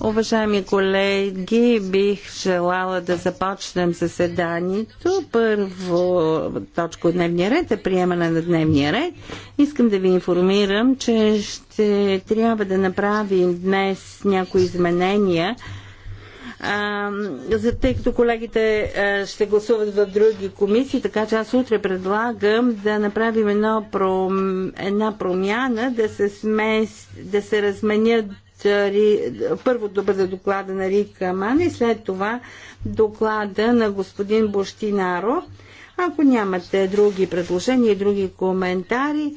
Уважаеми колеги, бих желала да започнем заседанието. Първо точка от дневния ред е приемане на дневния ред. Искам да ви информирам, че ще трябва да направим днес някои изменения за тъй като колегите ще гласуват в други комисии, така че аз утре предлагам да направим едно пром... една промяна, да се, смес... да се разменят първо да бъде доклада на Рика Мана и след това доклада на господин Бощинаро. Ако нямате други предложения, други коментари,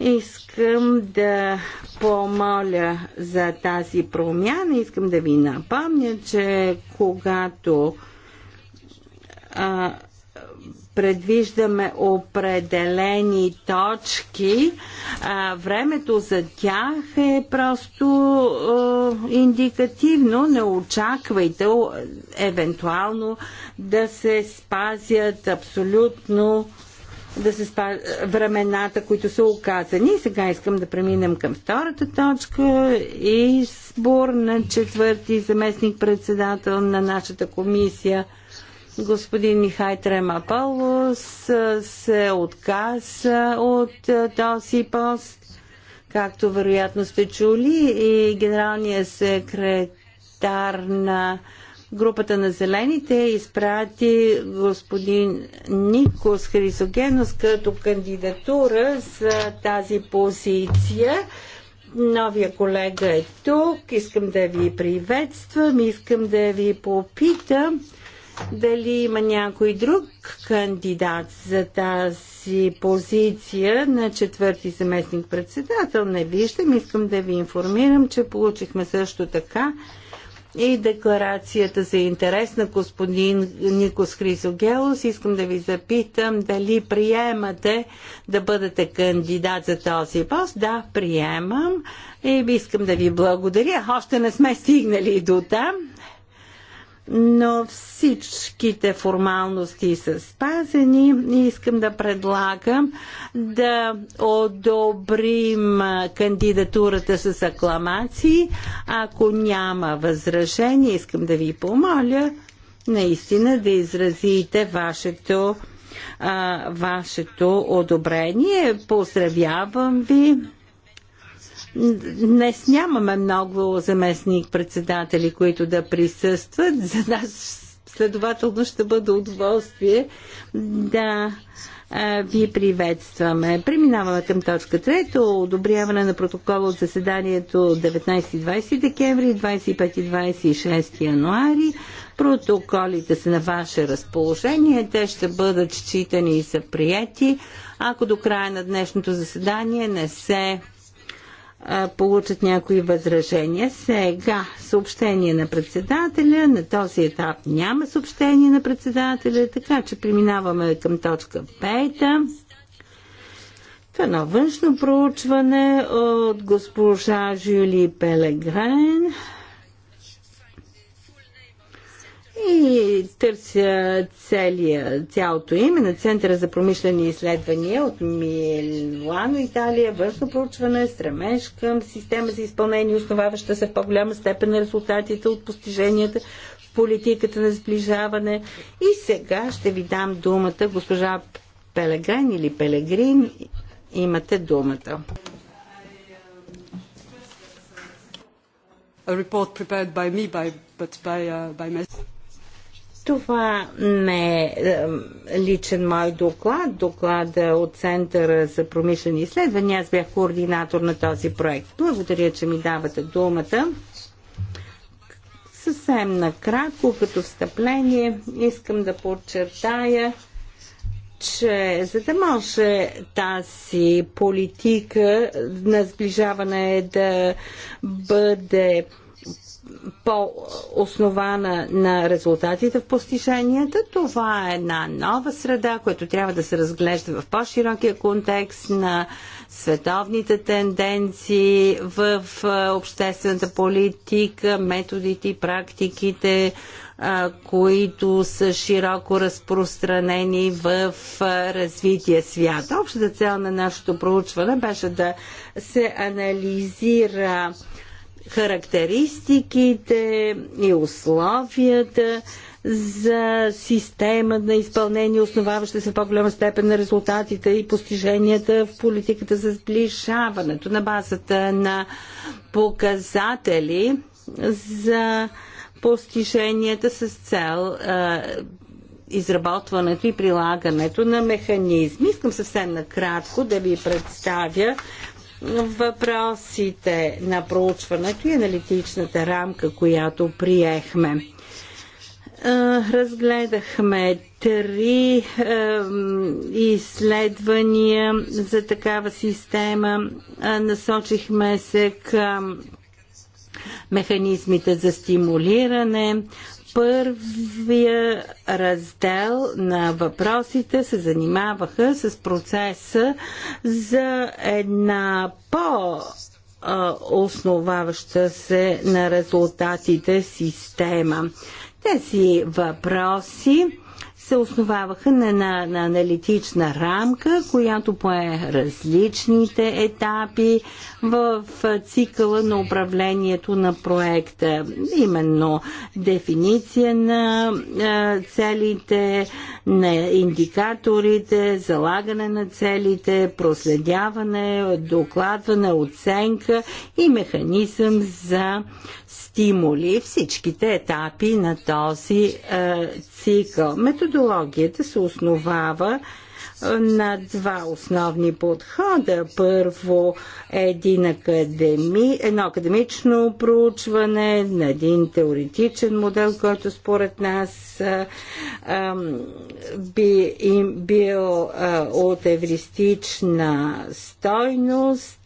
Искам да помоля за тази промяна. Искам да ви напомня, че когато а, предвиждаме определени точки, а, времето за тях е просто а, индикативно. Не очаквайте евентуално да се спазят абсолютно да се спа времената, които са оказани. И сега искам да преминем към втората точка. Избор на четвърти заместник председател на нашата комисия господин Михай Тремапалос се отказа от този пост. Както вероятно сте чули и генералният секретар на Групата на зелените изпрати господин Никос Хрисогенос като кандидатура за тази позиция. Новия колега е тук. Искам да ви приветствам. Искам да ви попитам дали има някой друг кандидат за тази позиция на четвърти заместник председател. Не виждам. Искам да ви информирам, че получихме също така и декларацията за интерес на господин Никос Хризогелос. Искам да ви запитам дали приемате да бъдете кандидат за този пост. Да, приемам и искам да ви благодаря. Още не сме стигнали до там но всичките формалности са спазени и искам да предлагам да одобрим кандидатурата с акламации. Ако няма възражение, искам да ви помоля наистина да изразите вашето, а, вашето одобрение. Поздравявам ви Днес нямаме много заместник-председатели, които да присъстват. За нас следователно ще бъде удоволствие да ви приветстваме. Преминаваме към точка 3. Одобряване на протокола от заседанието 19-20 декември, 25-26 януари. Протоколите са на ваше разположение. Те ще бъдат считани и са прияти, ако до края на днешното заседание не се получат някои възражения. Сега съобщение на председателя. На този етап няма съобщение на председателя, така че преминаваме към точка 5. Това е едно външно проучване от госпожа Жюли Пелегрен и търся целия, цялото име на Центъра за промишлени изследвания от Милано, Италия, външно проучване, стремеж към система за изпълнение, основаваща се в по-голяма степен на резултатите от постиженията в политиката на сближаване. И сега ще ви дам думата, госпожа Пелегрин или Пелегрин, имате думата. a report prepared by me by, but by, uh, by myself. Това не е личен мой доклад, доклада е от Центъра за промишлени изследвания. Аз бях координатор на този проект. Благодаря, че ми давате думата. Съвсем накратко, като встъпление, искам да подчертая, че за да може тази политика на сближаване да бъде по-основана на резултатите в постиженията. Това е една нова среда, която трябва да се разглежда в по-широкия контекст на световните тенденции в обществената политика, методите и практиките, които са широко разпространени в развития свят. Общата цел на нашето проучване беше да се анализира характеристиките и условията за система на изпълнение, основаваща се в по-голяма степен на резултатите и постиженията в политиката за сближаването на базата на показатели за постиженията с цел изработването и прилагането на механизми. Искам съвсем накратко да ви представя въпросите на проучването и аналитичната рамка, която приехме. Е, разгледахме три е, изследвания за такава система. Е, насочихме се към механизмите за стимулиране, първия раздел на въпросите се занимаваха с процеса за една по- основаваща се на резултатите система. Тези въпроси се основаваха на, на, на аналитична рамка, която пое различните етапи в цикъла на управлението на проекта. Именно дефиниция на е, целите, на индикаторите, залагане на целите, проследяване, докладване, оценка и механизъм за стимули. Всичките етапи на този е, цикъл. Методологията се основава на два основни подхода. Първо един академи, едно академично проучване на един теоретичен модел, който според нас а, а, би им бил а, от евристична стойност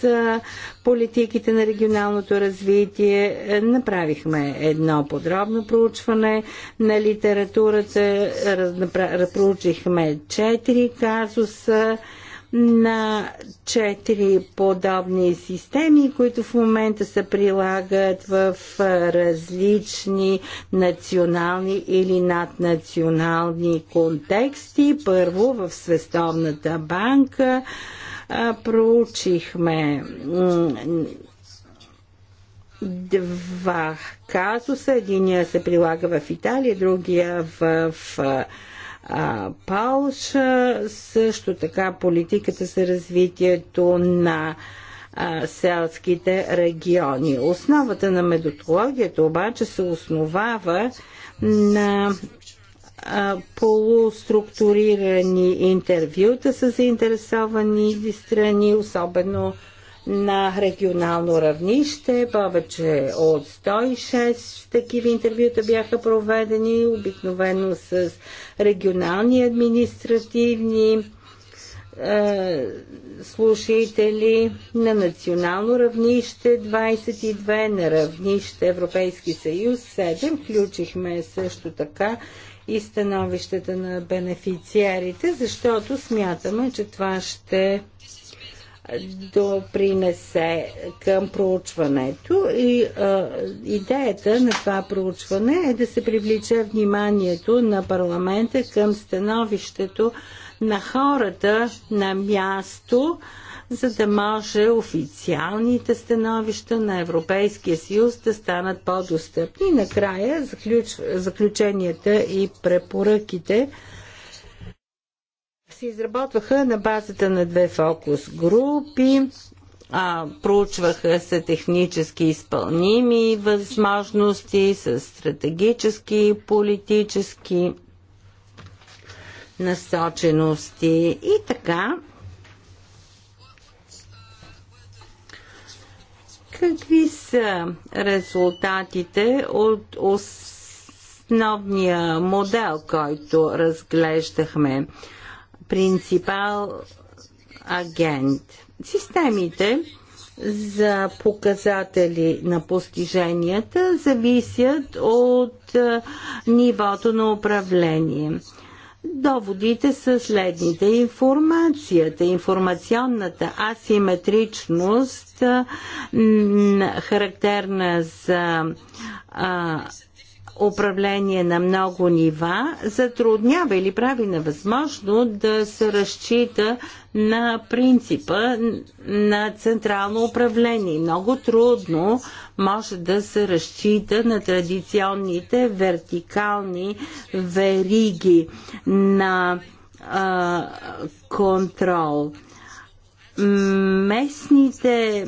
за политиките на регионалното развитие. Е, направихме едно подробно проучване на литературата, проучихме четири казуса на четири подобни системи, които в момента се прилагат в е, различни национални или наднационални контексти. Първо в Световната банка проучихме два казуса. Единия се прилага в Италия, другия в, в Полша. Също така политиката за развитието на селските региони. Основата на методологията обаче се основава на полуструктурирани интервюта с заинтересовани страни, особено на регионално равнище. Повече от 106 такива интервюта бяха проведени, обикновено с регионални административни е, слушатели на национално равнище 22, на равнище Европейски съюз 7. Включихме също така и становищата на бенефициарите, защото смятаме, че това ще допринесе към проучването и а, идеята на това проучване е да се привлича вниманието на парламента към становището на хората на място, за да може официалните становища на Европейския съюз да станат по-достъпни. Накрая заключ... заключенията и препоръките се изработваха на базата на две фокус групи. А, проучваха се технически изпълними възможности с стратегически и политически насочености и така Какви са резултатите от основния модел, който разглеждахме? Принципал агент. Системите за показатели на постиженията зависят от нивото на управление. Доводите са следните. Информацията, информационната асиметричност, характерна за а, управление на много нива затруднява или прави невъзможно да се разчита на принципа на централно управление. Много трудно може да се разчита на традиционните вертикални вериги на а, контрол. Местните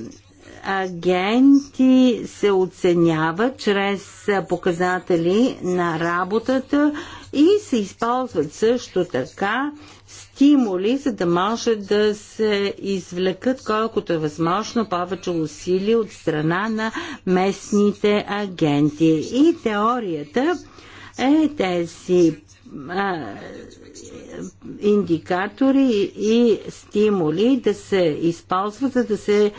агенти се оценяват чрез показатели на работата и се използват също така стимули, за да може да се извлекат колкото е възможно повече усилия от страна на местните агенти. И теорията е тези а, индикатори и стимули да се използват, за да се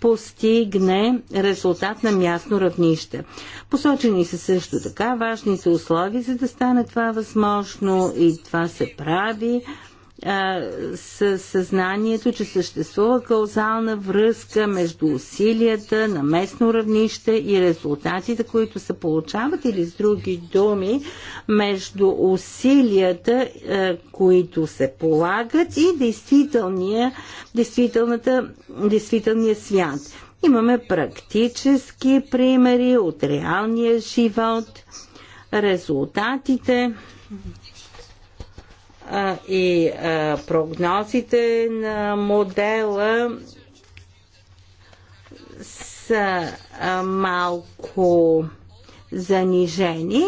постигне резултат на мясно равнище. Посочени са също така важни са условия, за да стане това възможно и това се прави със съзнанието, че съществува каузална връзка между усилията на местно равнище и резултатите, които се получават или с други думи, между усилията, които се полагат и действителния, действителната, действителния свят. Имаме практически примери от реалния живот, резултатите и прогнозите на модела са малко занижени.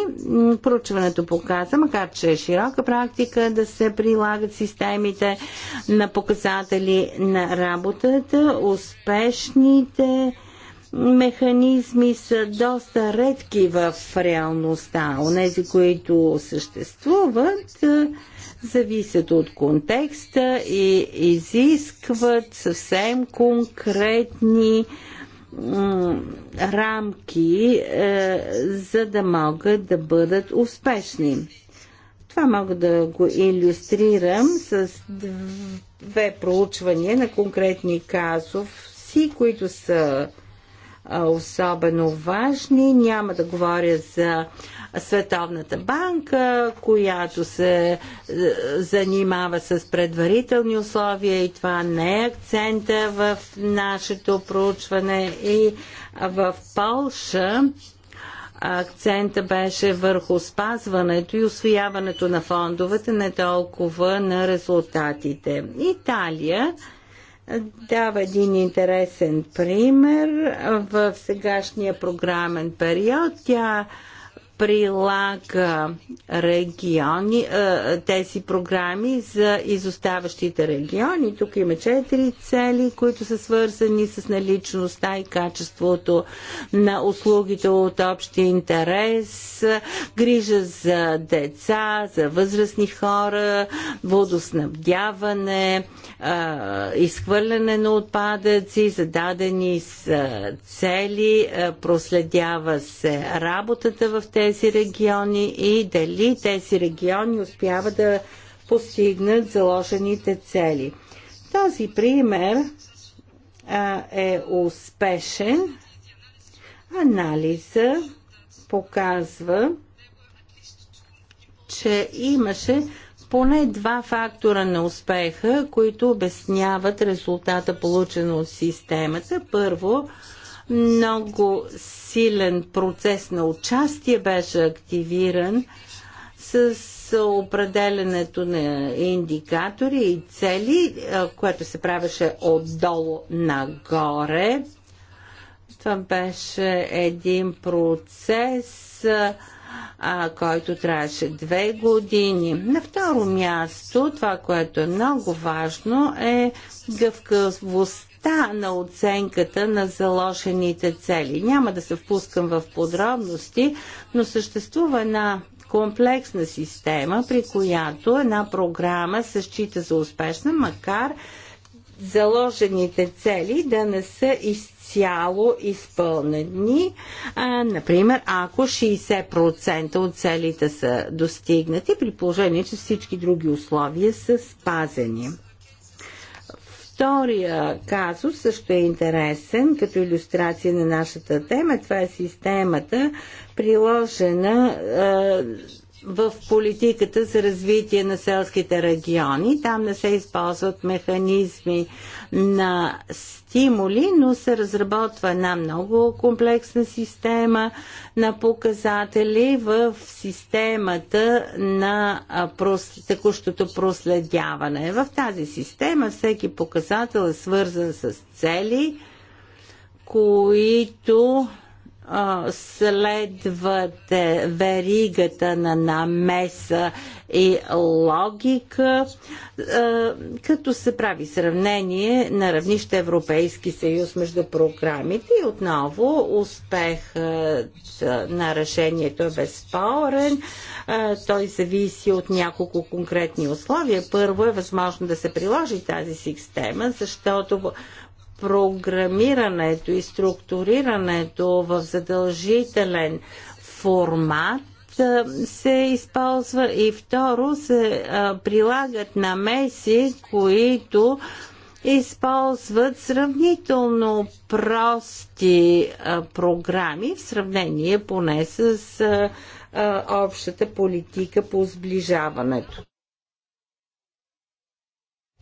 Проучването показа, макар че е широка практика да се прилагат системите на показатели на работата, успешните механизми са доста редки в реалността. Онези, които съществуват, зависят от контекста и изискват съвсем конкретни рамки, е, за да могат да бъдат успешни. Това мога да го иллюстрирам с две проучвания на конкретни си, които са особено важни. Няма да говоря за Световната банка, която се е, занимава с предварителни условия и това не е акцента в нашето проучване и в Полша акцента беше върху спазването и освояването на фондовете, не толкова на резултатите. Италия дава един интересен пример. В сегашния програмен период тя прилага региони, тези програми за изоставащите региони. Тук има четири цели, които са свързани с наличността и качеството на услугите от общи интерес, грижа за деца, за възрастни хора, водоснабдяване, изхвърляне на отпадъци, зададени с цели, проследява се работата в тези тези региони и дали тези региони успяват да постигнат заложените цели. Този пример а, е успешен. Анализа показва, че имаше поне два фактора на успеха, които обясняват резултата получен от системата. Първо, много силен процес на участие беше активиран с определенето на индикатори и цели, което се правеше отдолу нагоре. Това беше един процес, а, който трябваше две години. На второ място, това, което е много важно, е гъвкавост степента на оценката на заложените цели. Няма да се впускам в подробности, но съществува една комплексна система, при която една програма се счита за успешна, макар заложените цели да не са изцяло изпълнени. А, например, ако 60% от целите са достигнати, при положение, че всички други условия са спазени. Втория казус също е интересен като иллюстрация на нашата тема. Това е системата, приложена е, в политиката за развитие на селските региони. Там не се използват механизми на стимули, но се разработва една много комплексна система на показатели в системата на прос... текущото проследяване. В тази система всеки показател е свързан с цели, които следвате веригата на намеса и логика, като се прави сравнение на равнище Европейски съюз между програмите и отново успехът на решението е безспорен. Той зависи от няколко конкретни условия. Първо е възможно да се приложи тази система, защото програмирането и структурирането в задължителен формат се използва и второ се а, прилагат намеси, които използват сравнително прости а, програми в сравнение поне с а, общата политика по сближаването.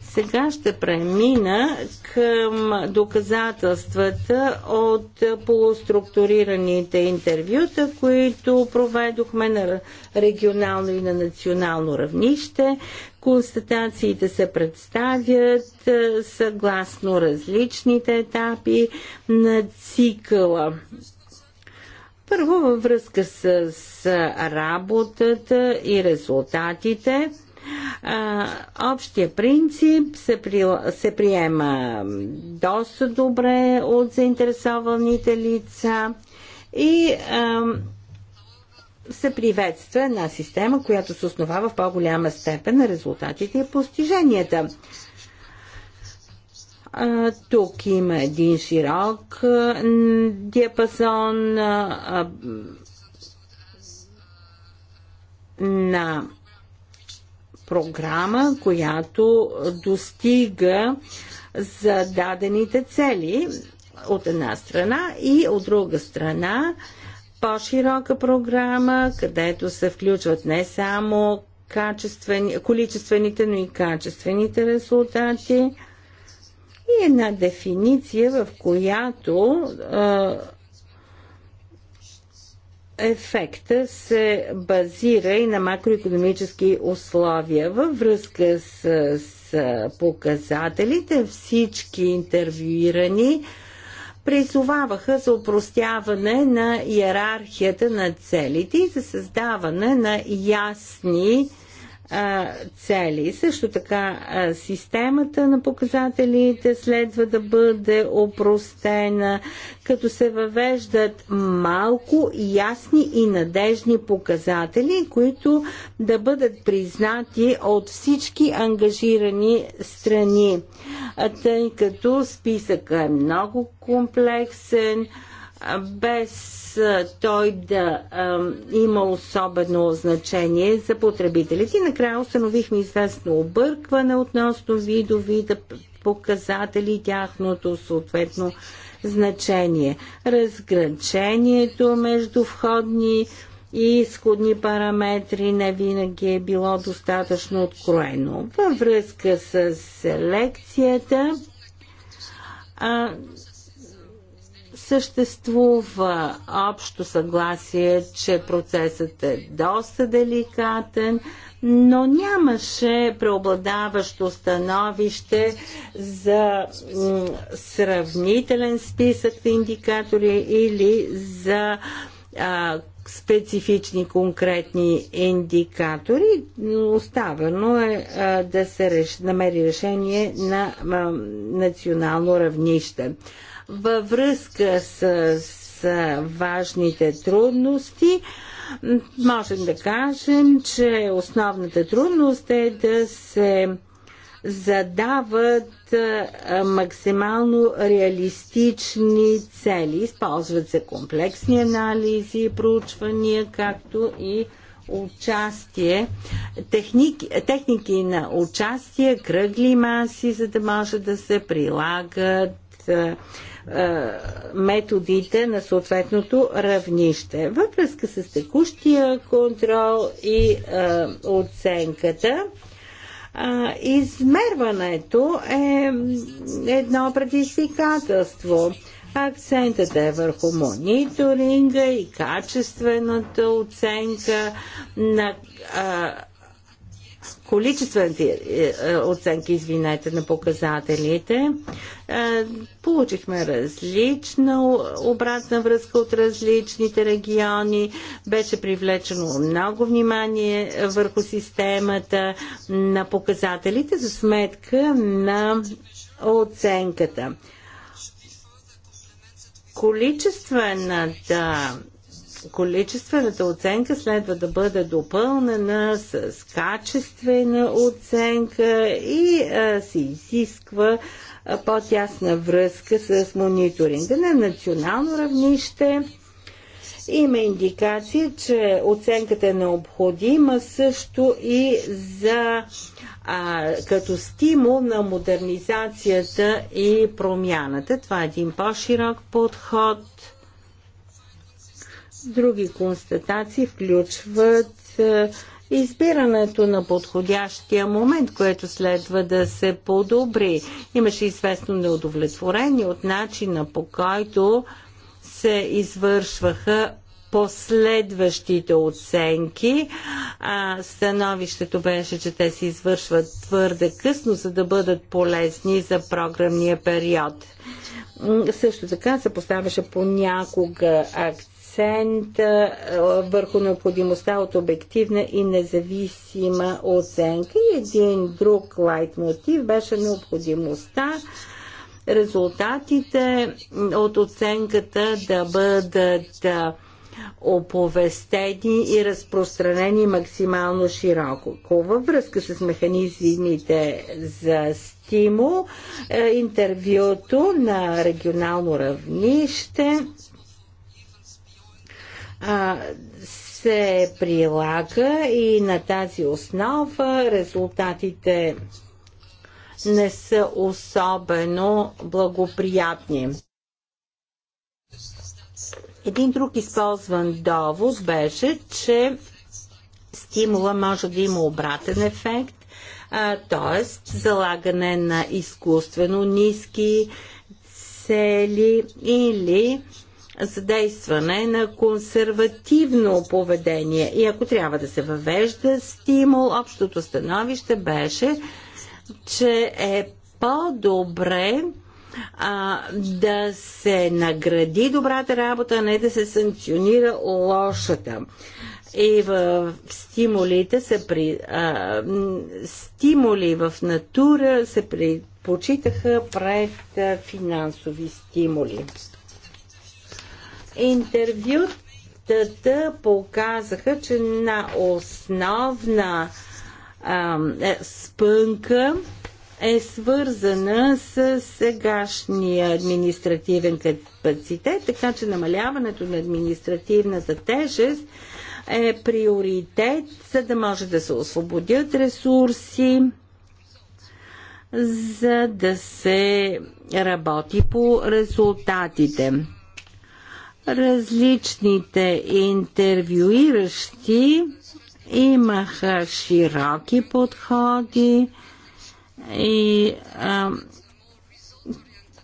Сега ще премина към доказателствата от полуструктурираните интервюта, които проведохме на регионално и на национално равнище. Констатациите се представят е, съгласно различните етапи на цикъла. Първо във връзка с работата и резултатите – а, общия принцип се, при, се приема доста добре от заинтересованите лица и а, се приветства една система, която се основава в по-голяма степен на резултатите и постиженията. А, тук има един широк а, диапазон а, на програма, която достига за дадените цели от една страна и от друга страна по-широка програма, където се включват не само качествени, количествените, но и качествените резултати и една дефиниция, в която ефекта се базира и на макроекономически условия. Във връзка с, с показателите всички интервюирани призоваваха за упростяване на иерархията на целите и за създаване на ясни цели. Също така системата на показателите следва да бъде опростена, като се въвеждат малко ясни и надежни показатели, които да бъдат признати от всички ангажирани страни, тъй като списъка е много комплексен, без той да а, има особено значение за потребителите. И накрая установихме известно объркване относно видовите показатели тяхното съответно значение. Разграничението между входни и изходни параметри не винаги е било достатъчно откроено. Във връзка с селекцията, а, Съществува общо съгласие, че процесът е доста деликатен, но нямаше преобладаващо становище за сравнителен списък на индикатори или за а, специфични конкретни индикатори. Оставено е а, да се реш... намери решение на а, национално равнище. Във връзка с, с важните трудности, можем да кажем, че основната трудност е да се задават максимално реалистични цели. Използват се комплексни анализи и проучвания, както и участие, техники, техники на участие, кръгли маси, за да може да се прилагат е, методите на съответното равнище. Във връзка с текущия контрол и е, оценката, е, измерването е едно предизвикателство. Акцентът е върху мониторинга и качествената оценка на а, количествените е, е, оценки, извинете, на показателите, е, получихме различна обратна връзка от различните региони, беше привлечено много внимание върху системата на показателите за сметка на оценката. Количествената количествената оценка следва да бъде допълнена с качествена оценка и а, се изисква по-тясна връзка с мониторинга на национално равнище. Има индикация, че оценката е необходима също и за а, като стимул на модернизацията и промяната. Това е един по-широк подход Други констатации включват е, избирането на подходящия момент, което следва да се подобри. Имаше известно неудовлетворение от начина по който се извършваха последващите оценки. А, становището беше, че те се извършват твърде късно, за да бъдат полезни за програмния период. Също така се поставяше понякога акт акцент върху необходимостта от обективна и независима оценка. И един друг лайт мотив беше необходимостта резултатите от оценката да бъдат оповестени и разпространени максимално широко. Във връзка с механизмите за стимул, е, интервюто на регионално равнище а, се прилага и на тази основа резултатите не са особено благоприятни. Един друг използван довод беше, че стимула може да има обратен ефект, т.е. залагане на изкуствено ниски цели или задействане на консервативно поведение. И ако трябва да се въвежда стимул, общото становище беше, че е по-добре а, да се награди добрата работа, а не да се санкционира лошата. И в стимулите се при, а, стимули в натура се предпочитаха пред финансови стимули. Интервютата показаха, че на основна а, е, спънка е свързана с сегашния административен капацитет, така че намаляването на административната тежест е приоритет, за да може да се освободят ресурси, за да се работи по резултатите. Различните интервюиращи имаха широки подходи и а,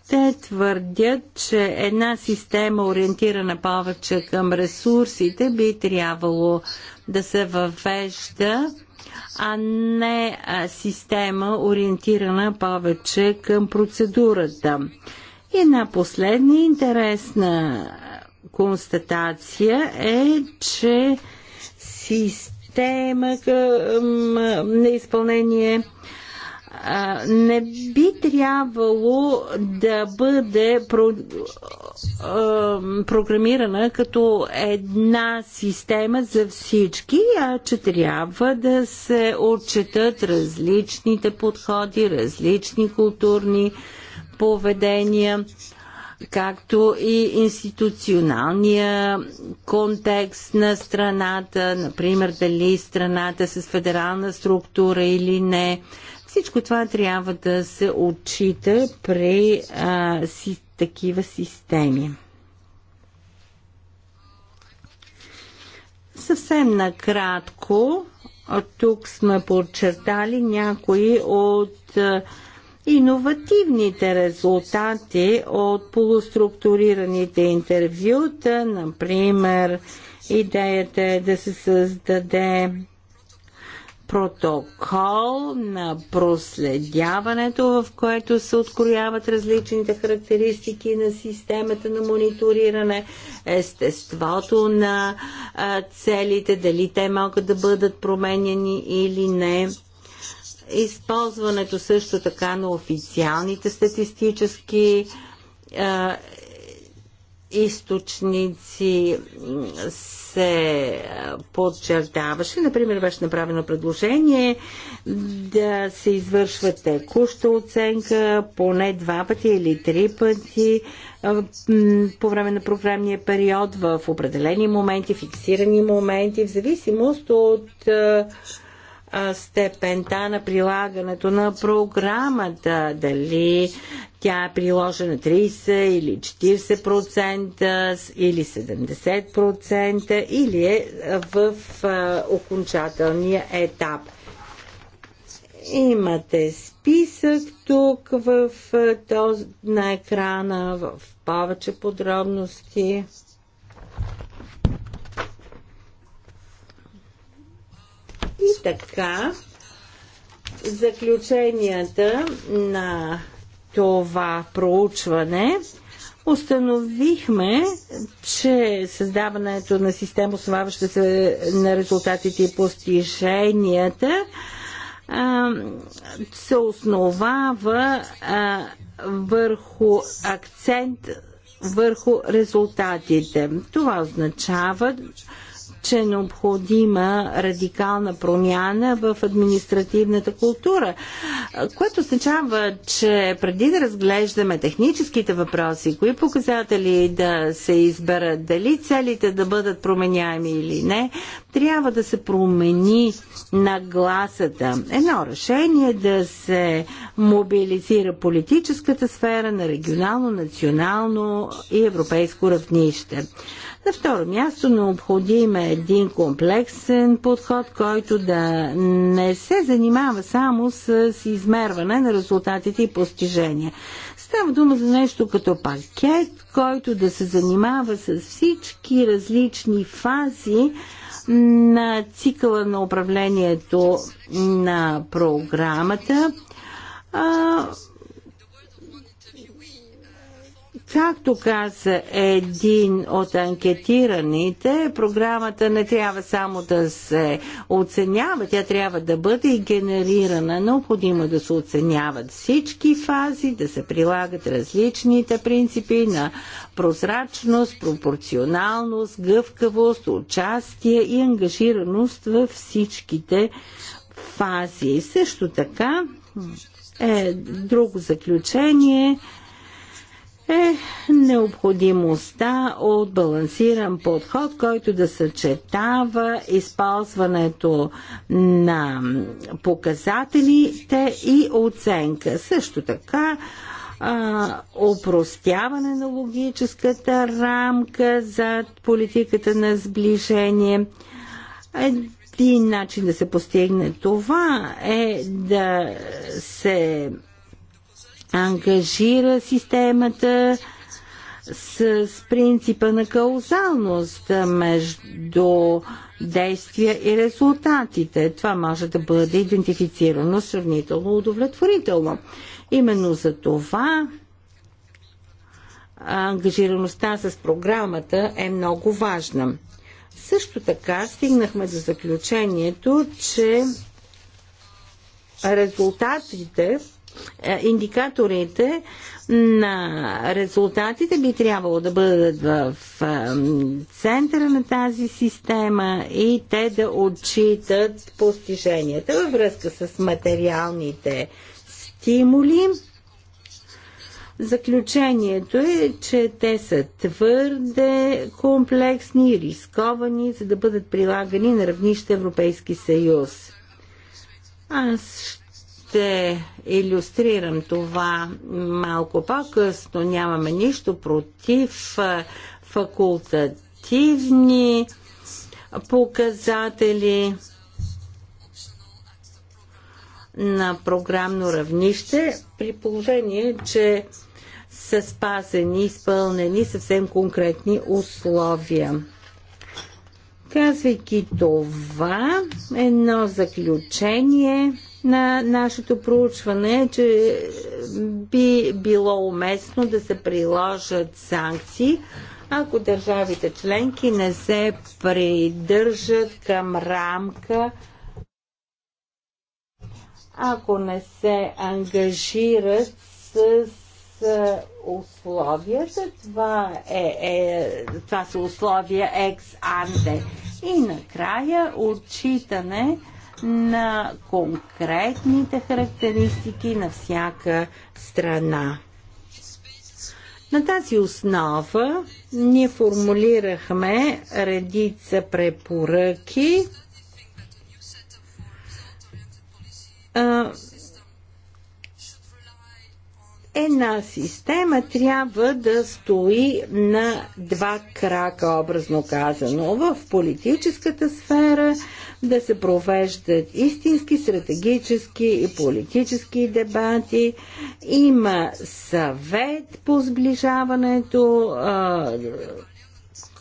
те твърдят, че една система, ориентирана повече към ресурсите, би трябвало да се въвежда, а не система, ориентирана повече към процедурата. И една последна интересна констатация е, че система на изпълнение не би трябвало да бъде про, а, програмирана като една система за всички, а че трябва да се отчитат различните подходи, различни културни поведения както и институционалния контекст на страната, например дали страната е с федерална структура или не. Всичко това трябва да се отчита при а, си, такива системи. Съвсем накратко, тук сме подчертали някои от а, иновативните резултати от полуструктурираните интервюта, например, идеята е да се създаде протокол на проследяването, в което се открояват различните характеристики на системата на мониториране, естеството на целите, дали те могат да бъдат променени или не използването също така на официалните статистически а, източници се подчертаваше. Например, беше направено предложение да се извършва текуща оценка поне два пъти или три пъти по време на програмния период в определени моменти, фиксирани моменти, в зависимост от степента на прилагането на програмата, дали тя е приложена 30 или 40% или 70% или е в окончателния етап. Имате списък тук в, на екрана в повече подробности. И така, заключенията на това проучване установихме, че създаването на система, основаваща се на резултатите и постиженията, се основава върху акцент върху резултатите. Това означава, че е необходима радикална промяна в административната култура, което означава, че преди да разглеждаме техническите въпроси, кои показатели да се изберат, дали целите да бъдат променяеми или не, трябва да се промени нагласата. Едно решение да се мобилизира политическата сфера на регионално, национално и европейско равнище. На второ място необходим е един комплексен подход, който да не се занимава само с измерване на резултатите и постижения. Става дума за нещо като пакет, който да се занимава с всички различни фази на цикъла на управлението на програмата. Както каза един от анкетираните, програмата не трябва само да се оценява, тя трябва да бъде и генерирана. Необходимо е да се оценяват всички фази, да се прилагат различните принципи на прозрачност, пропорционалност, гъвкавост, участие и ангажираност във всичките фази. Също така е друго заключение – е необходимостта от балансиран подход, който да съчетава използването на показателите и оценка. Също така опростяване на логическата рамка за политиката на сближение. Един начин да се постигне това е да се ангажира системата с принципа на каузалност между действия и резултатите. Това може да бъде идентифицирано сравнително удовлетворително. Именно за това ангажираността с програмата е много важна. Също така стигнахме до заключението, че резултатите е, индикаторите на резултатите би трябвало да бъдат в е, центъра на тази система и те да отчитат постиженията във връзка с материалните стимули. Заключението е, че те са твърде комплексни и рисковани, за да бъдат прилагани на равнище Европейски съюз. Аз ще ще иллюстрирам това малко по-късно. Нямаме нищо против факултативни показатели на програмно равнище, при положение, че са спазени, изпълнени съвсем конкретни условия. Казвайки това, едно заключение – на нашето проучване, че би било уместно да се приложат санкции, ако държавите членки не се придържат към рамка, ако не се ангажират с условията, това, е, е, това са условия екс анте. И накрая отчитане на конкретните характеристики на всяка страна. На тази основа ние формулирахме редица препоръки една система трябва да стои на два крака, образно казано. В политическата сфера да се провеждат истински стратегически и политически дебати. Има съвет по сближаването,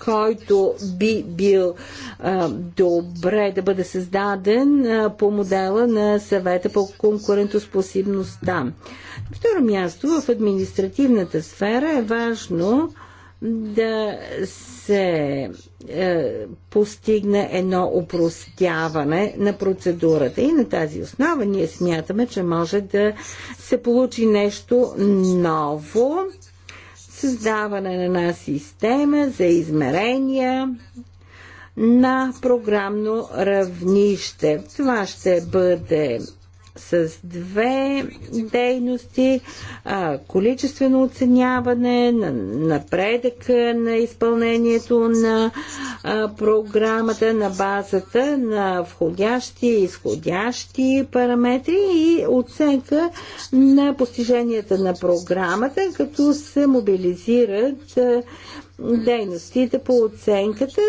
който би бил а, добре да бъде създаден а, по модела на съвета по конкурентоспособността. На второ място, в административната сфера е важно да се е, постигне едно упростяване на процедурата. И на тази основа ние смятаме, че може да се получи нещо ново създаване на една система за измерения на програмно равнище. Това ще бъде с две дейности а, количествено оценяване на напредъка на изпълнението на а, програмата на базата на входящи и изходящи параметри и оценка на постиженията на програмата, като се мобилизират а, дейностите по оценката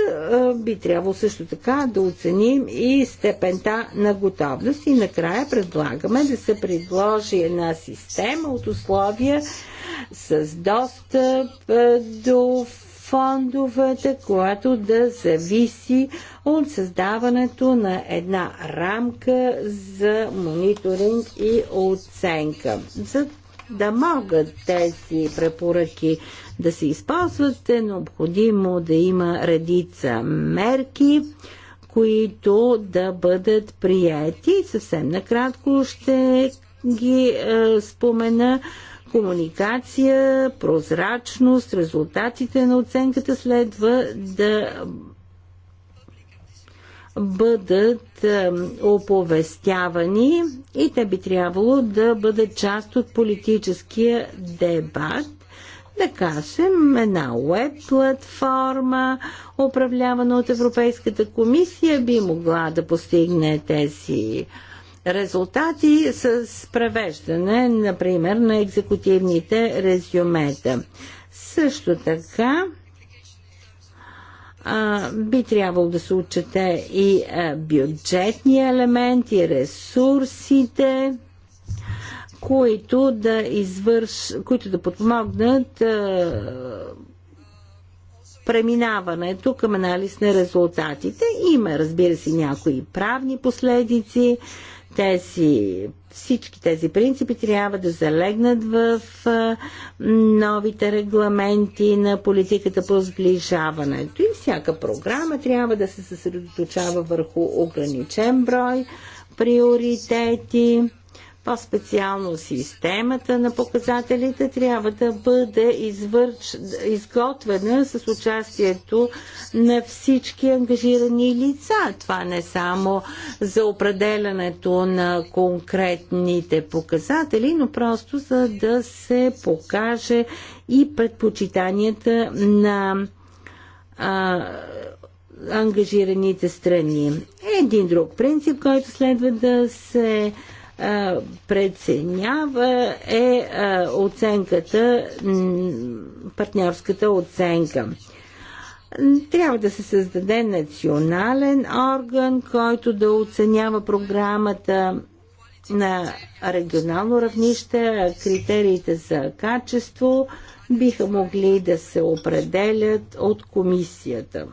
би трябвало също така да оценим и степента на готовност и накрая предлагаме да се предложи една система от условия с достъп до фондовете, която да зависи от създаването на една рамка за мониторинг и оценка. За да могат тези препоръки да се използват, е необходимо да има редица мерки, които да бъдат прияти. Съвсем накратко ще ги е, спомена комуникация, прозрачност, резултатите на оценката следва да бъдат е, оповестявани и те би трябвало да бъдат част от политическия дебат да кажем, една веб платформа, управлявана от Европейската комисия, би могла да постигне тези резултати с превеждане, например, на екзекутивните резюмета. Също така, би трябвало да се учете и бюджетни елементи, ресурсите които да извърш, които да подмогнат а, преминаването към анализ на резултатите. Има, разбира се, някои правни последици. Тези, всички тези принципи трябва да залегнат в новите регламенти на политиката по сближаването. И всяка програма трябва да се съсредоточава върху ограничен брой приоритети по-специално системата на показателите трябва да бъде извърч... изготвена с участието на всички ангажирани лица. Това не само за определянето на конкретните показатели, но просто за да се покаже и предпочитанията на а, ангажираните страни. Един друг принцип, който следва да се преценява е оценката, партньорската оценка. Трябва да се създаде национален орган, който да оценява програмата на регионално равнище, критериите за качество биха могли да се определят от комисията.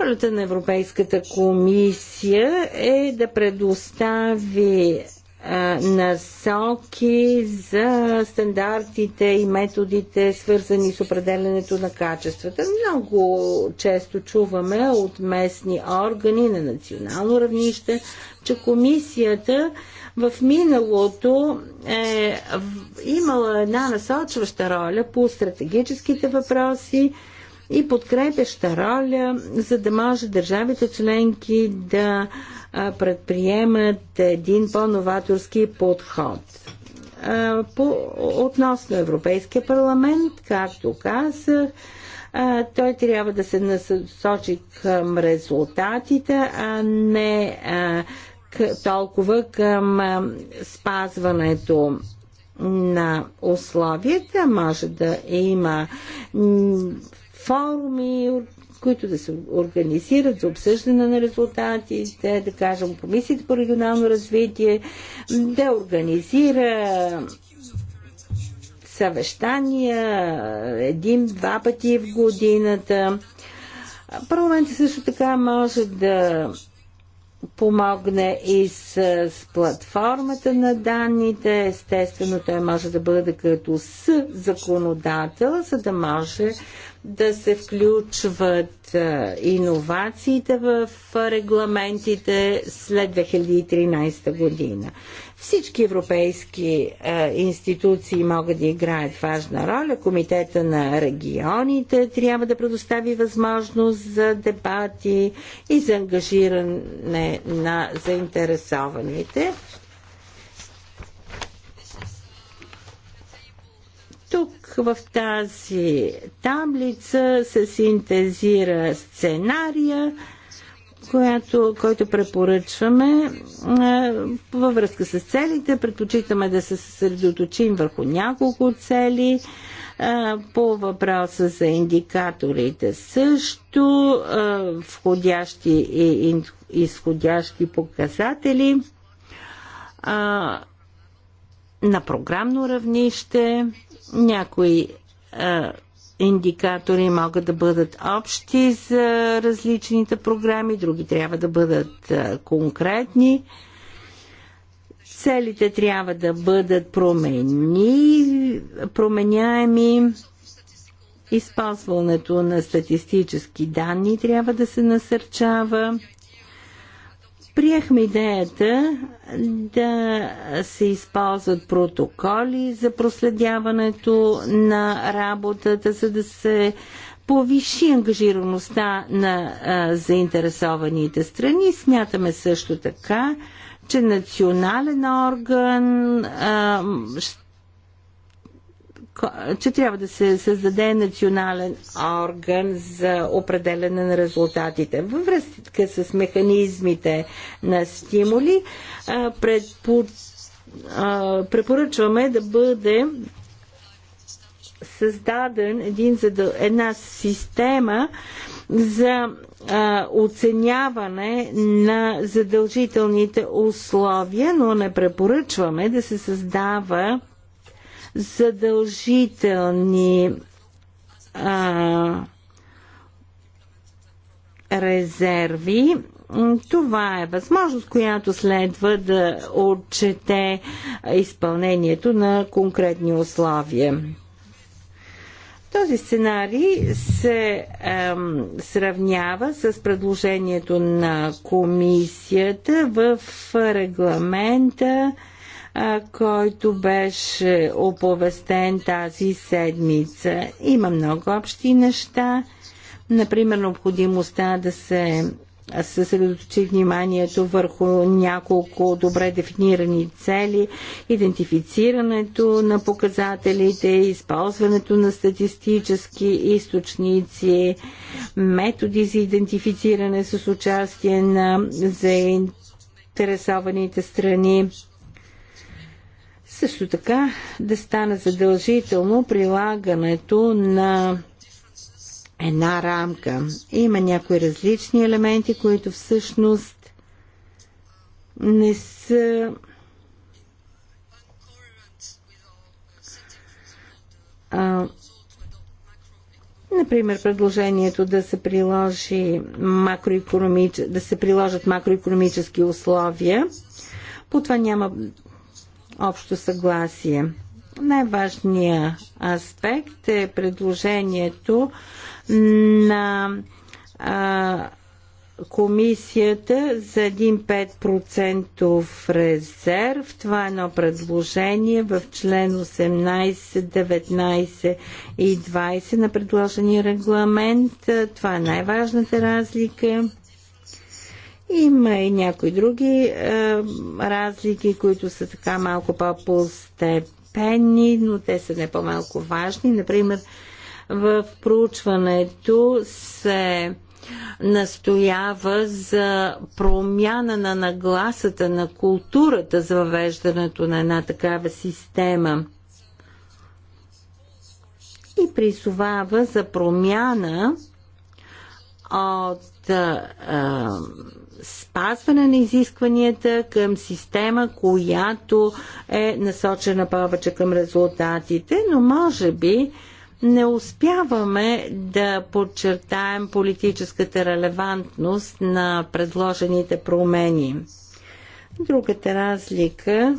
Ролята на Европейската комисия е да предостави насоки за стандартите и методите, свързани с определенето на качествата. Много често чуваме от местни органи на национално равнище, че комисията в миналото е имала една насочваща роля по стратегическите въпроси и подкрепяща роля, за да може държавите членки да предприемат един по-новаторски подход. По, относно Европейския парламент, както казах, той трябва да се насочи към резултатите, а не толкова към спазването на условията. Може да има форуми, които да се организират за обсъждане на резултатите, да кажем Комисията по регионално развитие, да организира съвещания един-два пъти в годината. Парламентът също така може да помогне и с, с платформата на данните. Естествено, той може да бъде като с законодател, за да може да се включват иновациите в регламентите след 2013 година. Всички европейски е, институции могат да играят важна роля. Комитета на регионите трябва да предостави възможност за дебати и за ангажиране на заинтересованите. в тази таблица се синтезира сценария, която, който препоръчваме във връзка с целите. Предпочитаме да се съсредоточим върху няколко цели. По въпроса за индикаторите също, входящи и изходящи показатели на програмно равнище някои а, индикатори могат да бъдат общи за различните програми, други трябва да бъдат а, конкретни. Целите трябва да бъдат промени, променяеми. Използването на статистически данни трябва да се насърчава. Приехме идеята да се използват протоколи за проследяването на работата, за да се повиши ангажираността на а, заинтересованите страни. Смятаме също така, че национален орган а, че трябва да се създаде национален орган за определене на резултатите. Във връзка с механизмите на стимули, препоръчваме да бъде създаден един, една система за а, оценяване на задължителните условия, но не препоръчваме да се създава задължителни а, резерви. Това е възможност, която следва да отчете изпълнението на конкретни условия. Този сценарий се е, сравнява с предложението на комисията в регламента който беше оповестен тази седмица. Има много общи неща, например необходимостта да се съсредоточи вниманието върху няколко добре дефинирани цели, идентифицирането на показателите, използването на статистически източници, методи за идентифициране с участие на заинтересованите страни също така да стане задължително прилагането на една рамка. Има някои различни елементи, които всъщност не са а, Например, предложението да се, приложи макроекономич... да се приложат макроекономически условия. По това няма общо съгласие. Най-важният аспект е предложението на а, комисията за 1 5% резерв. Това е едно предложение в член 18, 19 и 20 на предложения регламент. Това е най-важната разлика. Има и някои други е, разлики, които са така малко по-постепенни, но те са не по-малко важни. Например, в проучването се настоява за промяна на нагласата на културата за въвеждането на една такава система и призовава за промяна от е, спазване на изискванията към система, която е насочена повече към резултатите, но може би не успяваме да подчертаем политическата релевантност на предложените промени. Другата разлика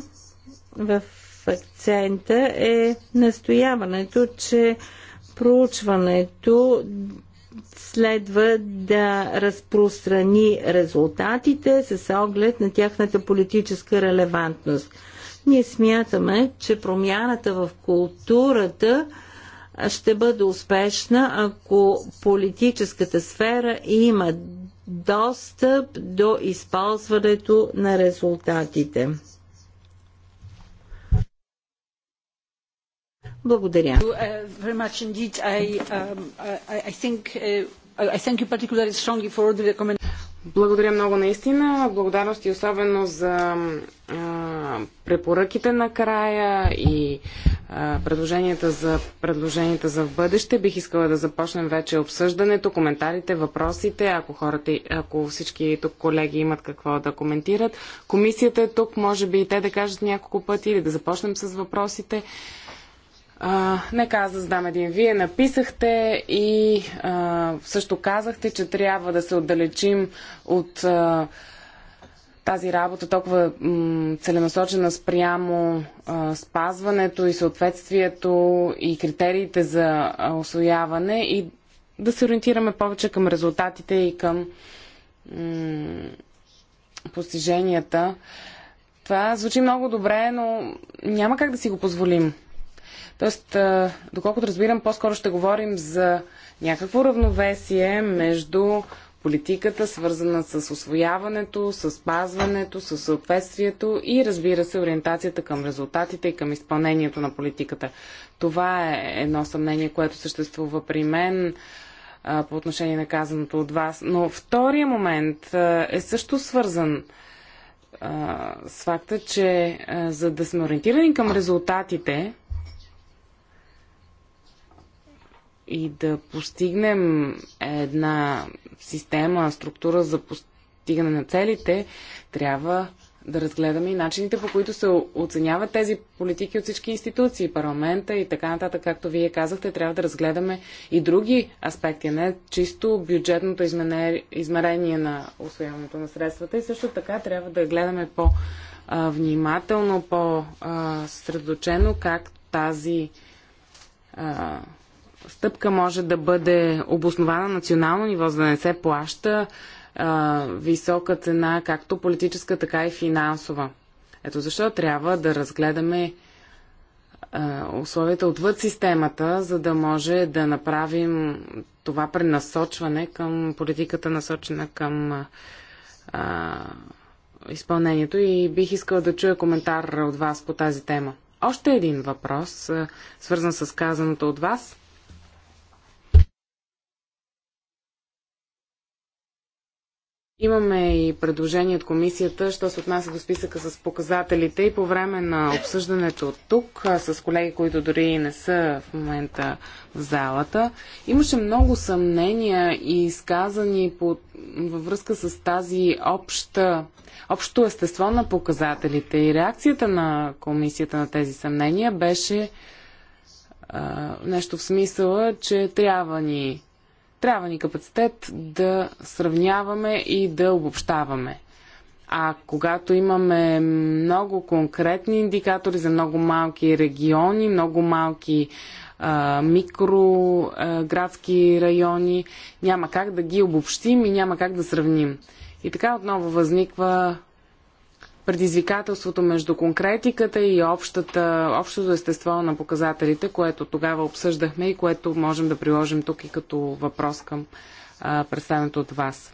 в акцента е настояването, че проучването следва да разпространи резултатите с оглед на тяхната политическа релевантност. Ние смятаме, че промяната в културата ще бъде успешна, ако политическата сфера има достъп до използването на резултатите. Благодаря. Uh, um, uh, Благодаря много наистина. Благодарности особено за а, препоръките на края и а, предложенията, за, предложенията за в бъдеще. Бих искала да започнем вече обсъждането, коментарите, въпросите, ако, хората, ако всички тук колеги имат какво да коментират. Комисията е тук, може би и те да кажат няколко пъти или да започнем с въпросите. А, нека аз да задам един. Вие написахте и а, също казахте, че трябва да се отдалечим от а, тази работа толкова целенасочена спрямо а, спазването и съответствието и критериите за освояване и да се ориентираме повече към резултатите и към постиженията. Това звучи много добре, но няма как да си го позволим. Тоест, доколкото разбирам, по-скоро ще говорим за някакво равновесие между политиката, свързана с освояването, с пазването, с съответствието и разбира се ориентацията към резултатите и към изпълнението на политиката. Това е едно съмнение, което съществува при мен по отношение на казаното от вас. Но втория момент е също свързан с факта, че за да сме ориентирани към резултатите, и да постигнем една система, структура за постигане на целите, трябва да разгледаме и начините, по които се оценяват тези политики от всички институции, парламента и така нататък. Както вие казахте, трябва да разгледаме и други аспекти, не чисто бюджетното измерение на освояването на средствата. И също така трябва да гледаме по-внимателно, по-средочено как тази стъпка може да бъде обоснована национално ниво, за да не се плаща а, висока цена, както политическа, така и финансова. Ето защо трябва да разгледаме а, условията отвъд системата, за да може да направим това пренасочване към политиката, насочена към а, изпълнението. И бих искала да чуя коментар от вас по тази тема. Още един въпрос, свързан с казаното от вас. Имаме и предложение от комисията, що се отнася до списъка с показателите и по време на обсъждането от тук с колеги, които дори не са в момента в залата. Имаше много съмнения и изказани по, във връзка с тази обща, общо естество на показателите и реакцията на комисията на тези съмнения беше а, нещо в смисъла, че трябва ни трябва ни капацитет да сравняваме и да обобщаваме. А когато имаме много конкретни индикатори за много малки региони, много малки микроградски райони, няма как да ги обобщим и няма как да сравним. И така отново възниква предизвикателството между конкретиката и общата, общото естество на показателите, което тогава обсъждахме и което можем да приложим тук и като въпрос към представенето от вас.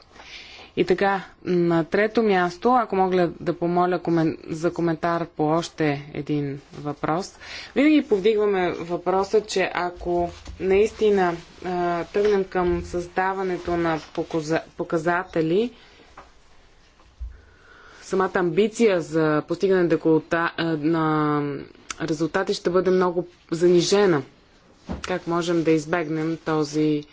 И така, на трето място, ако мога да помоля комен... за коментар по още един въпрос, винаги повдигваме въпроса, че ако наистина а, тръгнем към създаването на показатели, самата амбиция за постигане на, декулта, на резултати ще бъде много занижена. Как можем да избегнем този,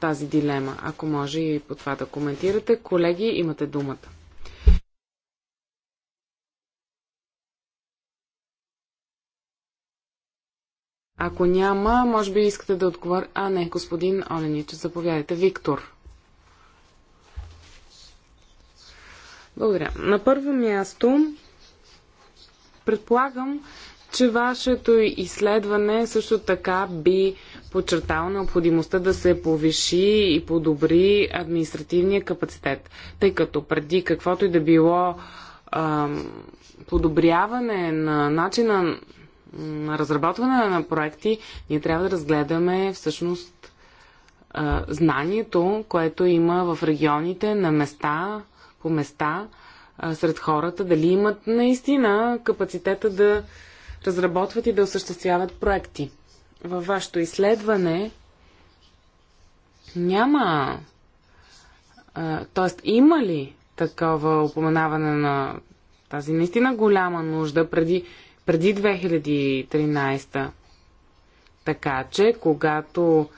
тази дилема? Ако може и по това да коментирате. Колеги, имате думата. Ако няма, може би искате да отговор... А, не, господин Оленич, заповядайте. Виктор. Благодаря. На първо място, предполагам, че вашето изследване също така би подчертало необходимостта да се повиши и подобри административния капацитет, тъй като преди каквото и да било а, подобряване на начина на разработване на проекти, ние трябва да разгледаме всъщност а, знанието, което има в регионите на места, по места сред хората, дали имат наистина капацитета да разработват и да осъществяват проекти. Във вашето изследване няма. Тоест, има ли такова упоменаване на тази наистина голяма нужда преди, преди 2013? Така че, когато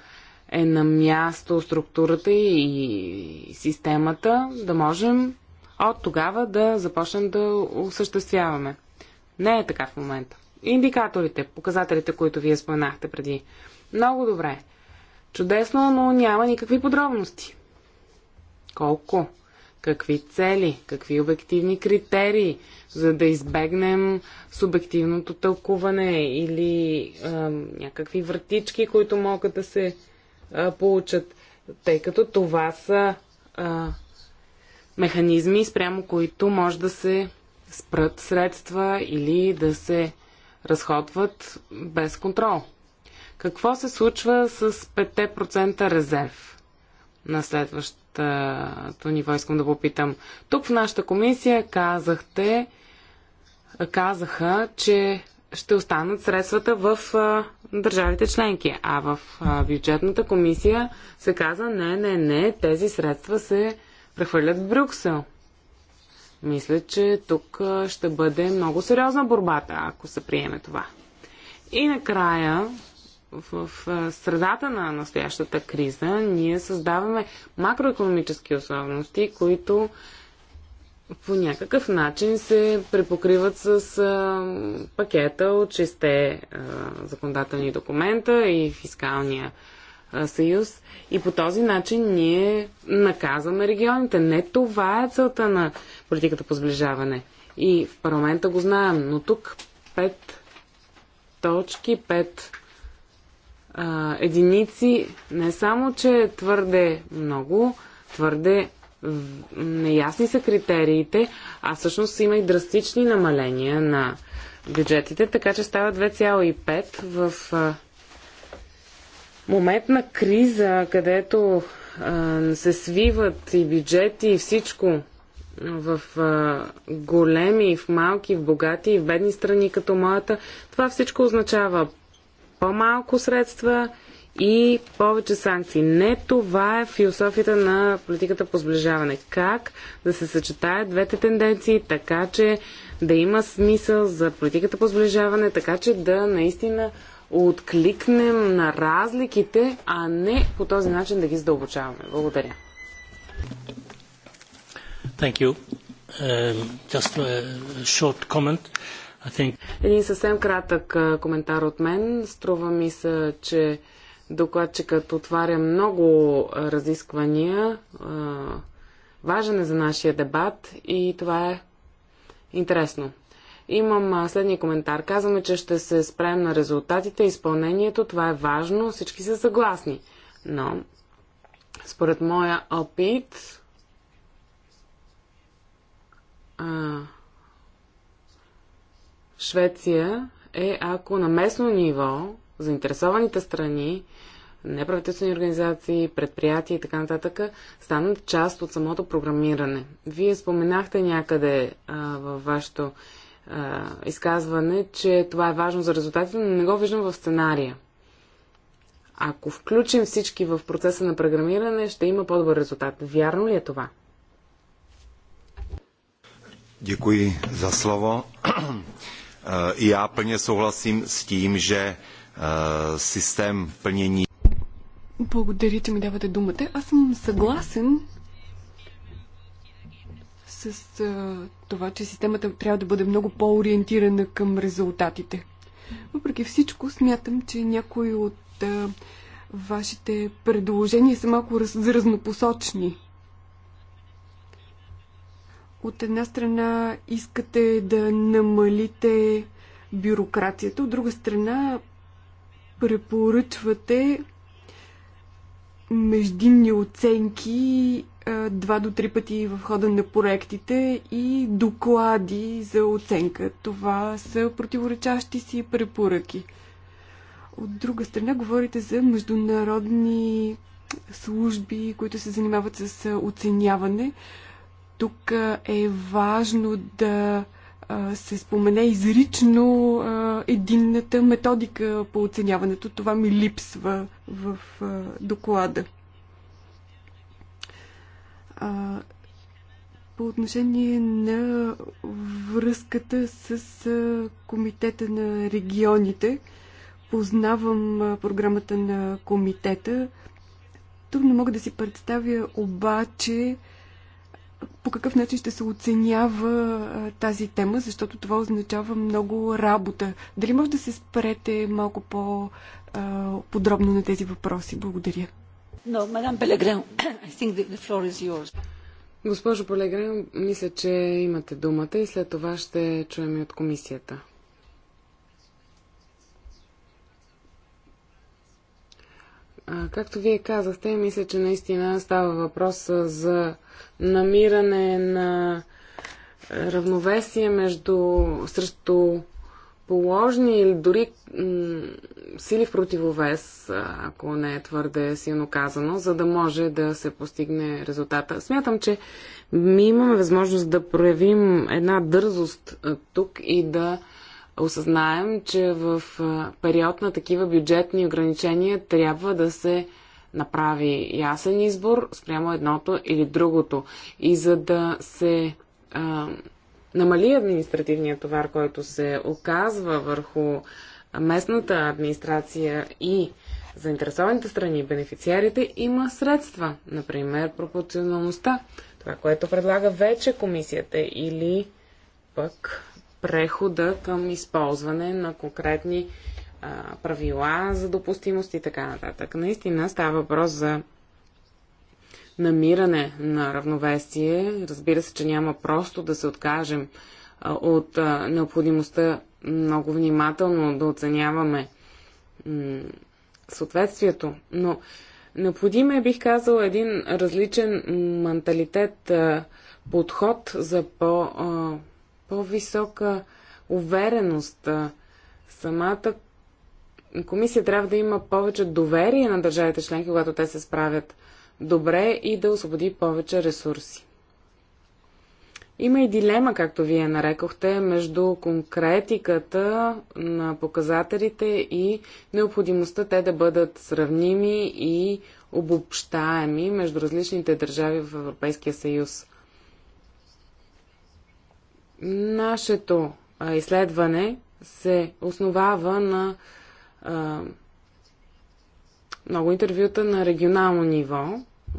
е на място структурата и системата, да можем от тогава да започнем да осъществяваме. Не е така в момента. Индикаторите, показателите, които вие споменахте преди. Много добре. Чудесно, но няма никакви подробности. Колко? Какви цели? Какви обективни критерии? За да избегнем субективното тълкуване или е, някакви вратички, които могат да се а, получат, тъй като това са а, механизми, спрямо които може да се спрат средства или да се разходват без контрол. Какво се случва с 5% резерв? На следващото ниво искам да попитам. Тук в нашата комисия казахте, казаха, че ще останат средствата в а, държавите членки. А в а, бюджетната комисия се каза не, не, не, тези средства се прехвърлят в Брюксел. Мисля, че тук а, ще бъде много сериозна борбата, ако се приеме това. И накрая, в, в средата на настоящата криза, ние създаваме макроекономически особености, които по някакъв начин се препокриват с а, пакета от шесте а, законодателни документа и фискалния а, съюз. И по този начин ние наказваме регионите. Не това е целта на политиката по сближаване. И в парламента го знаем, но тук пет точки, пет а, единици не само, че е твърде много, твърде неясни са критериите, а всъщност има и драстични намаления на бюджетите, така че става 2,5 в а, момент на криза, където а, се свиват и бюджети и всичко в а, големи, в малки, в богати и в бедни страни като моята, това всичко означава по-малко средства, и повече санкции. Не това е философията на политиката по сближаване. Как да се съчетаят двете тенденции, така че да има смисъл за политиката по сближаване, така че да наистина откликнем на разликите, а не по този начин да ги задълбочаваме. Благодаря. Thank you. Um, just a short comment. I think... Един съвсем кратък коментар от мен. Струва ми се, че Докладчикът отваря много разисквания. Важен е за нашия дебат и това е интересно. Имам следния коментар. Казваме, че ще се спрем на резултатите, изпълнението. Това е важно. Всички са съгласни. Но, според моя опит, а, Швеция е, ако на местно ниво заинтересованите страни, неправителствени организации, предприятия и така нататък, станат част от самото програмиране. Вие споменахте някъде а, във вашето а, изказване, че това е важно за резултатите, но не го виждам в сценария. Ако включим всички в процеса на програмиране, ще има по-добър резултат. Вярно ли е това? Děkuji za slovo. Já plně souhlasím s tím, že систем пълнени. Благодаря, че ми давате думата. Аз съм съгласен с а, това, че системата трябва да бъде много по-ориентирана към резултатите. Въпреки всичко, смятам, че някои от а, вашите предложения са малко раз, разнопосочни. От една страна искате да намалите бюрокрацията, от друга страна препоръчвате междинни оценки два до три пъти в хода на проектите и доклади за оценка. Това са противоречащи си препоръки. От друга страна, говорите за международни служби, които се занимават с оценяване. Тук е важно да се спомене изрично единната методика по оценяването. Това ми липсва в доклада. По отношение на връзката с Комитета на регионите, познавам програмата на Комитета. Трудно мога да си представя обаче, по какъв начин ще се оценява а, тази тема, защото това означава много работа. Дали може да се спрете малко по-подробно на тези въпроси? Благодаря. No, мадам Пелегрен, I think the floor is yours. Госпожо Пелегрен, мисля, че имате думата и след това ще чуем и от комисията. Както вие казахте, мисля, че наистина става въпрос за намиране на равновесие между срещу положни или дори сили в противовес, ако не е твърде силно казано, за да може да се постигне резултата. Смятам, че ми имаме възможност да проявим една дързост тук и да осъзнаем, че в период на такива бюджетни ограничения трябва да се направи ясен избор спрямо едното или другото. И за да се а, намали административния товар, който се оказва върху местната администрация и заинтересованите страни, бенефициарите, има средства. Например, пропорционалността. Това, което предлага вече комисията или пък прехода към използване на конкретни а, правила за допустимост и така нататък. Наистина става въпрос за намиране на равновесие. Разбира се, че няма просто да се откажем а, от а, необходимостта много внимателно да оценяваме съответствието, но необходим е, бих казал, един различен менталитет, подход за по- по-висока увереност. Самата комисия трябва да има повече доверие на държавите членки, когато те се справят добре и да освободи повече ресурси. Има и дилема, както вие нарекохте, между конкретиката на показателите и необходимостта те да бъдат сравними и обобщаеми между различните държави в Европейския съюз. Нашето изследване се основава на а, много интервюта на регионално ниво,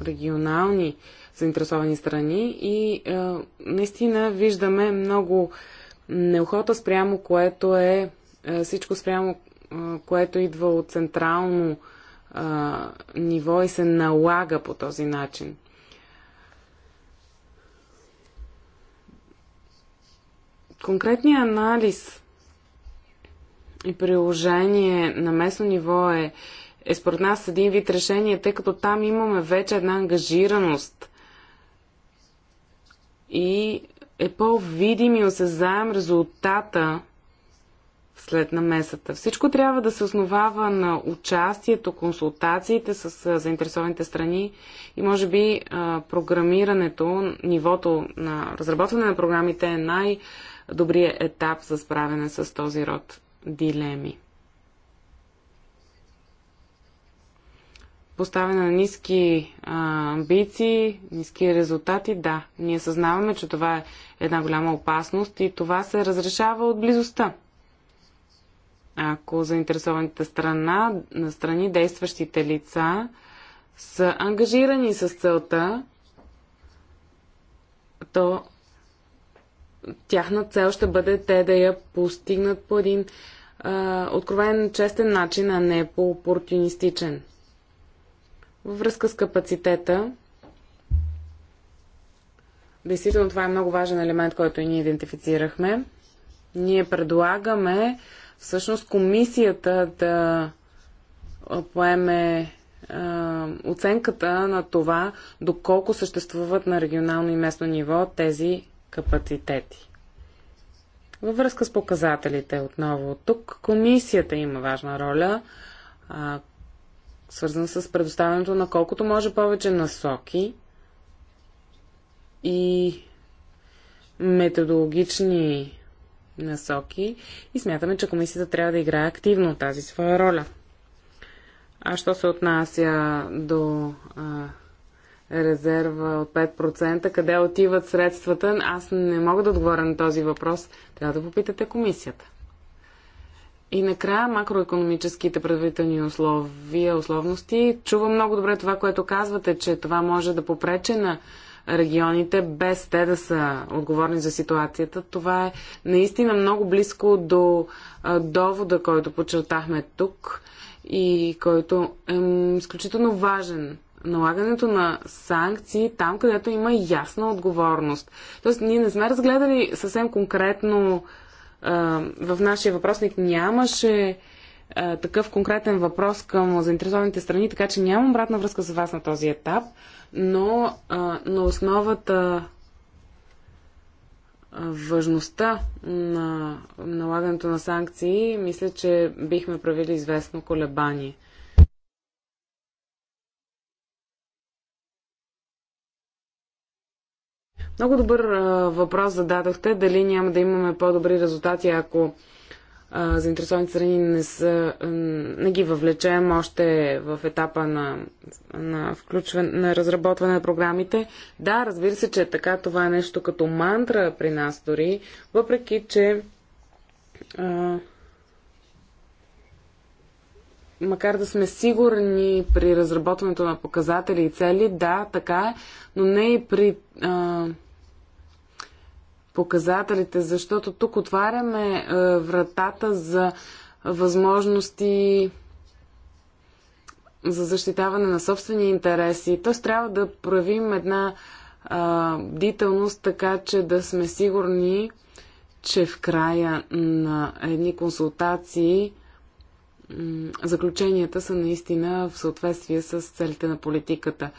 регионални заинтересовани страни и а, наистина виждаме много неохота спрямо, което е а, всичко спрямо, а, което идва от централно а, ниво и се налага по този начин. Конкретния анализ и приложение на местно ниво е, е според нас един вид решение, тъй като там имаме вече една ангажираност и е по-видим и осезаем резултата след намесата. Всичко трябва да се основава на участието, консултациите с заинтересованите страни и може би програмирането, нивото на разработване на програмите е най- добрия етап за справяне с този род дилеми. Поставяне на ниски а, амбиции, ниски резултати, да, ние съзнаваме, че това е една голяма опасност и това се разрешава от близостта. Ако заинтересованите страна, на страни действащите лица са ангажирани с целта, то тяхна цел ще бъде те да я постигнат по един а, откровен, честен начин, а не по опортунистичен. Във връзка с капацитета, действително това е много важен елемент, който и ние идентифицирахме. Ние предлагаме всъщност комисията да поеме оценката на това, доколко съществуват на регионално и местно ниво тези капацитети. Във връзка с показателите отново, тук комисията има важна роля, а, свързана с предоставянето на колкото може повече насоки и методологични насоки и смятаме, че комисията трябва да играе активно тази своя роля. А що се отнася до а, резерва от 5%, къде отиват средствата? Аз не мога да отговоря на този въпрос. Трябва да попитате комисията. И накрая макроекономическите предварителни условия, условности. Чувам много добре това, което казвате, че това може да попрече на регионите, без те да са отговорни за ситуацията. Това е наистина много близко до довода, който подчертахме тук и който е изключително важен налагането на санкции там, където има ясна отговорност. Тоест, ние не сме разгледали съвсем конкретно а, в нашия въпросник нямаше а, такъв конкретен въпрос към заинтересованите страни, така че нямам обратна връзка с вас на този етап, но а, на основата важността на налагането на санкции, мисля, че бихме правили известно колебание – Много добър а, въпрос зададохте. Дали няма да имаме по-добри резултати, ако а, заинтересованите страни не, са, не ги въвлечем още в етапа на, на, включване, на разработване на програмите. Да, разбира се, че така това е нещо като мантра при нас дори, въпреки че а, макар да сме сигурни при разработването на показатели и цели, да, така, е, но не и при. А, показателите, защото тук отваряме е, вратата за възможности за защитаване на собствени интереси. Т.е. трябва да проявим една а, бдителност, така че да сме сигурни, че в края на едни консултации заключенията са наистина в съответствие с целите на политиката.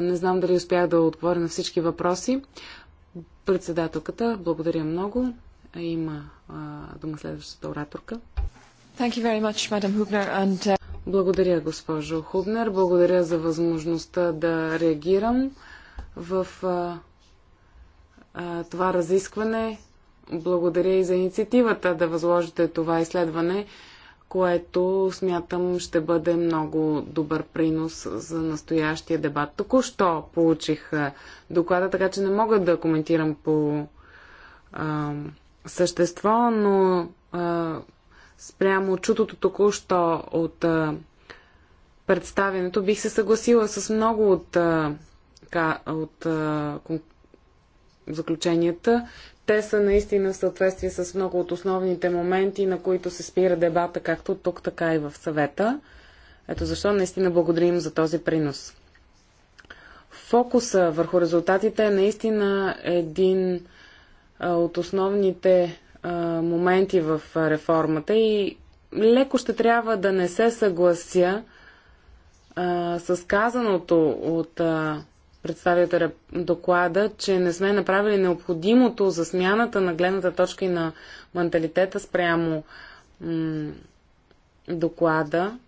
не знам дали успях да отговоря на всички въпроси. Председателката, благодаря много. Има дума следващата ораторка. Much, uh, благодаря, госпожо Хубнер. Благодаря за възможността да реагирам в а, а, това разискване. Благодаря и за инициативата да възложите това изследване което смятам ще бъде много добър принос за настоящия дебат. Току-що получих доклада, така че не мога да коментирам по а, същество, но а, спрямо чутото току-що от а, представянето бих се съгласила с много от, а, от а, заключенията. Те са наистина в съответствие с много от основните моменти, на които се спира дебата, както тук, така и в съвета. Ето защо наистина благодарим за този принос. Фокуса върху резултатите е наистина един от основните моменти в реформата и леко ще трябва да не се съглася а, с казаното от а, представят доклада, че не сме направили необходимото за смяната на гледната точка и на менталитета спрямо доклада.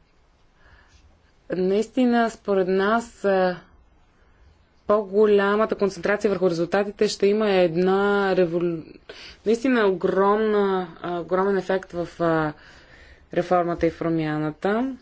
Наистина, според нас, е, по-голямата концентрация върху резултатите ще има една револю... наистина огромна, огромен ефект в е, реформата и промяната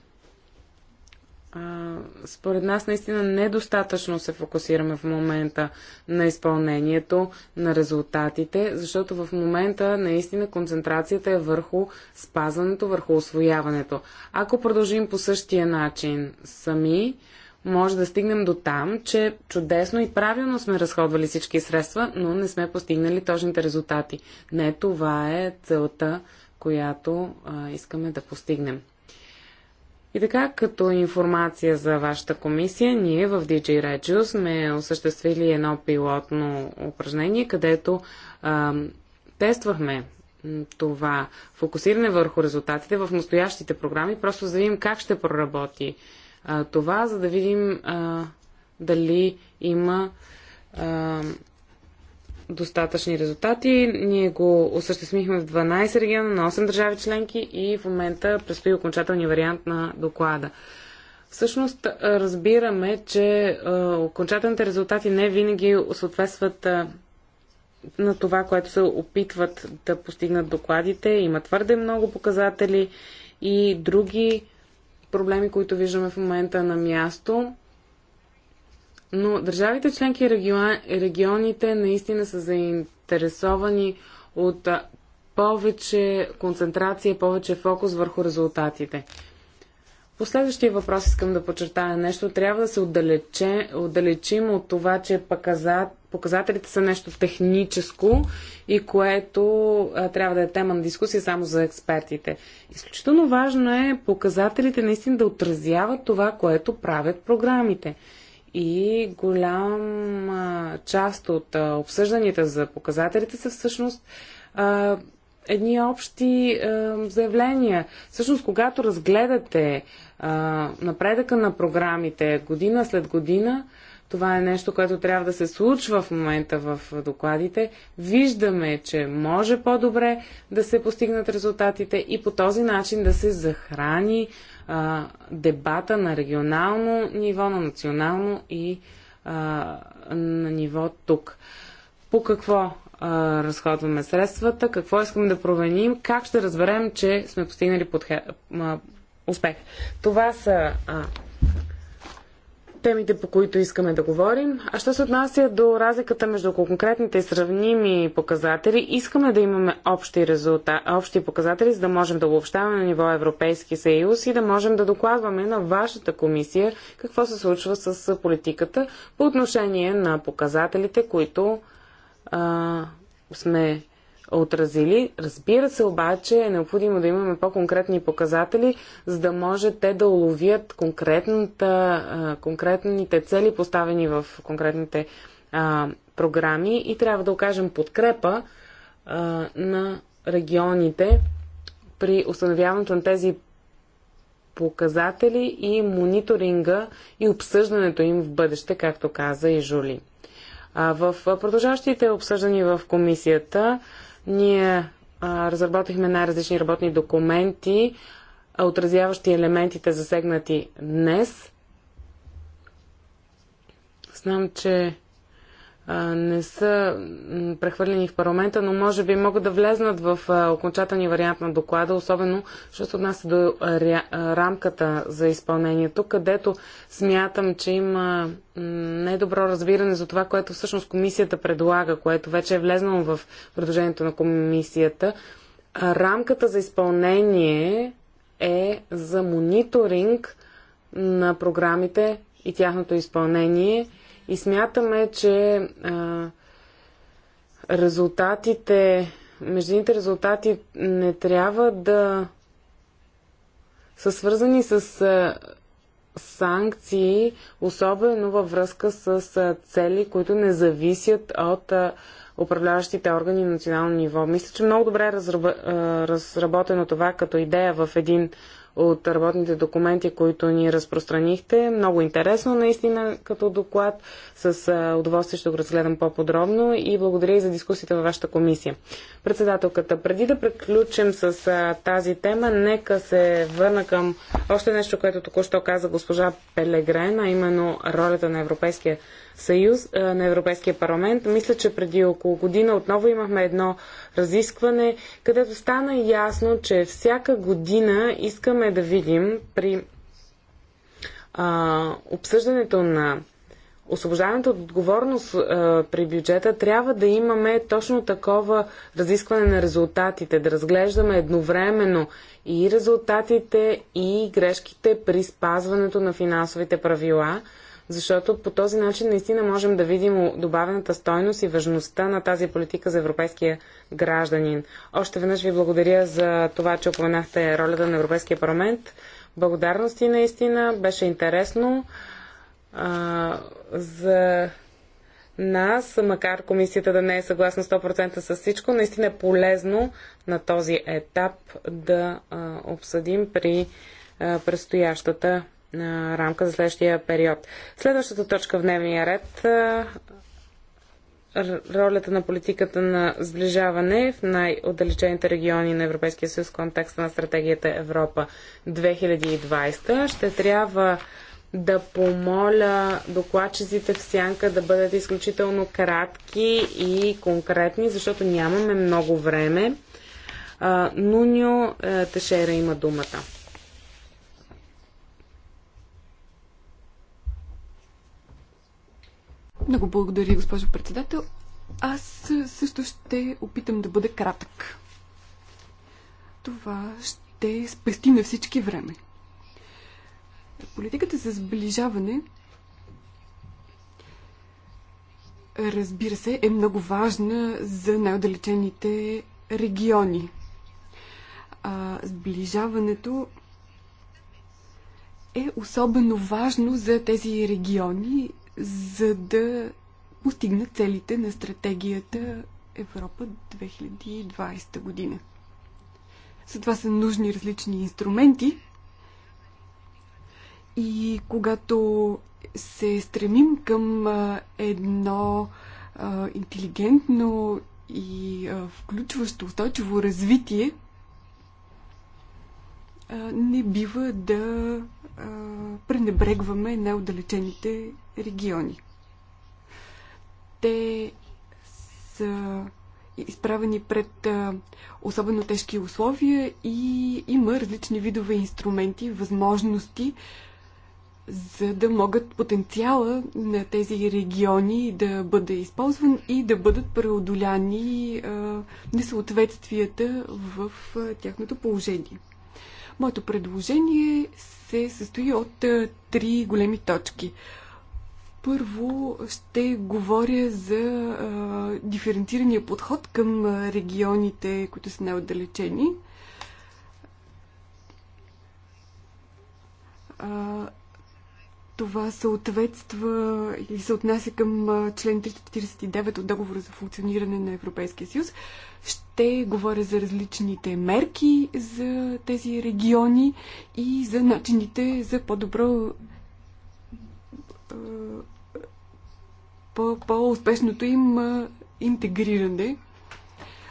а, според нас наистина недостатъчно се фокусираме в момента на изпълнението, на резултатите, защото в момента наистина концентрацията е върху спазването, върху освояването. Ако продължим по същия начин сами, може да стигнем до там, че чудесно и правилно сме разходвали всички средства, но не сме постигнали точните резултати. Не това е целта, която а, искаме да постигнем. И така, като информация за вашата комисия, ние в DJ Radio сме осъществили едно пилотно упражнение, където а, тествахме това фокусиране върху резултатите в настоящите програми, просто за да видим как ще проработи а, това, за да видим а, дали има а, достатъчни резултати. Ние го осъществихме в 12 региона на 8 държави членки и в момента предстои окончателния вариант на доклада. Всъщност разбираме, че окончателните резултати не винаги съответстват на това, което се опитват да постигнат докладите. Има твърде много показатели и други проблеми, които виждаме в момента на място. Но държавите членки и регионите наистина са заинтересовани от повече концентрация, повече фокус върху резултатите. Последващия въпрос искам да подчертая нещо. Трябва да се отдалече, отдалечим от това, че показат, показателите са нещо техническо и което а, трябва да е тема на дискусия само за експертите. Изключително важно е показателите наистина да отразяват това, което правят програмите. И голяма част от обсъжданията за показателите са всъщност едни общи а, заявления. Всъщност, когато разгледате а, напредъка на програмите година след година, това е нещо, което трябва да се случва в момента в докладите. Виждаме, че може по-добре да се постигнат резултатите и по този начин да се захрани дебата на регионално ниво, на национално и а, на ниво тук. По какво а, разходваме средствата, какво искаме да променим, как ще разберем, че сме постигнали подхе... а, успех. Това са а, темите, по които искаме да говорим. А що се отнася до разликата между конкретните и сравними показатели, искаме да имаме общи, резулта, общи показатели, за да можем да обобщаваме на ниво Европейски съюз и да можем да докладваме на вашата комисия какво се случва с политиката по отношение на показателите, които а, сме отразили. Разбира се, обаче е необходимо да имаме по-конкретни показатели, за да може те да уловят конкретните цели, поставени в конкретните а, програми и трябва да окажем подкрепа а, на регионите при установяването на тези показатели и мониторинга и обсъждането им в бъдеще, както каза и Жули. А в продължаващите обсъждания в комисията ние а, разработихме най-различни работни документи, отразяващи елементите засегнати днес. Знам, че не са прехвърлени в парламента, но може би могат да влезнат в окончателния вариант на доклада, особено що се отнася до рамката за изпълнението, където смятам, че има недобро разбиране за това, което всъщност комисията предлага, което вече е влезнало в предложението на комисията. Рамката за изпълнение е за мониторинг на програмите и тяхното изпълнение – и смятаме, че а, резултатите, междуните резултати не трябва да са свързани с а, санкции, особено във връзка с а, цели, които не зависят от а, управляващите органи на национално ниво. Мисля, че много добре е разработено това като идея в един от работните документи, които ни разпространихте. Много интересно, наистина, като доклад. С удоволствие ще го разгледам по-подробно и благодаря и за дискусията във вашата комисия. Председателката, преди да приключим с тази тема, нека се върна към още нещо, което току-що каза госпожа Пелегрена, а именно ролята на Европейския съюз на Европейския парламент. Мисля, че преди около година отново имахме едно разискване, където стана ясно, че всяка година искаме да видим при а, обсъждането на освобождаването от отговорност а, при бюджета, трябва да имаме точно такова разискване на резултатите, да разглеждаме едновременно и резултатите, и грешките при спазването на финансовите правила, защото по този начин наистина можем да видим добавената стойност и важността на тази политика за европейския гражданин. Още веднъж ви благодаря за това, че упоменахте ролята на Европейския парламент. Благодарности наистина, беше интересно а, за нас, макар комисията да не е съгласна 100% с всичко, наистина е полезно на този етап да а, обсъдим при а, предстоящата рамка за следващия период. Следващата точка в дневния ред ролята на политиката на сближаване в най-отдалечените региони на Европейския съюз в контекста на стратегията Европа 2020. Ще трябва да помоля докладчиците в сянка да бъдат изключително кратки и конкретни, защото нямаме много време. Нуньо е, Тешера има думата. Много благодаря, госпожо председател. Аз също ще опитам да бъда кратък. Това ще спести на всички време. Политиката за сближаване, разбира се, е много важна за най-отдалечените региони. А, сближаването е особено важно за тези региони, за да постигна целите на стратегията Европа 2020 година. За това са нужни различни инструменти. И когато се стремим към едно интелигентно и включващо устойчиво развитие, не бива да пренебрегваме неотдалечените региони. Те са изправени пред особено тежки условия и има различни видове инструменти, възможности, за да могат потенциала на тези региони да бъде използван и да бъдат преодоляни несъответствията в тяхното положение. Моето предложение се състои от три големи точки. Първо ще говоря за а, диференцирания подход към регионите, които са най-отдалечени. това съответства или се отнася към член 349 от договора за функциониране на Европейския съюз. Ще говоря за различните мерки за тези региони и за начините за по-добро по по-успешното им интегриране,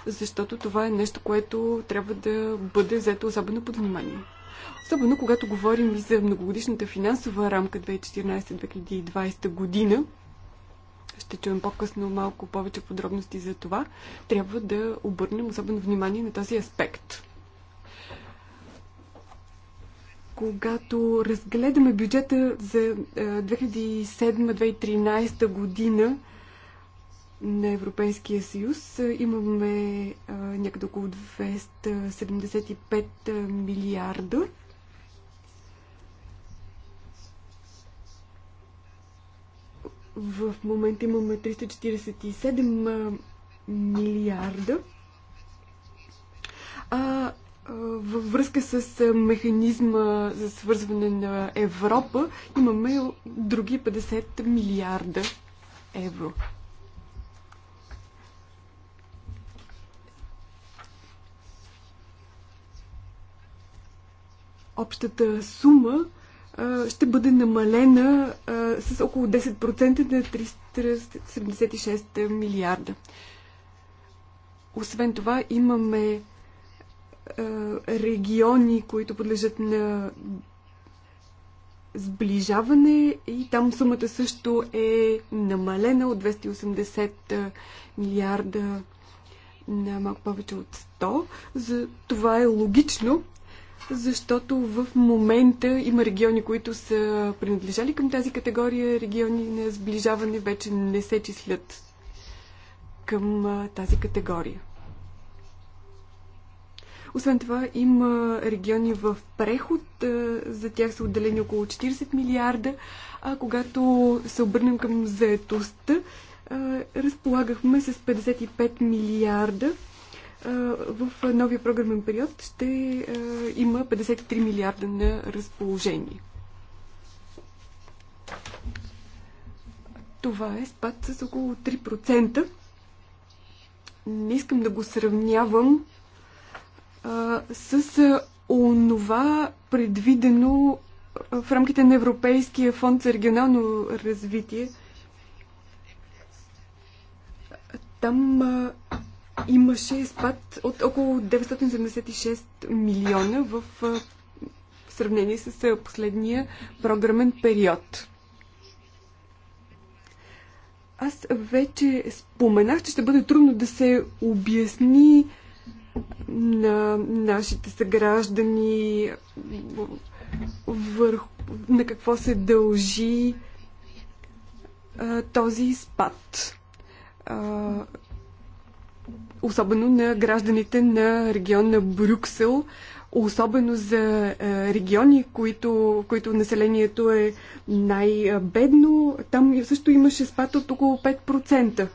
защото това е нещо, което трябва да бъде взето особено под внимание. Особено когато говорим и за многогодишната финансова рамка 2014-2020 година, ще чуем по-късно малко повече подробности за това, трябва да обърнем особено внимание на този аспект когато разгледаме бюджета за 2007-2013 е, година на Европейския съюз, е, имаме е, някъде около 275 милиарда. В момента имаме 347 милиарда. А във връзка с механизма за свързване на Европа имаме други 50 милиарда евро. Общата сума ще бъде намалена с около 10% на 376 милиарда. Освен това имаме е, региони, които подлежат на сближаване и там сумата също е намалена от 280 е, милиарда на малко повече от 100. За това е логично, защото в момента има региони, които са принадлежали към тази категория, региони на сближаване вече не се числят към е, тази категория. Освен това, има региони в преход, за тях са отделени около 40 милиарда, а когато се обърнем към заетостта, разполагахме с 55 милиарда. В новия програмен период ще има 53 милиарда на разположение. Това е спад с около 3%. Не искам да го сравнявам с онова предвидено в рамките на Европейския фонд за регионално развитие. Там а, имаше спад от около 976 милиона в, а, в сравнение с а, последния програмен период. Аз вече споменах, че ще бъде трудно да се обясни а, на нашите съграждани, върху, на какво се дължи а, този спад. А, особено на гражданите на регион на Брюксел, особено за региони, които, които населението е най-бедно. Там също имаше спад от около 5%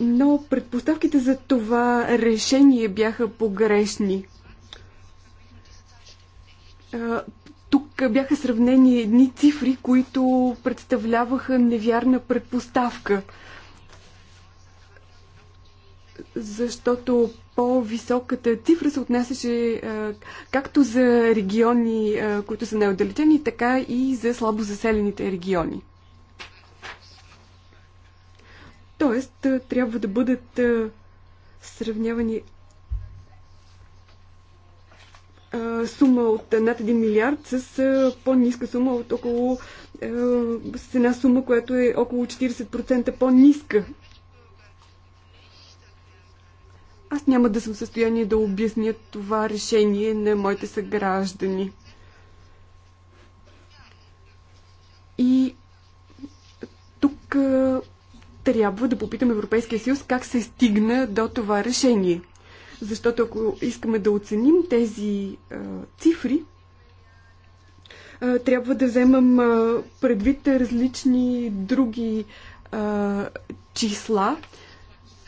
но предпоставките за това решение бяха погрешни. Тук бяха сравнени едни цифри, които представляваха невярна предпоставка. Защото по-високата цифра се отнасяше както за региони, които са най-отдалечени, така и за слабо заселените региони. Тоест, трябва да бъдат сравнявани сума от над 1 милиард с по-ниска сума от около с една сума, която е около 40% по-ниска. Аз няма да съм в състояние да обясня това решение на моите съграждани. И тук трябва да попитаме Европейския съюз как се стигна до това решение. Защото ако искаме да оценим тези а, цифри, а, трябва да вземам а, предвид различни други а, числа.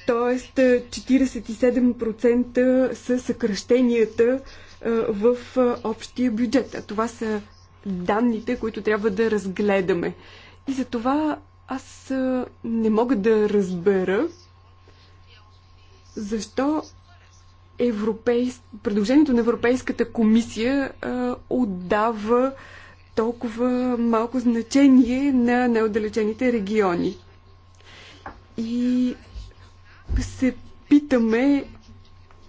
Тоест 47% са съкръщенията в общия бюджет. А това са данните, които трябва да разгледаме. И за това аз не мога да разбера защо европейс... предложението на Европейската комисия а, отдава толкова малко значение на неотдалечените региони. И се питаме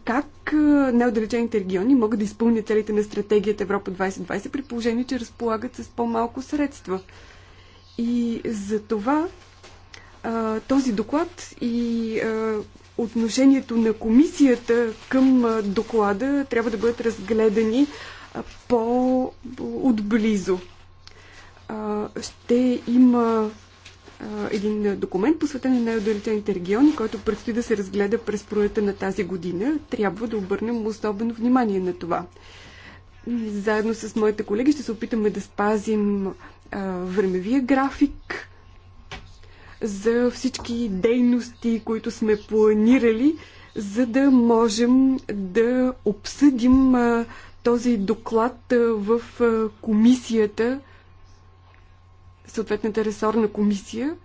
как неотдалечените региони могат да изпълнят целите на стратегията Европа 2020 при положение, че разполагат с по-малко средства. И за това а, този доклад и а, отношението на комисията към а, доклада трябва да бъдат разгледани по-отблизо. ще има един документ, посветен на най удалечените региони, който предстои да се разгледа през проекта на тази година. Трябва да обърнем особено внимание на това. Заедно с моите колеги ще се опитаме да спазим времевия график, за всички дейности, които сме планирали, за да можем да обсъдим този доклад в комисията, съответната ресорна комисия,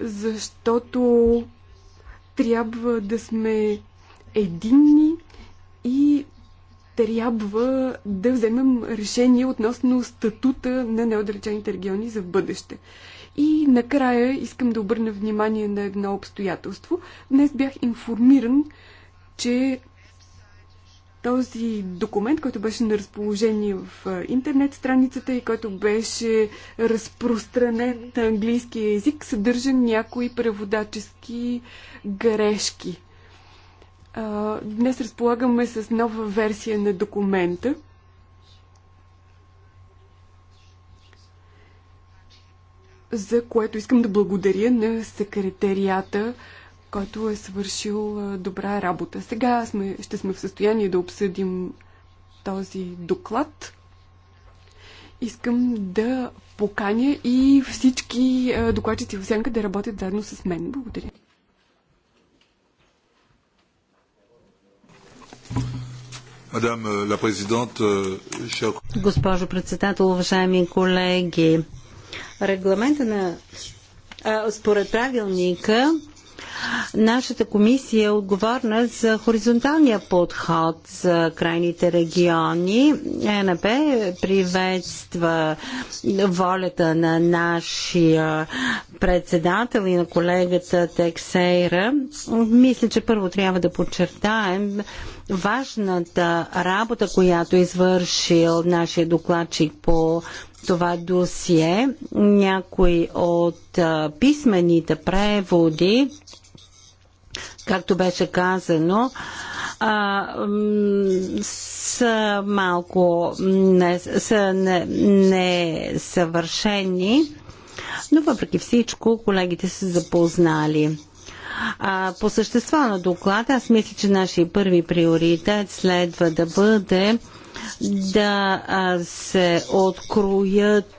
защото трябва да сме единни и трябва да вземем решение относно статута на неотдалечените региони за бъдеще. И накрая искам да обърна внимание на едно обстоятелство. Днес бях информиран, че този документ, който беше на разположение в интернет страницата и който беше разпространен на английски язик, съдържа някои преводачески грешки. Днес разполагаме с нова версия на документа. за което искам да благодаря на секретарията, който е свършил добра работа. Сега сме, ще сме в състояние да обсъдим този доклад. Искам да поканя и всички докладчици в сенка да работят заедно с мен. Благодаря. Euh, euh, Госпожо председател, уважаеми колеги, регламента на според правилника Нашата комисия е отговорна за хоризонталния подход за крайните региони. Е, ЕНП приветства волята на нашия председател и на колегата Тексейра. Мисля, че първо трябва да подчертаем важната работа, която е извършил нашия докладчик по това досие. Някои от писмените преводи, както беше казано, а, са малко не, са не, несъвършени, но въпреки всичко колегите са запознали. А, по същество на доклада, аз мисля, че нашия първи приоритет следва да бъде да се откроят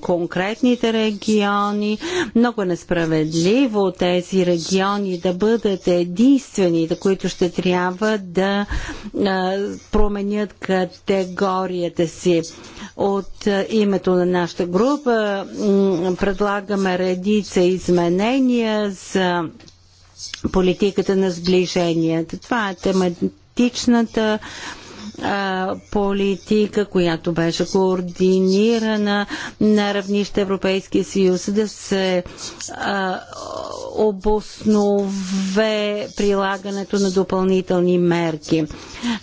конкретните региони. Много е несправедливо тези региони да бъдат единствените, които ще трябва да променят категорията си. От името на нашата група предлагаме редица изменения за политиката на сближението. Това е тематичната политика, която беше координирана на равнище Европейския съюз, да се а, обоснове прилагането на допълнителни мерки.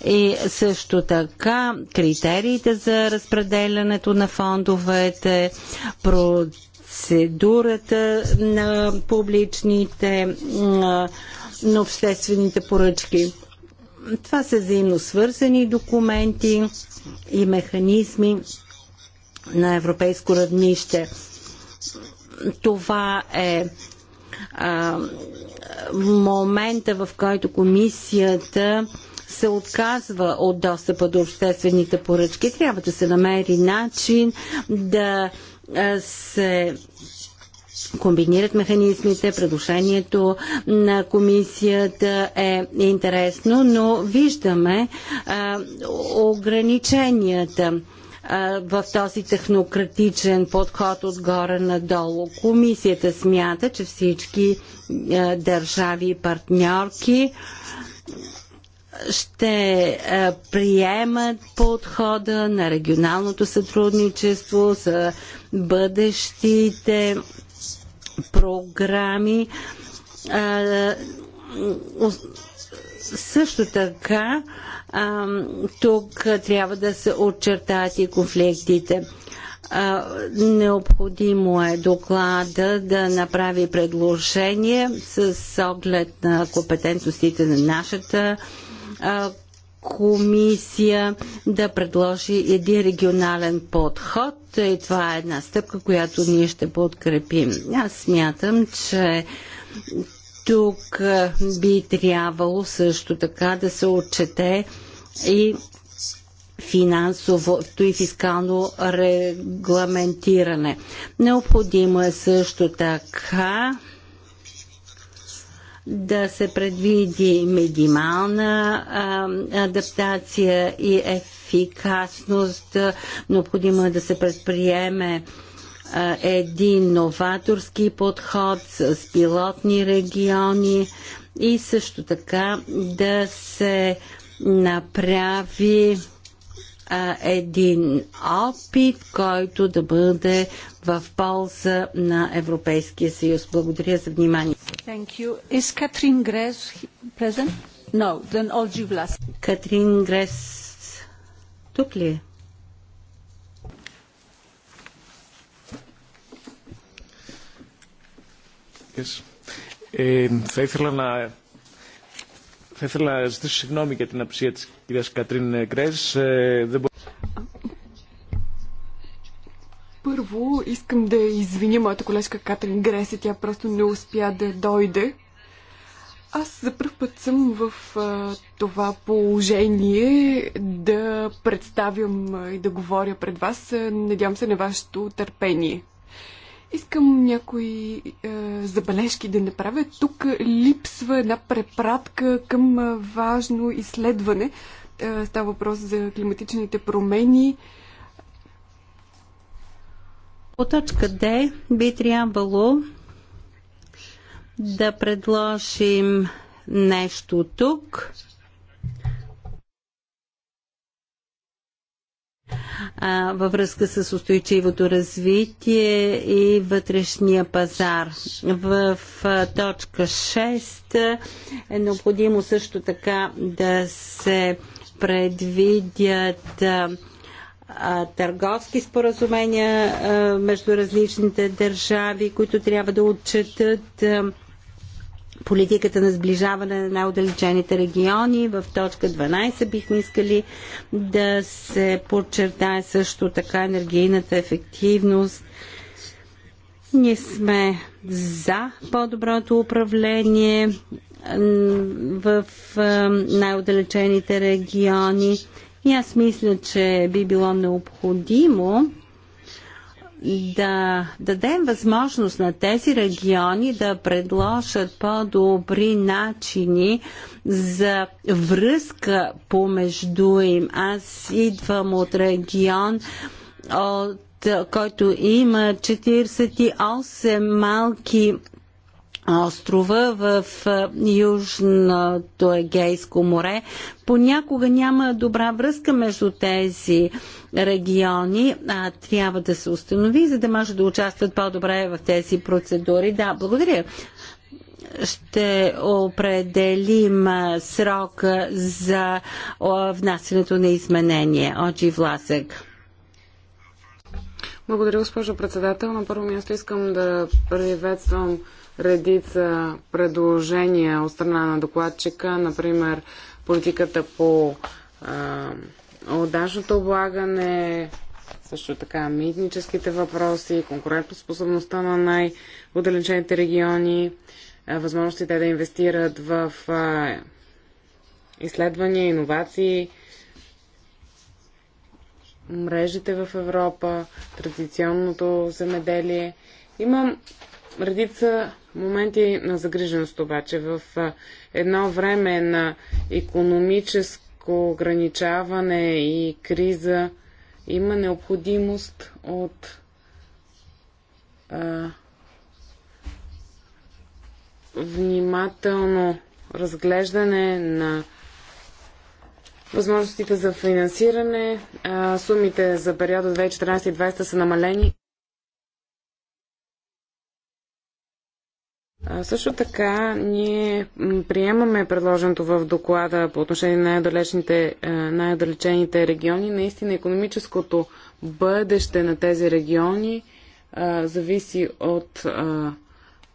И също така критериите за разпределянето на фондовете, процедурата на публичните, на обществените поръчки. Това са взаимно свързани документи и механизми на европейско равнище. Това е а, момента, в който комисията се отказва от достъпа до обществените поръчки. Трябва да се намери начин да се комбинират механизмите. Предложението на комисията е интересно, но виждаме а, ограниченията в този технократичен подход отгоре надолу. Комисията смята, че всички държави и партньорки ще приемат подхода на регионалното сътрудничество за бъдещите програми. Също така, тук трябва да се очертат и конфликтите. Необходимо е доклада да направи предложение с оглед на компетентностите на нашата комисия да предложи един регионален подход и това е една стъпка, която ние ще подкрепим. Аз смятам, че тук би трябвало също така да се отчете и финансовото и фискално регламентиране. Необходимо е също така да се предвиди минимална адаптация и ефикасност. Необходимо е да се предприеме един новаторски подход с пилотни региони и също така да се направи а, един опит, който да бъде в полза на Европейския съюз. Благодаря за внимание. No, Катрин Грес тук ли е? Yes. Ε, е, θα, ήθελα να, θα ήθελα να ζητήσω συγγνώμη για την απουσία της Κατρίν Първо искам да извиня моята колежка Катрин Грес и тя просто не успя да дойде. Аз за първ път съм в а, това положение да представям и да говоря пред вас. Надявам се на вашето търпение. Искам някои е, забележки да направя. Тук липсва една препратка към е, важно изследване. Е, става въпрос за климатичните промени. По точка Д би трябвало да предложим нещо тук а, във връзка с устойчивото развитие и вътрешния пазар. В а, точка 6 е необходимо също така да се предвидят а, търговски споразумения между различните държави, които трябва да отчетат политиката на сближаване на най-отдалечените региони. В точка 12 бихме искали да се подчертае също така енергийната ефективност. Ние сме за по-доброто управление в най-отдалечените региони. И аз мисля, че би било необходимо да дадем възможност на тези региони да предложат по-добри начини за връзка помежду им. Аз идвам от регион, от който има 48 малки острова в Южното Егейско море. Понякога няма добра връзка между тези региони, а трябва да се установи, за да може да участват по-добре в тези процедури. Да, благодаря ще определим срок за внасянето на изменение. Оджи Власък. Благодаря, госпожо председател. На първо място искам да приветствам редица предложения от страна на докладчика, например политиката по отдашното облагане, също така митническите въпроси, конкурентоспособността на най удалечените региони, възможностите да инвестират в изследвания, иновации, мрежите в Европа, традиционното земеделие. Имам редица моменти на загриженост обаче. В едно време на економическо ограничаване и криза има необходимост от а, внимателно разглеждане на възможностите за финансиране. А, сумите за периода 2014-2020 са намалени Също така, ние приемаме предложеното в доклада по отношение на най-далечните, далечените региони. Наистина, економическото бъдеще на тези региони а, зависи от а,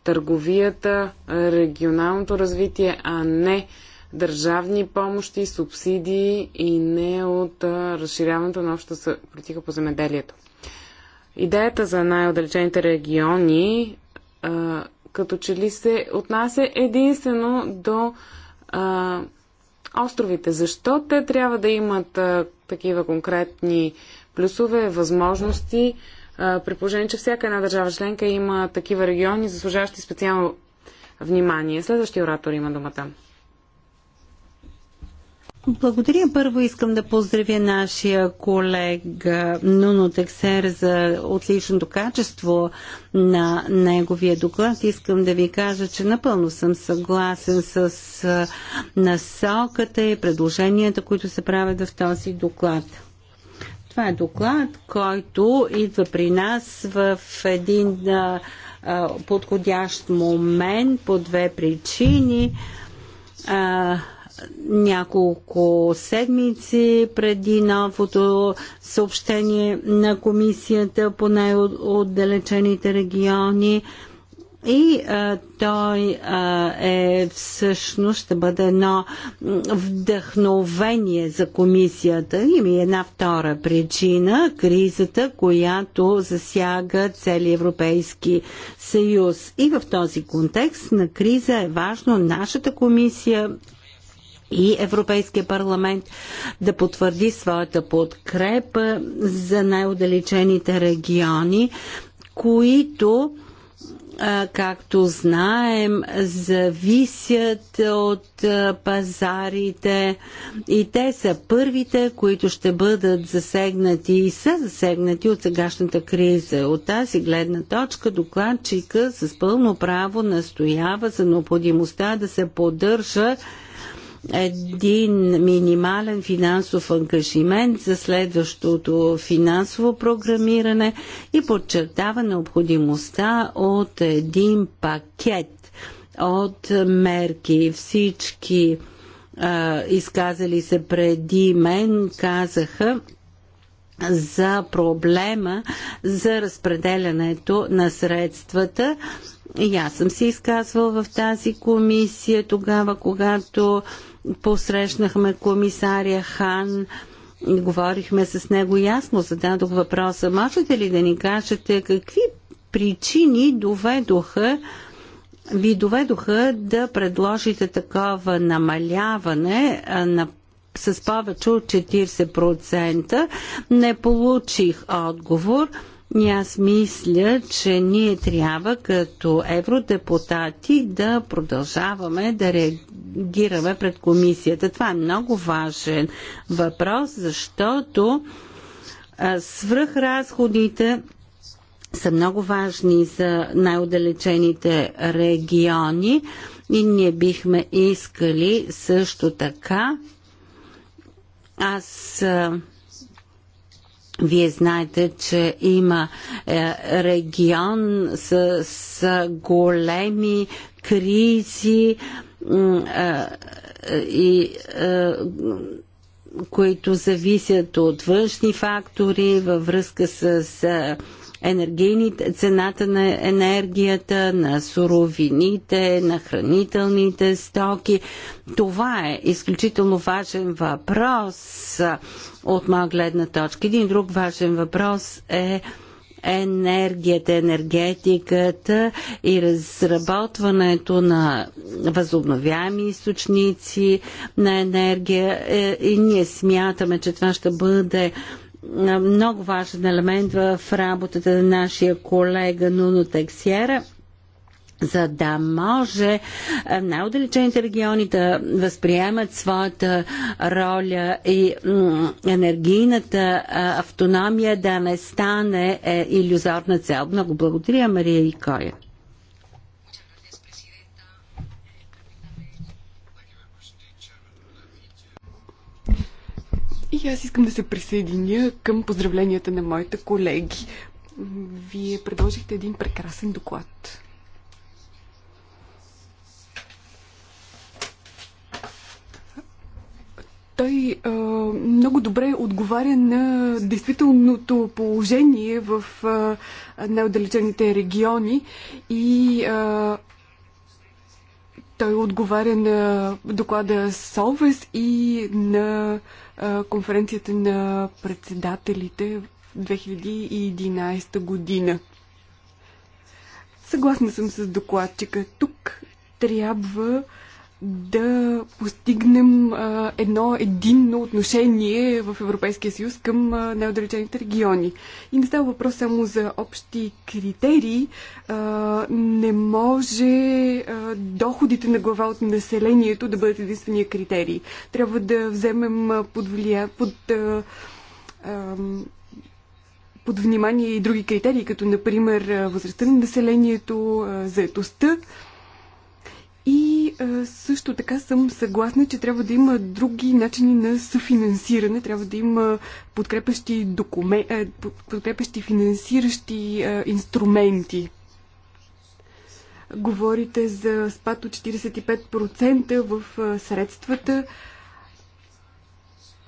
търговията, регионалното развитие, а не държавни помощи, субсидии и не от а, разширяването на общата политика по земеделието. Идеята за най-отдалечените региони като че ли се отнася единствено до а, островите. Защо те трябва да имат а, такива конкретни плюсове, възможности, а, при положение, че всяка една държава членка има такива региони, заслужаващи специално внимание. Следващия оратор има думата. Благодаря. Първо искам да поздравя нашия колега Нуно Тексер за отличното качество на неговия доклад. Искам да ви кажа, че напълно съм съгласен с насоката и предложенията, които се правят в този доклад. Това е доклад, който идва при нас в един подходящ момент по две причини няколко седмици преди новото съобщение на комисията по най-отдалечените региони. И а, той а, е всъщност ще бъде едно вдъхновение за комисията. Има и е една втора причина кризата, която засяга цели Европейски съюз. И в този контекст на криза е важно нашата комисия и Европейския парламент да потвърди своята подкрепа за най удалечените региони, които както знаем, зависят от пазарите и те са първите, които ще бъдат засегнати и са засегнати от сегашната криза. От тази гледна точка докладчика с пълно право настоява за необходимостта да се поддържа един минимален финансов ангажимент за следващото финансово програмиране и подчертава необходимостта от един пакет от мерки. Всички а, изказали се преди мен казаха, за проблема за разпределянето на средствата. И аз съм се изказвал в тази комисия тогава, когато Посрещнахме комисаря Хан говорихме с него ясно, зададох въпроса. Можете ли да ни кажете какви причини доведоха ви доведоха да предложите такова намаляване на с повече от 40%. Не получих отговор. И аз мисля, че ние трябва като евродепутати да продължаваме да реагираме пред комисията. Това е много важен въпрос, защото свръхразходите са много важни за най-отдалечените региони и ние бихме искали също така. Аз вие знаете, че има е, регион с, с големи кризи е, и е, които зависят от външни фактори във връзка с енергийните, цената на енергията, на суровините, на хранителните стоки. Това е изключително важен въпрос от моя гледна точка. Един друг важен въпрос е енергията, енергетиката и разработването на възобновяеми източници на енергия. Е, и ние смятаме, че това ще бъде много важен елемент в работата на нашия колега Нуно Тексиера за да може е, най-отдалечените региони да възприемат своята роля и енергийната е, автономия да не стане е, иллюзорна цел. Много благодаря, Мария Икоя. И аз искам да се присъединя към поздравленията на моите колеги. Вие предложихте един прекрасен доклад. той а, много добре отговаря на действителното положение в най-отдалечените региони и а, той отговаря на доклада Солвес и на конференцията на председателите в 2011 година. Съгласна съм с докладчика. Тук трябва да постигнем а, едно единно отношение в Европейския съюз към неодалечените региони. И не става въпрос само за общи критерии. А, не може а, доходите на глава от населението да бъдат единствения критерий. Трябва да вземем под, влия... под а, а, под внимание и други критерии, като например възрастта на населението, заетостта, и а, също така съм съгласна, че трябва да има други начини на съфинансиране. Трябва да има подкрепещи, докумен... подкрепещи финансиращи а, инструменти. Говорите за спад от 45% в а, средствата. А,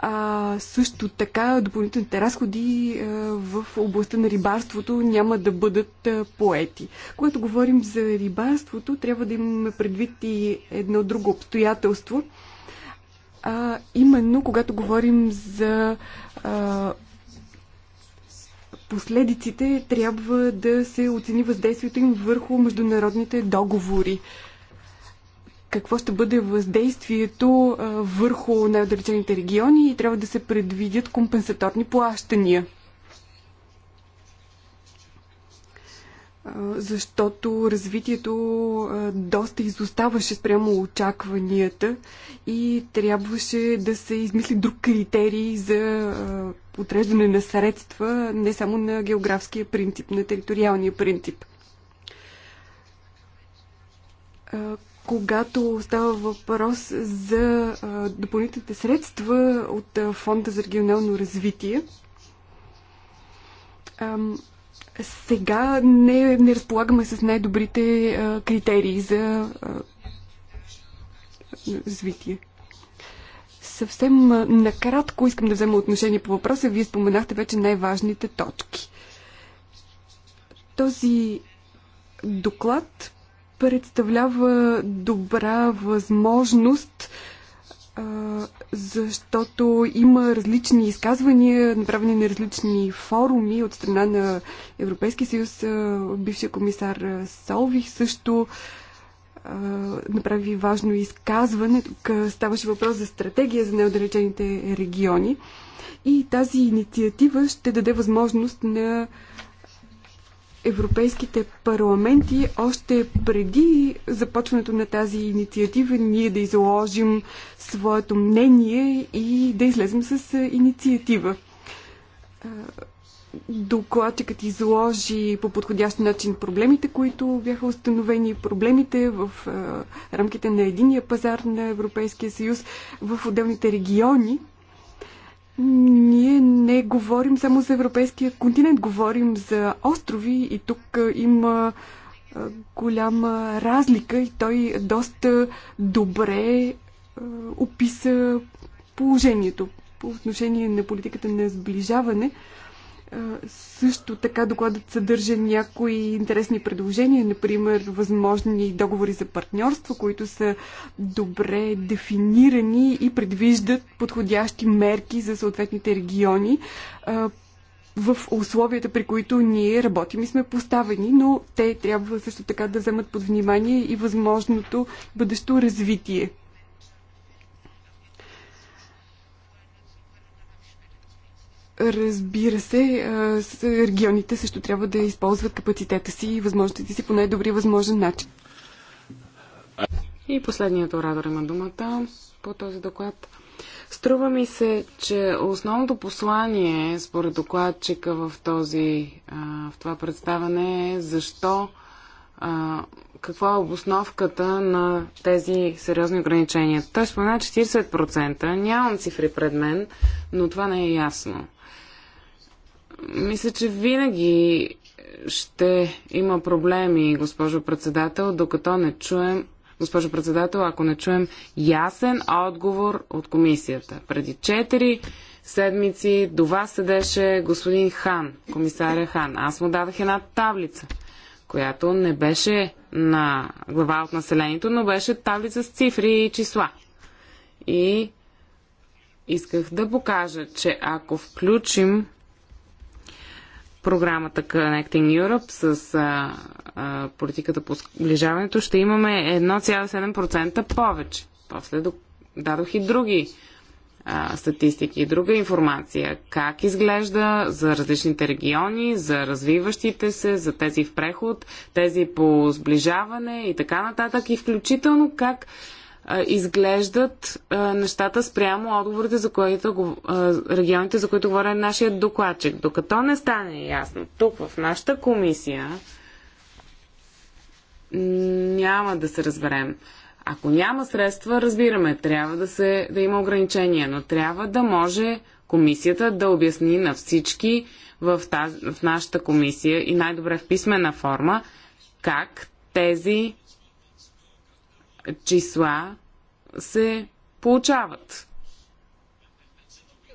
а, също така допълнителните разходи а, в областта на рибарството няма да бъдат а, поети. Когато говорим за рибарството, трябва да имаме предвид и едно друго обстоятелство. А, именно когато говорим за а, последиците, трябва да се оцени въздействието им върху международните договори какво ще бъде въздействието върху най-отдалечените региони и трябва да се предвидят компенсаторни плащания. защото развитието доста изоставаше спрямо очакванията и трябваше да се измисли друг критерий за отреждане на средства, не само на географския принцип, на териториалния принцип когато става въпрос за допълнителните средства от Фонда за регионално развитие. Сега не, не разполагаме с най-добрите критерии за развитие. Съвсем накратко искам да взема отношение по въпроса. Вие споменахте вече най-важните точки. Този доклад представлява добра възможност, защото има различни изказвания, направени на различни форуми от страна на Европейския съюз. Бившия комисар Солвих също направи важно изказване. Тук ставаше въпрос за стратегия за неодалечените региони. И тази инициатива ще даде възможност на европейските парламенти още преди започването на тази инициатива ние да изложим своето мнение и да излезем с инициатива. Докладчикът изложи по подходящ начин проблемите, които бяха установени, проблемите в рамките на единия пазар на Европейския съюз в отделните региони – ние не говорим само за европейския континент, говорим за острови и тук има голяма разлика и той доста добре описа положението по отношение на политиката на сближаване. Също така докладът съдържа някои интересни предложения, например възможни договори за партньорство, които са добре дефинирани и предвиждат подходящи мерки за съответните региони в условията, при които ние работим и сме поставени, но те трябва също така да вземат под внимание и възможното бъдещо развитие. Разбира се, регионите също трябва да използват капацитета си и възможностите си по най-добри възможен начин. И последният оратор има думата по този доклад. Струва ми се, че основното послание според докладчика в, този, в това представане е защо каква е обосновката на тези сериозни ограничения. Той спомена 40%. Нямам цифри пред мен, но това не е ясно. Мисля, че винаги ще има проблеми, госпожо председател, докато не чуем, госпожо председател, ако не чуем ясен отговор от комисията. Преди 4 седмици до вас седеше господин Хан, комисаря Хан. Аз му дадах една таблица, която не беше на глава от населението, но беше таблица с цифри и числа. И исках да покажа, че ако включим програмата Connecting Europe с а, а, политиката по сближаването, ще имаме 1,7% повече. После дадох и други а, статистики и друга информация. Как изглежда за различните региони, за развиващите се, за тези в преход, тези по сближаване и така нататък. И включително как изглеждат нещата спрямо отговорите, за които, регионите, за които говоря е нашия докладчик. Докато не стане ясно тук в нашата комисия, няма да се разберем. Ако няма средства, разбираме, трябва да, се, да има ограничения, но трябва да може комисията да обясни на всички в, тази, в нашата комисия и най-добре в писмена форма как тези числа се получават?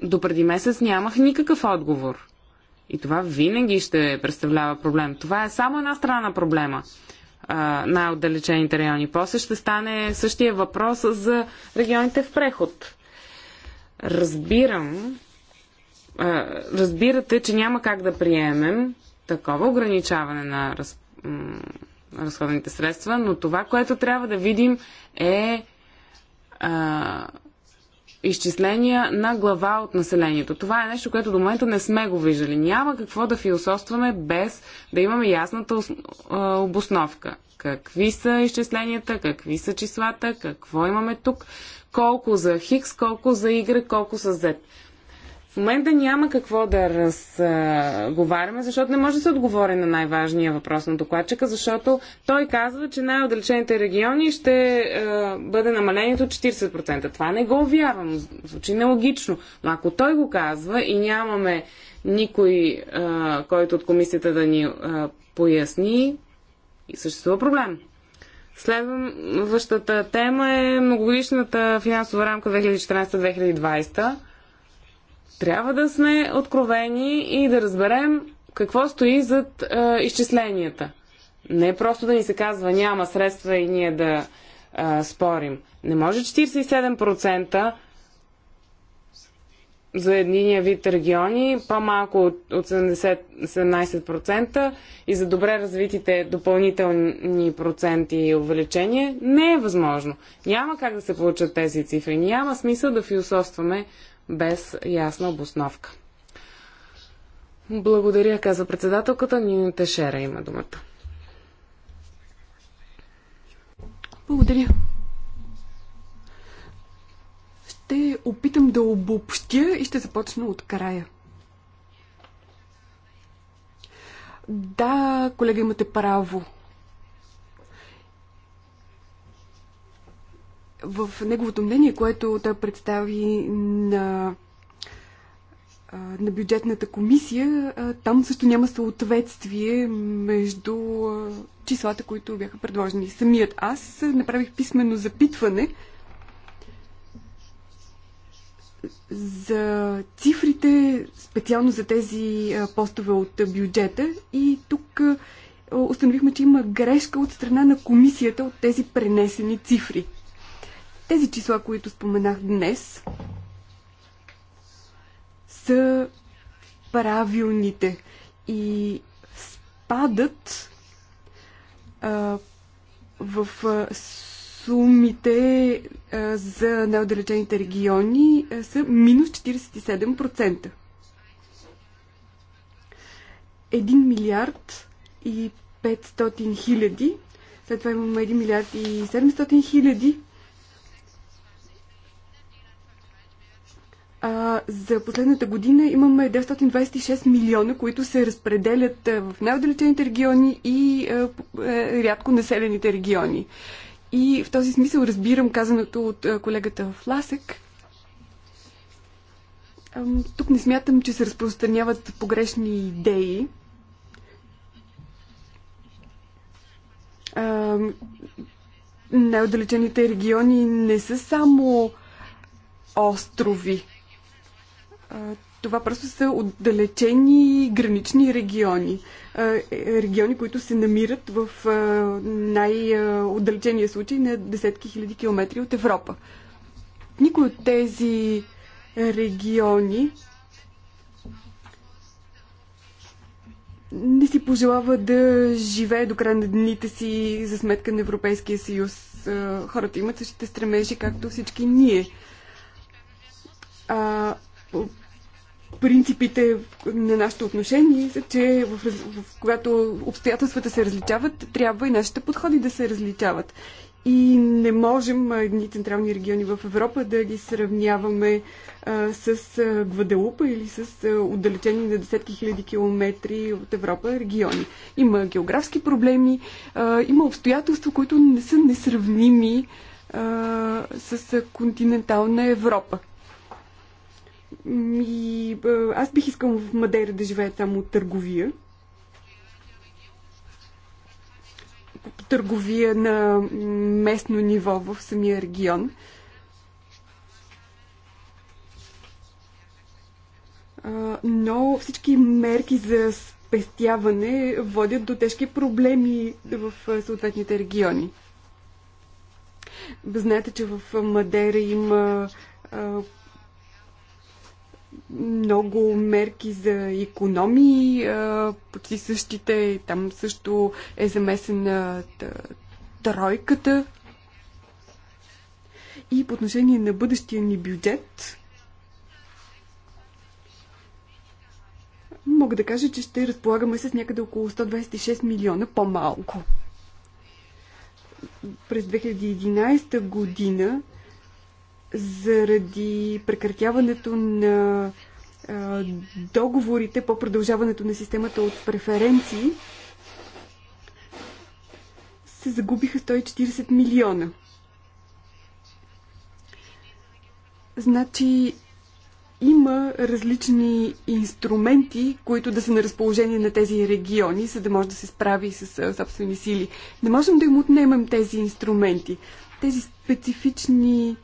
До преди месец нямах никакъв отговор. И това винаги ще представлява проблем. Това е само една страна на проблема най-отдалечените райони. После ще стане същия въпрос за регионите в преход. Разбирам, разбирате, че няма как да приемем такова ограничаване на разходените средства, но това, което трябва да видим е а, изчисления на глава от населението. Това е нещо, което до момента не сме го виждали. Няма какво да философстваме без да имаме ясната обосновка. Какви са изчисленията, какви са числата, какво имаме тук, колко за Хикс, колко за Y, колко са Z. В момента няма какво да разговаряме, защото не може да се отговори на най-важния въпрос на докладчика, защото той казва, че най-отдалечените региони ще е, бъде намалението 40%. Това не го вярвам, звучи нелогично, но ако той го казва и нямаме никой, е, който от комисията да ни е, поясни, съществува проблем. Следващата тема е многогодишната финансова рамка 2014-2020. Трябва да сме откровени и да разберем какво стои зад е, изчисленията. Не просто да ни се казва няма средства и ние да е, спорим. Не може 47% за единия вид региони, по-малко от 70, 17 и за добре развитите допълнителни проценти и увеличение не е възможно. Няма как да се получат тези цифри. Няма смисъл да философстваме без ясна обосновка. Благодаря, каза председателката. Нина Тешера има думата. Благодаря. Ще опитам да обобщя и ще започна от края. Да, колега, имате право. в неговото мнение, което той представи на, на бюджетната комисия, там също няма съответствие между числата, които бяха предложени. Самият аз направих писменно запитване за цифрите, специално за тези постове от бюджета и тук установихме, че има грешка от страна на комисията от тези пренесени цифри. Тези числа, които споменах днес, са правилните и спадат а, в а, сумите а, за неотдалечените региони а, са минус 47%. 1 милиард и 500 хиляди. След това имаме 1 милиард и 700 хиляди А, за последната година имаме 926 милиона, които се разпределят в най-отдалечените региони и а, е, рядко населените региони. И в този смисъл разбирам казаното от колегата Фласек. Тук не смятам, че се разпространяват погрешни идеи. Най-отдалечените региони не са само острови това просто са отдалечени гранични региони. Е, региони, които се намират в най-отдалечения случай на десетки хиляди километри от Европа. Никой от тези региони не си пожелава да живее до края на дните си за сметка на Европейския съюз. Хората имат същите стремежи, както всички ние принципите на нашето отношение са, че в, в, когато обстоятелствата се различават, трябва и нашите подходи да се различават. И не можем едни централни региони в Европа да ги сравняваме а, с Гваделупа или с а, отдалечени на десетки хиляди километри от Европа региони. Има географски проблеми, а, има обстоятелства, които не са несравними а, с континентална Европа. И аз бих искал в Мадейра да живея само търговия. Търговия на местно ниво в самия регион. Но всички мерки за спестяване водят до тежки проблеми в съответните региони. Знаете, че в Мадера има много мерки за економии, почти същите. Там също е замесена тройката. И по отношение на бъдещия ни бюджет, мога да кажа, че ще разполагаме с някъде около 126 милиона по-малко. През 2011 година заради прекратяването на а, договорите по продължаването на системата от преференции се загубиха 140 милиона. Значи има различни инструменти, които да са на разположение на тези региони, за да може да се справи с собствени сили. Не можем да им отнемем тези инструменти. Тези специфични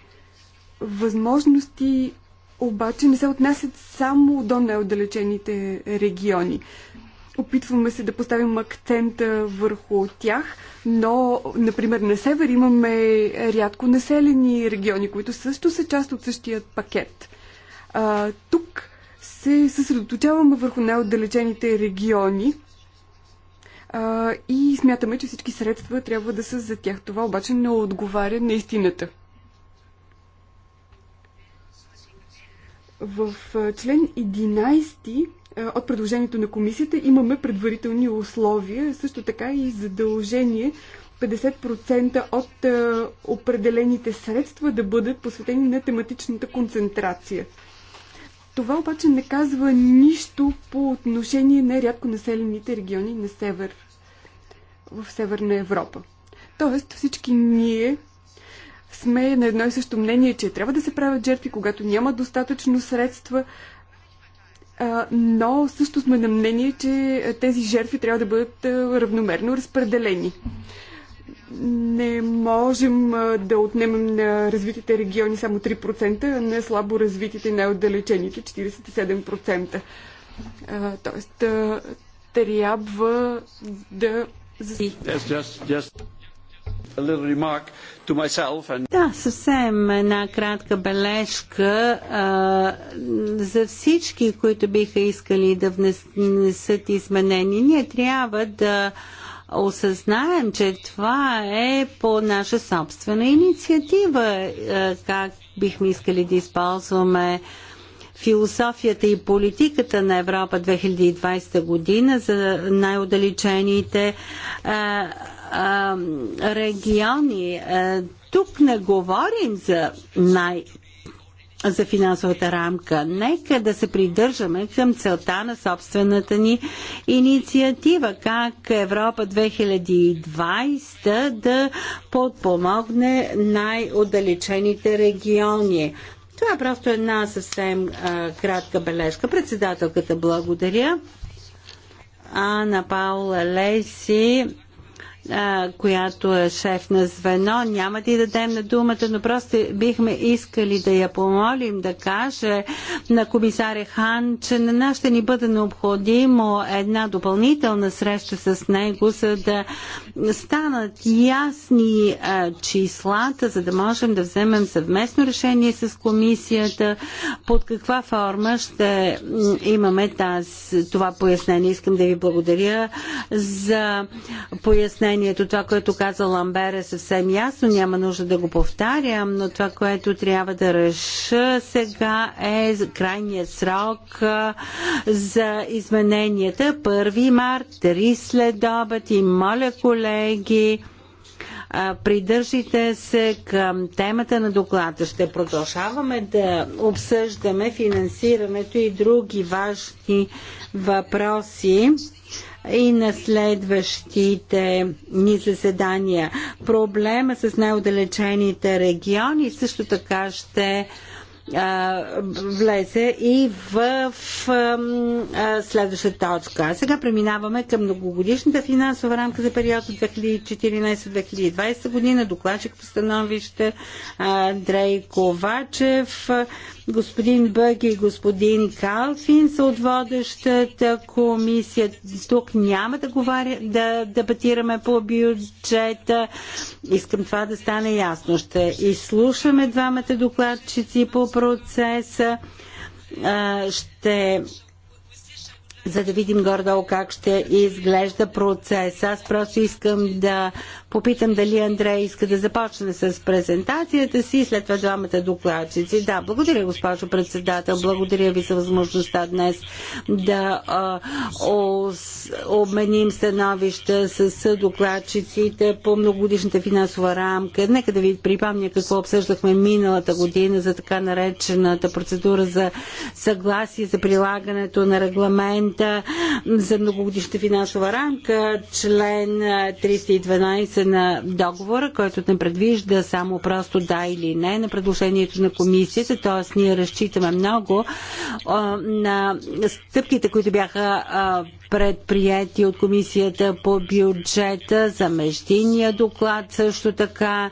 възможности обаче не се отнасят само до неотдалечените региони. Опитваме се да поставим акцента върху тях, но, например, на север имаме рядко населени региони, които също са част от същия пакет. А, тук се съсредоточаваме върху най-отдалечените региони а, и смятаме, че всички средства трябва да са за тях. Това обаче не отговаря на истината. В член 11 от предложението на комисията имаме предварителни условия, също така и задължение 50% от определените средства да бъдат посветени на тематичната концентрация. Това обаче не казва нищо по отношение на рядко населените региони на север, в Северна Европа. Тоест всички ние сме на едно и също мнение, че трябва да се правят жертви, когато няма достатъчно средства, но също сме на мнение, че тези жертви трябва да бъдат равномерно разпределени. Не можем да отнемем на развитите региони само 3%, а на слабо развитите и най-отдалечените 47%. Тоест, трябва да... Just, just... Да, съвсем една кратка бележка а, за всички, които биха искали да внесат изменения. Ние трябва да осъзнаем, че това е по наша собствена инициатива, а, как бихме искали да използваме философията и политиката на Европа 2020 година за най-удалечените региони. тук не говорим за най- за финансовата рамка. Нека да се придържаме към целта на собствената ни инициатива, как Европа 2020 да подпомогне най-отдалечените региони. Това е просто една съвсем а, кратка бележка. Председателката благодаря. Ана Паула Леси която е шеф на звено. Няма да й дадем на думата, но просто бихме искали да я помолим да каже на комисаря Хан, че на нас ще ни бъде необходимо една допълнителна среща с него, за да станат ясни а, числата, за да можем да вземем съвместно решение с комисията под каква форма ще имаме тази, това пояснение. Искам да ви благодаря за пояснение споразумението. Това, което каза Ламбер е съвсем ясно, няма нужда да го повтарям, но това, което трябва да реша сега е крайният срок за измененията. 1 март, 3 след обед и моля колеги, Придържите се към темата на доклада. Ще продължаваме да обсъждаме финансирането и други важни въпроси и на следващите ни заседания. Проблема с най-отдалечените региони също така ще влезе и в следващата точка. А сега преминаваме към многогодишната финансова рамка за период от 2014-2020 година. Докладчик по становище Андрей Ковачев, господин Бъги и господин Калфин са от водещата комисия. Тук няма да, говоря, да дебатираме по бюджета. Искам това да стане ясно. Ще изслушаме двамата докладчици по процеса. Ще за да видим горе-долу как ще изглежда процес. Аз просто искам да попитам дали Андрей иска да започне с презентацията си и след това двамата докладчици. Да, благодаря, госпожо председател. Благодаря ви за възможността днес да а, ос, обменим становища с докладчиците по многогодишната финансова рамка. Нека да ви припомня какво обсъждахме миналата година за така наречената процедура за съгласие за прилагането на регламента за многогодишната финансова рамка, член 312 на договора, който не предвижда само просто да или не на предложението на комисията, т.е. ние разчитаме много а, на стъпките, които бяха а, предприяти от комисията по бюджета, за междинния доклад също така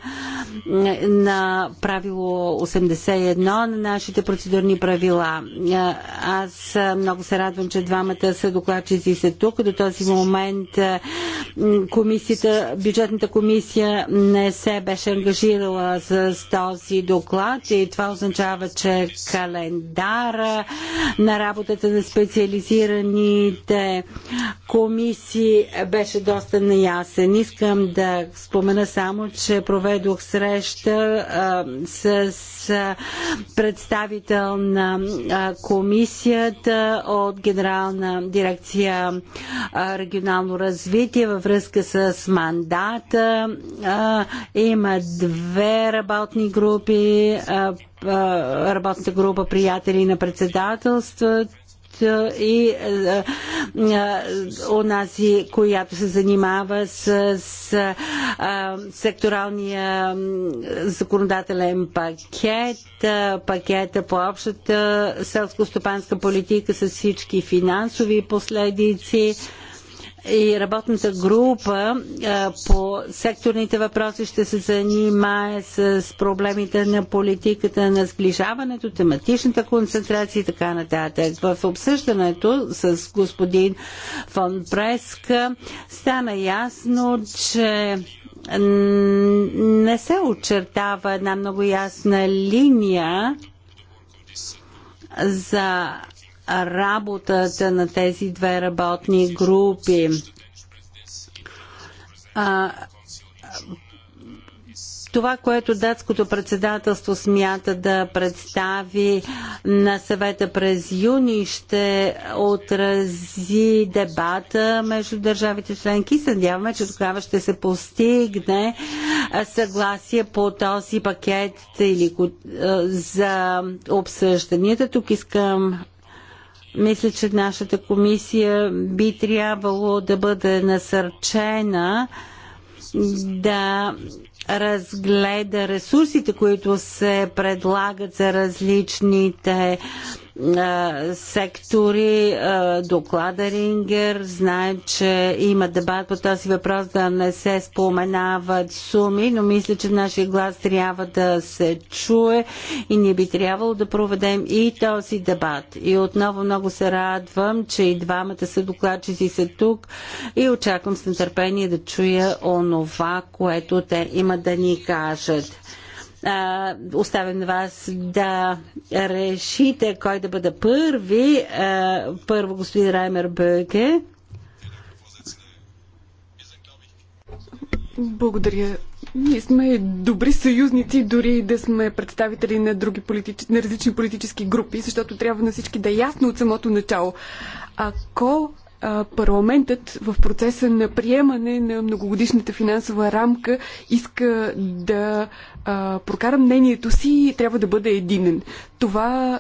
на правило 81 на нашите процедурни правила. Аз много се радвам, че двамата са докладчици са тук. До този момент комисията, бюджетната парламентарната комисия не се беше ангажирала с този доклад и това означава, че календара на работата на специализираните комисии беше доста неясен. Искам да спомена само, че проведох среща а, с а, представител на а, комисията от Генерална дирекция регионално развитие във връзка с мандат има две работни групи, работната група приятели на председателството и нас, която се занимава с, с а, секторалния законодателен пакет, а, пакета по общата селско-стопанска политика с всички финансови последици и работната група по секторните въпроси ще се занимае с проблемите на политиката на сближаването, тематичната концентрация и така нататък. В обсъждането с господин фон Преска стана ясно, че не се очертава една много ясна линия за работата на тези две работни групи. А, това, което датското председателство смята да представи на съвета през юни, ще отрази дебата между държавите членки. Съдяваме, че тогава ще се постигне съгласие по този пакет или за обсъжданията. Тук искам мисля, че нашата комисия би трябвало да бъде насърчена да разгледа ресурсите, които се предлагат за различните сектори, доклада Рингер. Знаем, че има дебат по този въпрос да не се споменават суми, но мисля, че нашия глас трябва да се чуе и ние би трябвало да проведем и този дебат. И отново много се радвам, че и двамата са докладчици са тук и очаквам с нетърпение да чуя онова, което те имат да ни кажат. А, оставям на вас да решите кой да бъде първи. А, първо господин Раймер Бърге. Благодаря. Ние сме добри съюзници, дори да сме представители на, други политич... на различни политически групи, защото трябва на всички да е ясно от самото начало. Ако парламентът в процеса на приемане на многогодишната финансова рамка иска да прокара мнението си и трябва да бъде единен. Това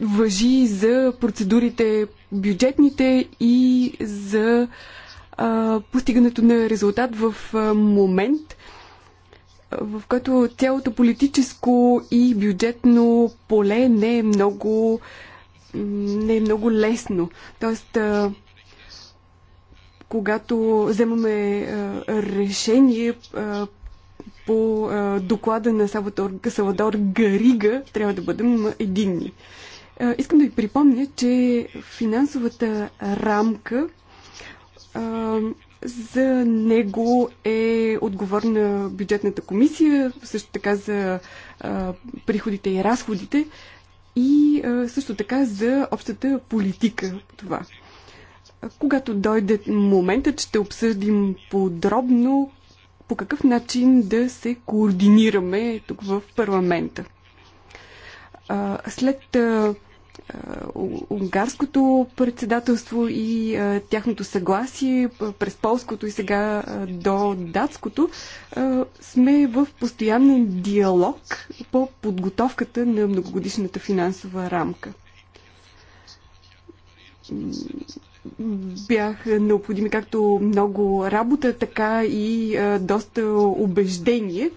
въжи за процедурите бюджетните и за а, постигането на резултат в а, момент, в който цялото политическо и бюджетно поле не е много не е много лесно. Тоест, когато вземаме решение по доклада на Савадор Гарига, трябва да бъдем единни. Искам да ви припомня, че финансовата рамка за него е отговорна бюджетната комисия, също така за а, приходите и разходите и също така за общата политика това. Когато дойде моментът, ще обсъдим подробно по какъв начин да се координираме тук в парламента. След унгарското председателство и тяхното съгласие през полското и сега до датското, сме в постоянен диалог по подготовката на многогодишната финансова рамка. Бях необходими както много работа, така и доста убеждение.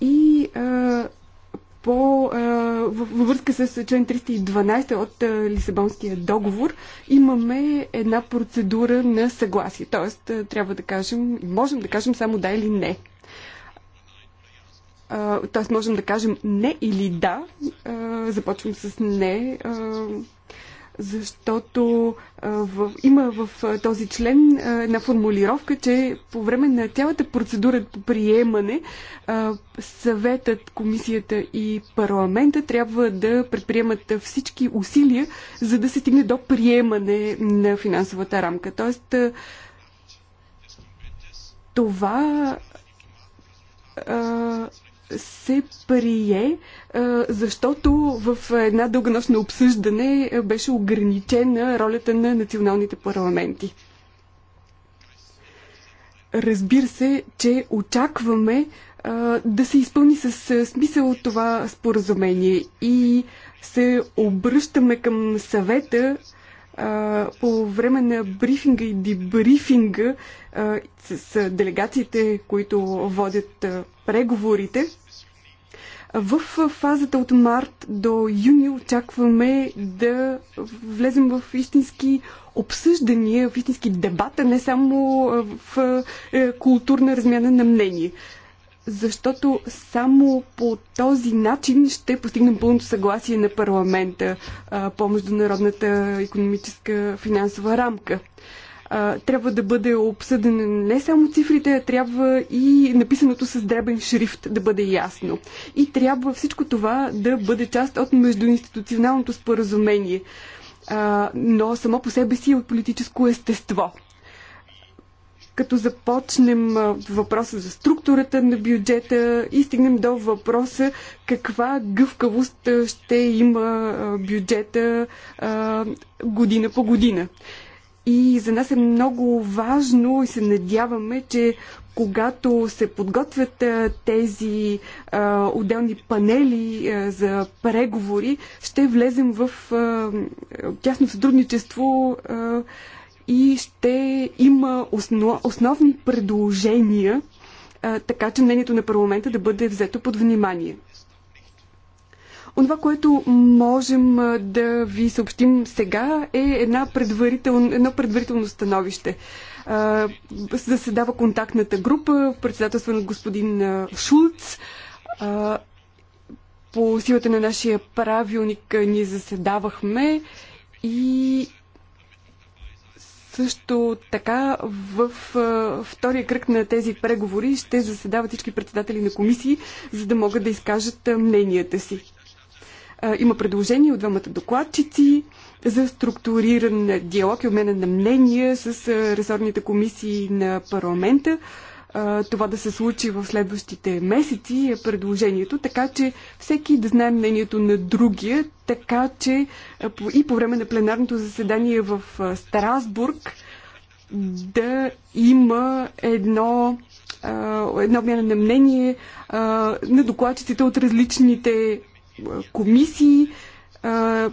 И по, във връзка с член 312 от Лисабонския договор имаме една процедура на съгласие. Тоест, трябва да кажем, можем да кажем само да или не. Тоест, можем да кажем не или да. Започвам с не защото а, в, има в а, този член а, една формулировка, че по време на цялата процедура по приемане а, съветът, комисията и парламента трябва да предприемат всички усилия, за да се стигне до приемане на финансовата рамка. Тоест, а, това а, се прие, защото в една дългонощно обсъждане беше ограничена ролята на националните парламенти. Разбира се, че очакваме да се изпълни с смисъл това споразумение и се обръщаме към съвета по време на брифинга и дебрифинга с делегациите, които водят преговорите. В фазата от март до юни очакваме да влезем в истински обсъждания, в истински дебата, не само в е, е, културна размяна на мнение. Защото само по този начин ще постигнем пълното съгласие на парламента е, по международната економическа финансова рамка а, трябва да бъде обсъден не само цифрите, а трябва и написаното с дребен шрифт да бъде ясно. И трябва всичко това да бъде част от междуинституционалното споразумение, а, но само по себе си е от политическо естество. Като започнем въпроса за структурата на бюджета и стигнем до въпроса каква гъвкавост ще има бюджета година по година. И за нас е много важно и се надяваме, че когато се подготвят тези а, отделни панели а, за преговори, ще влезем в а, тясно сътрудничество а, и ще има основ, основни предложения, а, така че мнението на парламента да бъде взето под внимание. Онова, което можем да ви съобщим сега е една предварител, едно предварително становище. Заседава контактната група, председателство на господин Шулц. По силата на нашия правилник ние заседавахме и също така в втория кръг на тези преговори ще заседават всички председатели на комисии, за да могат да изкажат мненията си. Има предложение от двамата докладчици за структуриран диалог и обмена на мнения с ресорните комисии на парламента. Това да се случи в следващите месеци е предложението, така че всеки да знае мнението на другия, така че и по време на пленарното заседание в Страсбург да има едно, едно обмяна на мнение на докладчиците от различните комисии,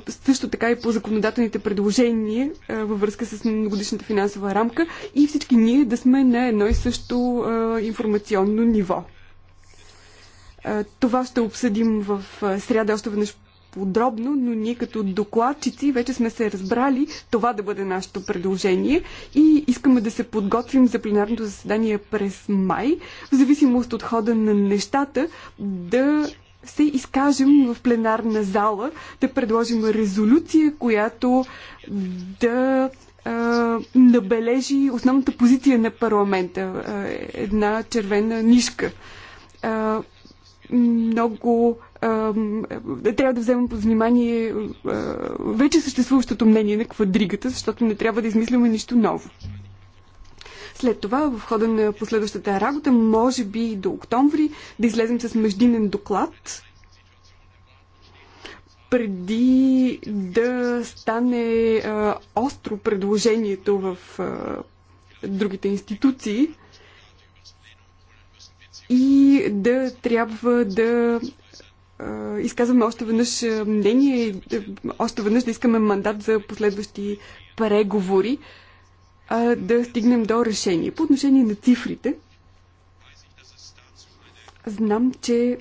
също така и по законодателните предложения във връзка с многодишната финансова рамка и всички ние да сме на едно и също информационно ниво. Това ще обсъдим в сряда още веднъж подробно, но ние като докладчици вече сме се разбрали това да бъде нашето предложение и искаме да се подготвим за пленарното заседание през май, в зависимост от хода на нещата, да се изкажем в пленарна зала, да предложим резолюция, която да а, набележи основната позиция на парламента. А, една червена нишка. А, много трябва да вземем под внимание вече съществуващото мнение на квадригата, защото не трябва да измисляме нищо ново. След това, в хода на последващата работа, може би до октомври, да излезем с междинен доклад, преди да стане а, остро предложението в а, другите институции и да трябва да а, изказваме още веднъж мнение, още веднъж да искаме мандат за последващи преговори а да стигнем до решение. По отношение на цифрите, знам, че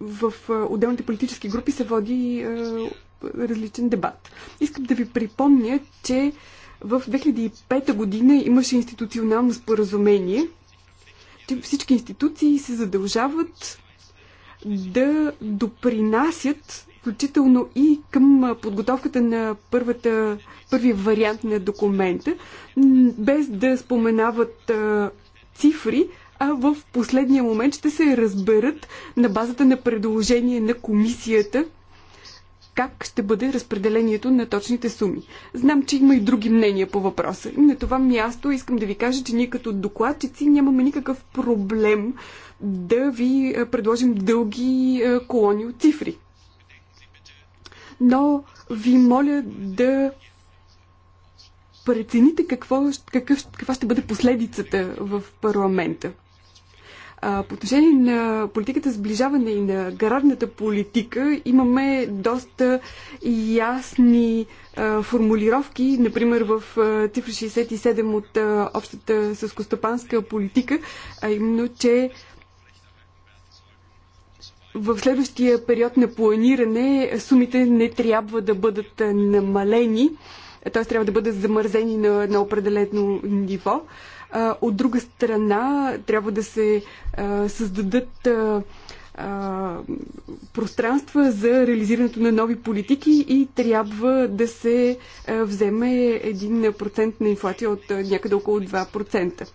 в отделните политически групи се води а, различен дебат. Искам да ви припомня, че в 2005 година имаше институционално споразумение, че всички институции се задължават да допринасят включително и към подготовката на първата, първи вариант на документа, без да споменават цифри, а в последния момент ще се разберат на базата на предложение на комисията как ще бъде разпределението на точните суми. Знам, че има и други мнения по въпроса. И на това място искам да ви кажа, че ние като докладчици нямаме никакъв проблем да ви предложим дълги колони от цифри но ви моля да прецените какво, какъв, каква ще бъде последицата в парламента. А, по отношение на политиката сближаване и на гарадната политика имаме доста ясни а, формулировки, например в а, цифра 67 от а, общата съскостопанска политика, а именно, че в следващия период на планиране сумите не трябва да бъдат намалени, т.е. трябва да бъдат замързени на, на определено ниво. От друга страна, трябва да се създадат пространства за реализирането на нови политики и трябва да се вземе 1% на инфлация от някъде около 2%.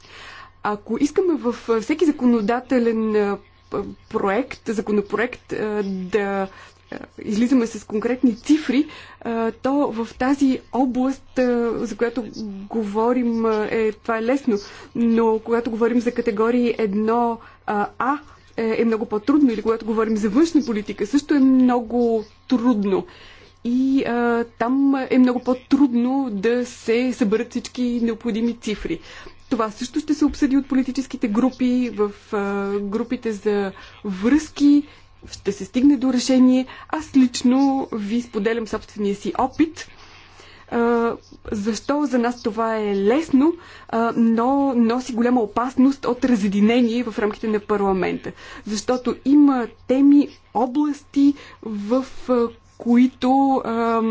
Ако искаме във всеки законодателен проект, законопроект да излизаме с конкретни цифри, то в тази област, за която говорим, е, това е лесно, но когато говорим за категории 1А, е, е много по-трудно или когато говорим за външна политика, също е много трудно и а, там е много по-трудно да се съберат всички необходими цифри. Това също ще се обсъди от политическите групи, в а, групите за връзки, ще се стигне до решение. Аз лично ви споделям собствения си опит. А, защо за нас това е лесно, а, но носи голяма опасност от разединение в рамките на парламента. Защото има теми, области, в които а,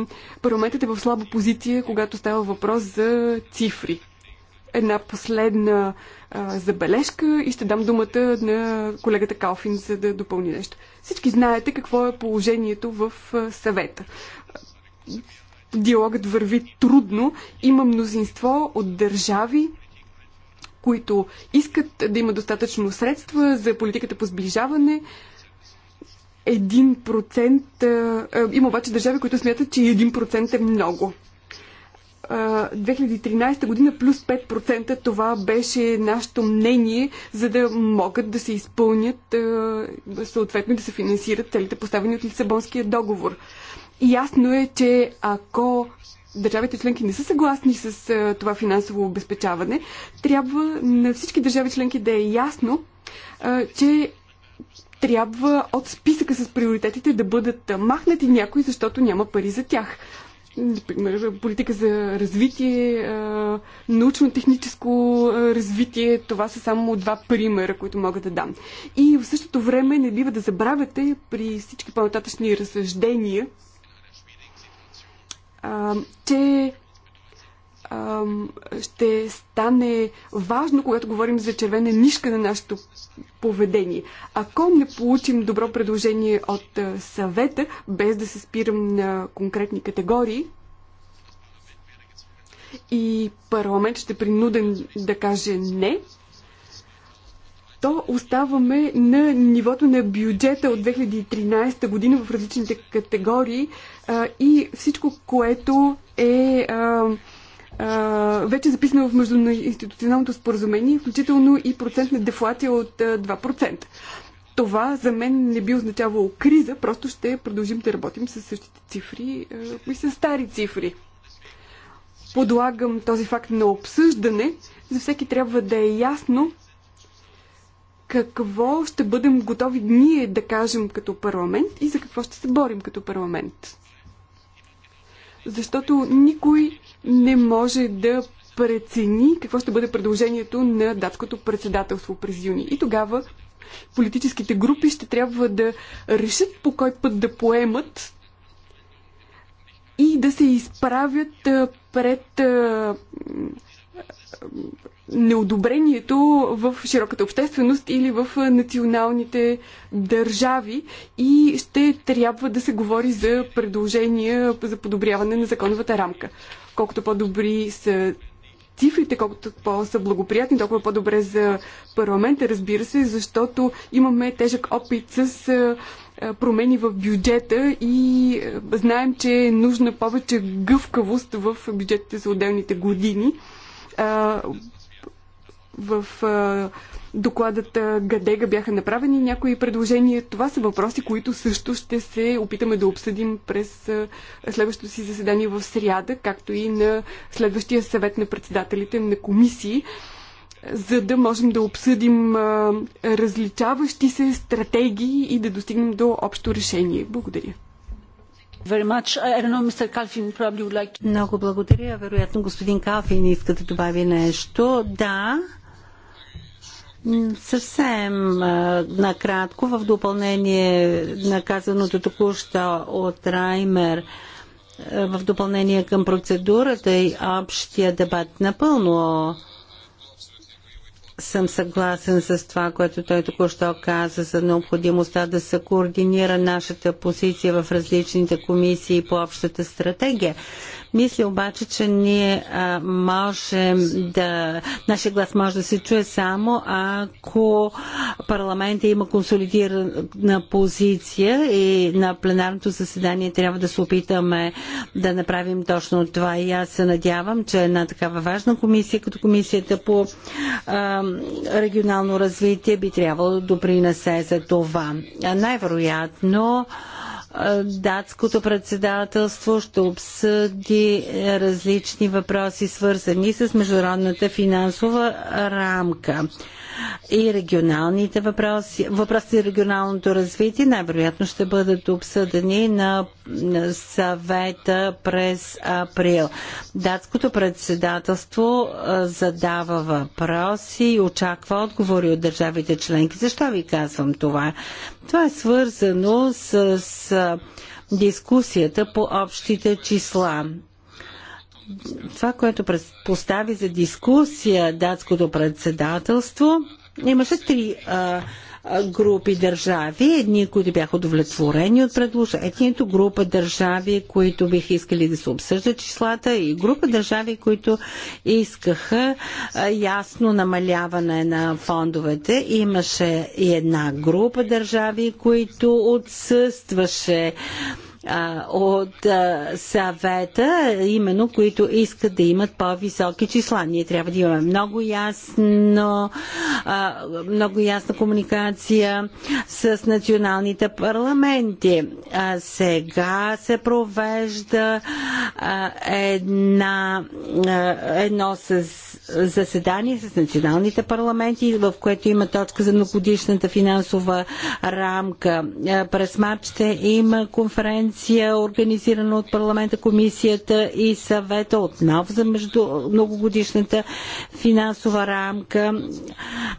парламентът е в слаба позиция, когато става въпрос за цифри. Една последна а, забележка и ще дам думата на колегата Калфин, за да допълни нещо. Всички знаете какво е положението в а, съвета. Диалогът върви трудно. Има мнозинство от държави, които искат да има достатъчно средства за политиката по сближаване, 1%. Има обаче държави, които смятат, че 1% е много. 2013 година плюс 5% това беше нашето мнение, за да могат да се изпълнят съответно да се финансират целите поставени от Лисабонския договор. И ясно е, че ако държавите членки не са съгласни с това финансово обезпечаване, трябва на всички държави членки да е ясно, че трябва от списъка с приоритетите да бъдат махнати някои, защото няма пари за тях. Например, политика за развитие, научно-техническо развитие, това са само два примера, които мога да дам. И в същото време не бива да забравяте при всички по-нататъчни разсъждения, че ще стане важно, когато говорим за червена нишка на нашето поведение. Ако не получим добро предложение от съвета, без да се спирам на конкретни категории, и парламент ще принуден да каже не, то оставаме на нивото на бюджета от 2013 година в различните категории а, и всичко, което е а, вече записано в междуинституционалното споразумение, включително и процент на дефлация от 2%. Това за мен не би означавало криза, просто ще продължим да работим с същите цифри и с стари цифри. Подлагам този факт на обсъждане. За всеки трябва да е ясно какво ще бъдем готови ние да кажем като парламент и за какво ще се борим като парламент. Защото никой не може да прецени какво ще бъде предложението на датското председателство през юни. И тогава политическите групи ще трябва да решат по кой път да поемат и да се изправят пред неодобрението в широката общественост или в националните държави и ще трябва да се говори за предложения за подобряване на законовата рамка колкото по-добри са цифрите, колкото по-са благоприятни, толкова по-добре за парламента, разбира се, защото имаме тежък опит с промени в бюджета и знаем, че е нужна повече гъвкавост в бюджетите за отделните години в докладът Гадега бяха направени някои предложения. Това са въпроси, които също ще се опитаме да обсъдим през следващото си заседание в сряда, както и на следващия съвет на председателите на комисии, за да можем да обсъдим различаващи се стратегии и да достигнем до общо решение. Благодаря. Know, like to... Много благодаря. Вероятно господин Калфин иска да добави нещо. Да, Съвсем а, накратко, в допълнение на казаното току-що от Раймер, а, в допълнение към процедурата и общия дебат, напълно съм съгласен с това, което той току-що каза за необходимостта да се координира нашата позиция в различните комисии по общата стратегия. Мисля обаче, че ние а, можем да. Нашия глас може да се чуе само ако парламента има консолидирана позиция и на пленарното заседание трябва да се опитаме да направим точно това. И аз се надявам, че една такава важна комисия, като комисията по а, регионално развитие, би трябвало да допринесе за това. Най-вероятно, датското председателство ще обсъди различни въпроси, свързани с международната финансова рамка и регионалните въпроси, въпроси за регионалното развитие най-вероятно ще бъдат обсъдени на съвета през април. Датското председателство задава въпроси и очаква отговори от държавите членки. Защо ви казвам това? Това е свързано с дискусията по общите числа това, което постави за дискусия датското председателство, имаше три а, групи държави, едни, които бяха удовлетворени от предложението, група държави, които биха искали да се обсъждат числата и група държави, които искаха ясно намаляване на фондовете. Имаше и една група държави, които отсъстваше от съвета, именно които искат да имат по-високи числа. Ние трябва да имаме много ясно, много ясна комуникация с националните парламенти. А сега се провежда една, едно с, заседание с националните парламенти, в което има точка за многодишната финансова рамка. през март ще има конференция конференция, организирана от парламента, комисията и съвета отново за между многогодишната финансова рамка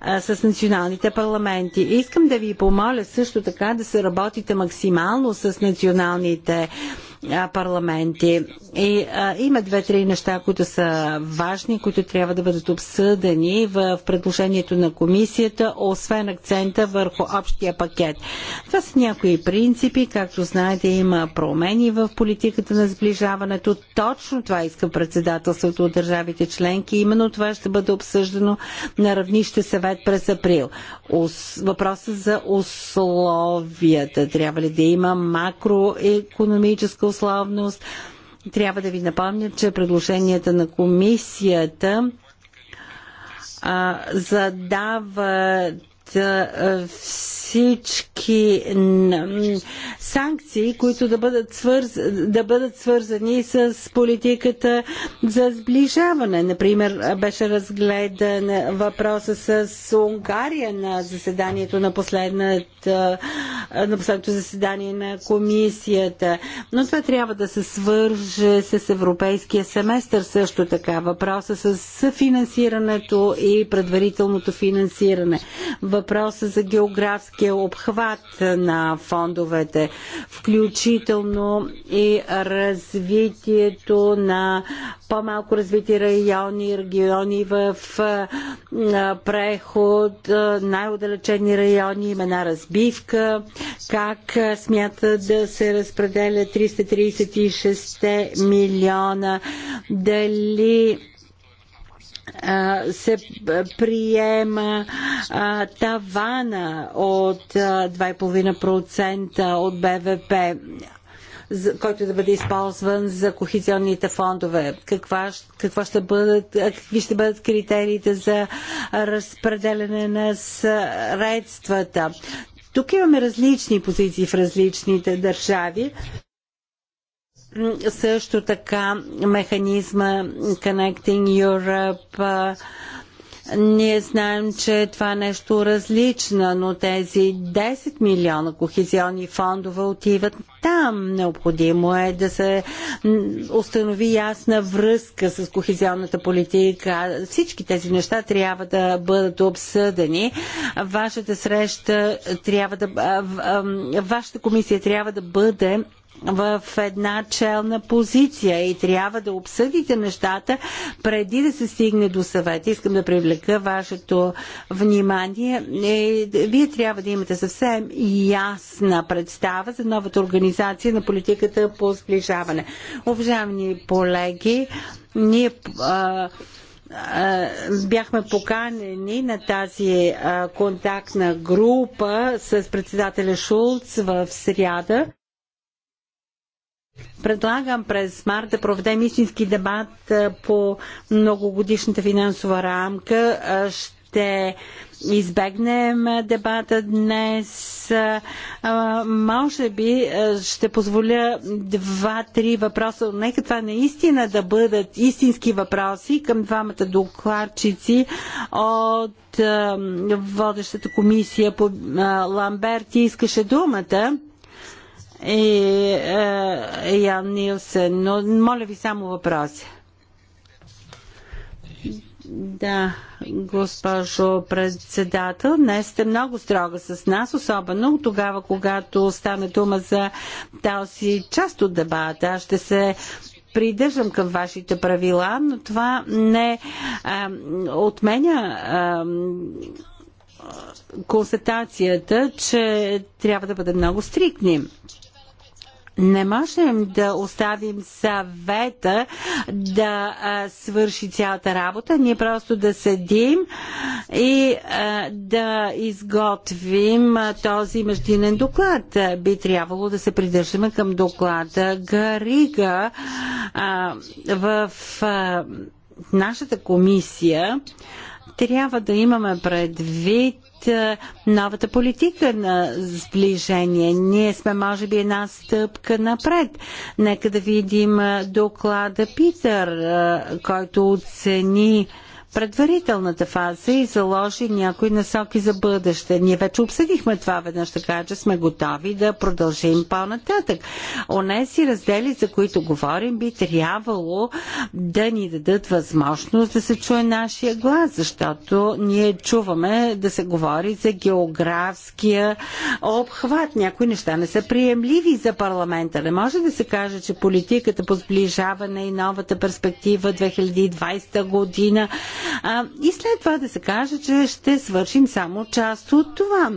а, с националните парламенти. Искам да ви помоля също така да се работите максимално с националните парламенти парламенти. И а, има две-три неща, които са важни, които трябва да бъдат обсъдени в предложението на комисията, освен акцента върху общия пакет. Това са някои принципи, както знаете, има промени в политиката на сближаването. Точно това иска председателството от държавите членки. Именно това ще бъде обсъждано на равнище съвет през април. Въпросът за условията. Трябва ли да има макроекономическа условност. Трябва да ви напомня, че предложенията на комисията задават е, всички санкции, които да бъдат, свърз, да бъдат свързани с политиката за сближаване. Например, беше разгледан въпроса с Унгария на заседанието на, последната, на последното заседание на комисията. Но това трябва да се свърже с европейския семестър също така. Въпроса с финансирането и предварителното финансиране. Въпроса въпроса за географския обхват на фондовете, включително и развитието на по-малко развити райони, региони в преход, най удалечени райони, има една разбивка, как смята да се разпределя 336 милиона, дали се приема тавана от 2,5% от БВП който да бъде използван за кохезионните фондове? Каква, ще бъдат, какви ще бъдат критериите за разпределяне на средствата? Тук имаме различни позиции в различните държави също така механизма Connecting Europe. Ние знаем, че това е нещо различно, но тези 10 милиона кохезионни фондове отиват там. Необходимо е да се установи ясна връзка с кохезионната политика. Всички тези неща трябва да бъдат обсъдени. Вашата среща трябва да. Вашата комисия трябва да бъде в една челна позиция и трябва да обсъдите нещата преди да се стигне до съвет. Искам да привлека вашето внимание. Е, вие трябва да имате съвсем ясна представа за новата организация на политиката по сближаване. Уважаеми колеги, ние бяхме поканени на тази контактна група с председателя Шулц в сряда. Предлагам през март да проведем истински дебат по многогодишната финансова рамка. Ще избегнем дебата днес. Може би ще позволя два-три въпроса. Нека това наистина да бъдат истински въпроси към двамата докладчици от водещата комисия по Ламберти искаше думата и е, Ян Нилсен, но моля ви само въпроси. Да, госпожо председател, днес сте много строга с нас, особено тогава, когато стане дума за тази част от дебата. Аз ще се придържам към вашите правила, но това не а, е, отменя а, е, констатацията, че трябва да бъдем много стрикни не можем да оставим съвета да а, свърши цялата работа, ние просто да седим и а, да изготвим а, този междинен доклад. Би трябвало да се придържаме към доклада Гарига а, в а, нашата комисия. Трябва да имаме предвид е, новата политика на сближение. Ние сме, може би, една стъпка напред. Нека да видим е, доклада Питър, е, който оцени предварителната фаза и заложи някои насоки за бъдеще. Ние вече обсъдихме това веднъж, така че сме готови да продължим по-нататък. Онези раздели, за които говорим, би трябвало да ни дадат възможност да се чуе нашия глас, защото ние чуваме да се говори за географския обхват. Някои неща не са приемливи за парламента. Не може да се каже, че политиката по сближаване и новата перспектива 2020 година а, и след това да се каже, че ще свършим само част от това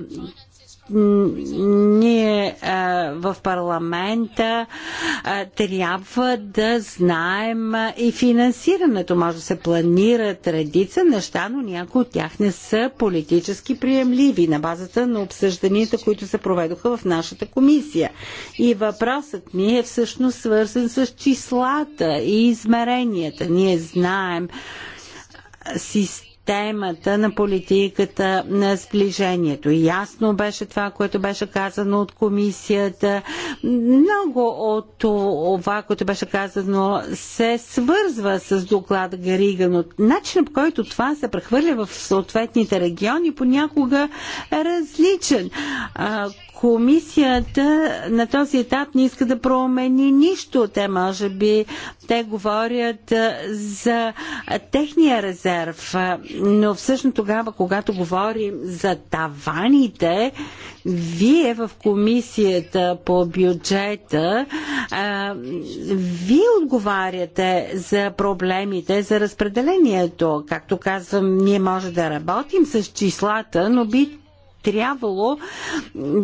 ние а, в парламента а, трябва да знаем а, и финансирането. Може да се планират редица неща, но някои от тях не са политически приемливи на базата на обсъжданията, които се проведоха в нашата комисия. И въпросът ми е всъщност свързан с числата и измеренията. Ние знаем, системата на политиката на сближението. Ясно беше това, което беше казано от комисията. Много от това, което беше казано, се свързва с доклада Гарига, но начинът по който това се прехвърля в съответните региони понякога е различен. Комисията на този етап не иска да промени нищо. Те, може би, те говорят за техния резерв, но всъщност тогава, когато говорим за таваните, вие в комисията по бюджета, а, вие отговаряте за проблемите, за разпределението. Както казвам, ние може да работим с числата, но би трябвало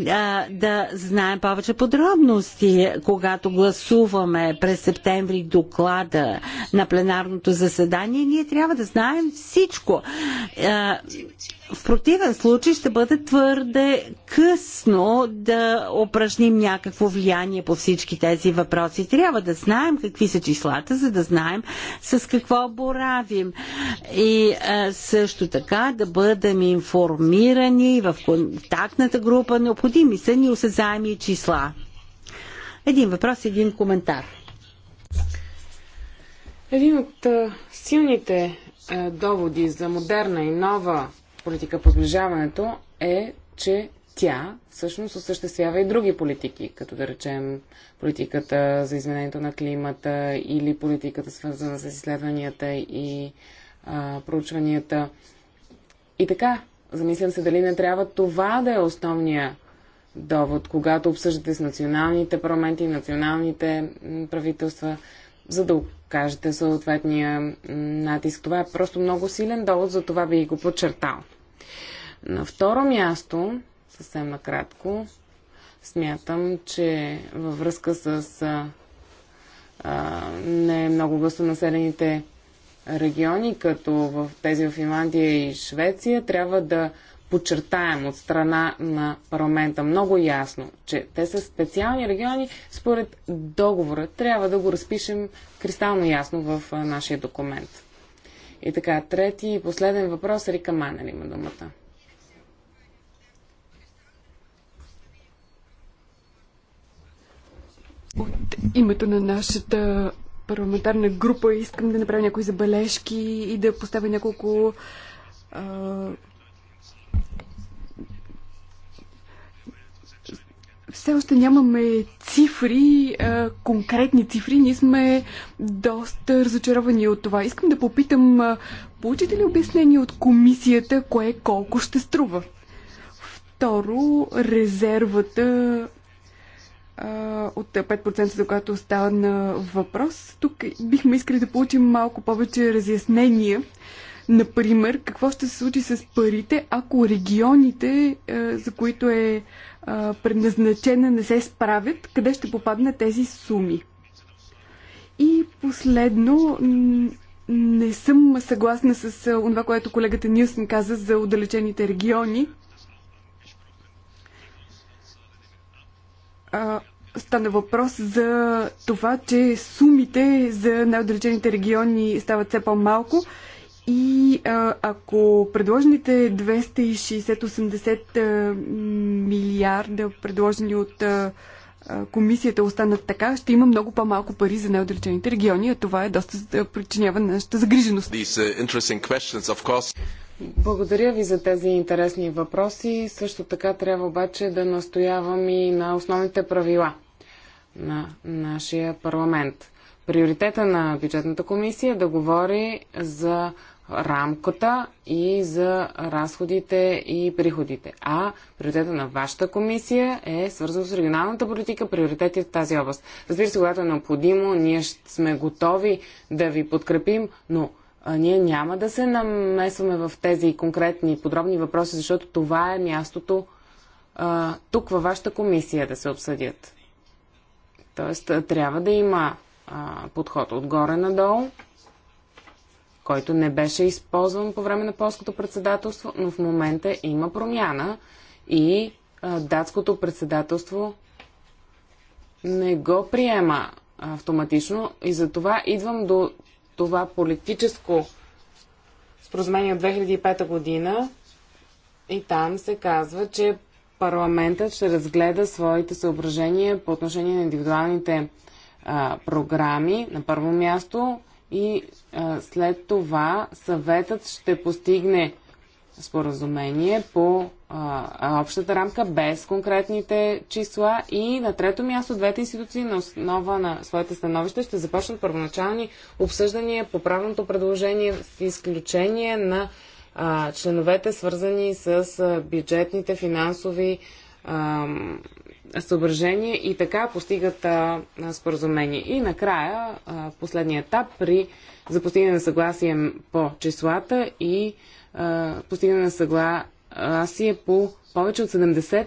а, да знаем повече подробности, когато гласуваме през септември доклада на пленарното заседание. Ние трябва да знаем всичко. А, в противен случай ще бъде твърде късно да упражним някакво влияние по всички тези въпроси. Трябва да знаем какви са числата, за да знаем с какво боравим. И а, също така да бъдем информирани в контактната група. Необходими са ни осезаеми числа. Един въпрос, един коментар. Един от силните доводи за модерна и нова политика по сближаването е, че тя всъщност осъществява и други политики, като да речем политиката за изменението на климата или политиката свързана с изследванията и а, проучванията. И така, замислям се дали не трябва това да е основния довод, когато обсъждате с националните парламенти, националните правителства, за да Кажете съответния натиск. Това е просто много силен довод, за това би го подчертал. На второ място, съвсем накратко, смятам, че във връзка с а, не много гъстонаселените региони, като в тези в Финландия и Швеция, трябва да подчертаем от страна на парламента много ясно, че те са специални региони според договора. Трябва да го разпишем кристално ясно в нашия документ. И така, трети и последен въпрос. Рика Манер има думата. От името на нашата парламентарна група искам да направя някои забележки и да поставя няколко а, все още нямаме цифри, конкретни цифри. Ние сме доста разочаровани от това. Искам да попитам, получите ли обяснение от комисията, кое колко ще струва? Второ, резервата от 5% за която става на въпрос. Тук бихме искали да получим малко повече разяснения. Например, какво ще се случи с парите, ако регионите, е, за които е, е предназначена, не се справят, къде ще попаднат тези суми? И последно, не съм съгласна с това, е, което колегата Нилсен каза за отдалечените региони. стана въпрос за това, че сумите за най-отдалечените региони стават все по-малко и а, ако предложените 260-80 милиарда, предложени от а, комисията, останат така, ще има много по-малко пари за неотдалечените региони, а това е доста причинява нашата загриженост. Uh, Благодаря ви за тези интересни въпроси. Също така трябва обаче да настоявам и на основните правила на нашия парламент. Приоритета на бюджетната комисия е да говори за рамката и за разходите и приходите. А приоритета на вашата комисия е свързан с регионалната политика, приоритети в тази област. Разбира се, когато е необходимо, ние сме готови да ви подкрепим, но ние няма да се намесваме в тези конкретни подробни въпроси, защото това е мястото а, тук във вашата комисия да се обсъдят. Тоест, трябва да има а, подход отгоре надолу който не беше използван по време на полското председателство, но в момента има промяна и а, датското председателство не го приема автоматично и затова идвам до това политическо споразумение от 2005 година и там се казва, че парламентът ще разгледа своите съображения по отношение на индивидуалните а, програми на първо място и а, след това съветът ще постигне споразумение по а, общата рамка без конкретните числа и на трето място двете институции на основа на своите становища ще започнат първоначални обсъждания по правното предложение с изключение на а, членовете свързани с а, бюджетните, финансови съображения и така постигат а, споразумение. И накрая, а, последния етап при за постигане на съгласие по числата и а, постигане на съгласие по повече от 70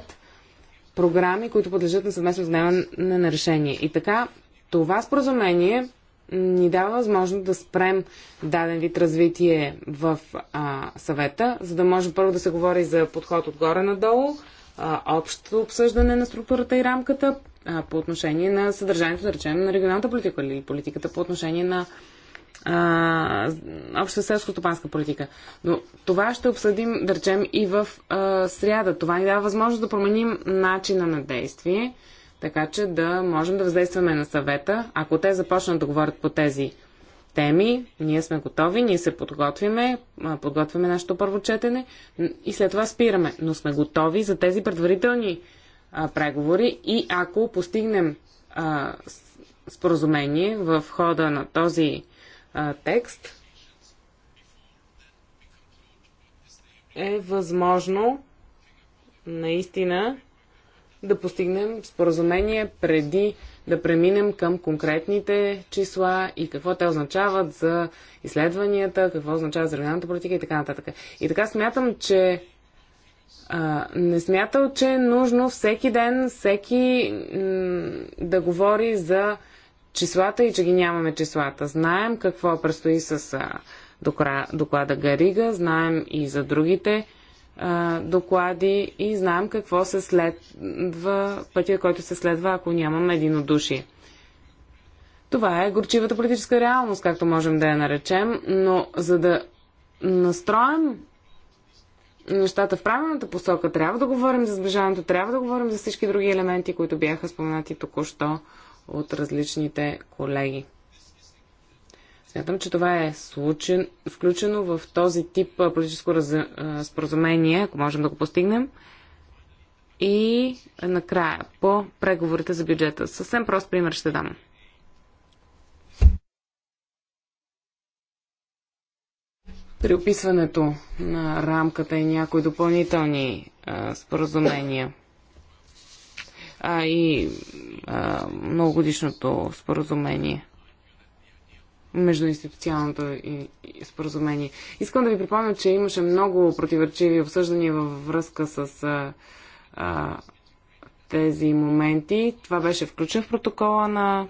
програми, които подлежат на съвместно вземане на решение. И така, това споразумение ни дава възможност да спрем даден вид развитие в а, съвета, за да може първо да се говори за подход отгоре надолу, общото общо обсъждане на структурата и рамката а, по отношение на съдържанието, да речем, на регионалната политика или политиката по отношение на а, обща селско-стопанска политика. Но това ще обсъдим, да речем, и в а, сряда. Това ни дава възможност да променим начина на действие, така че да можем да въздействаме на съвета. Ако те започнат да говорят по тези теми. Ние сме готови, ние се подготвиме, подготвяме нашето първо четене и след това спираме. Но сме готови за тези предварителни а, преговори и ако постигнем а, споразумение в хода на този а, текст, е възможно наистина да постигнем споразумение преди да преминем към конкретните числа и какво те означават за изследванията, какво означава за регионалната политика и така нататък. И така смятам, че а, не смятал, че е нужно всеки ден, всеки да говори за числата и че ги нямаме числата. Знаем какво предстои с а, доклада Гарига, знаем и за другите доклади и знаем какво се следва, пътя, който се следва, ако нямаме единодушие. Това е горчивата политическа реалност, както можем да я наречем, но за да настроим нещата в правилната посока, трябва да говорим за сближаването, трябва да говорим за всички други елементи, които бяха споменати току-що от различните колеги. Смятам, че това е случен, включено в този тип политическо раз, споразумение, ако можем да го постигнем. И накрая, по преговорите за бюджета. Съвсем прост пример ще дам. При описването на рамката и някои допълнителни а, споразумения а, и а, многогодишното споразумение – междуинституционалното и, и споразумение. Искам да ви припомня, че имаше много противоречиви обсъждания във връзка с а, а, тези моменти. Това беше включен в протокола на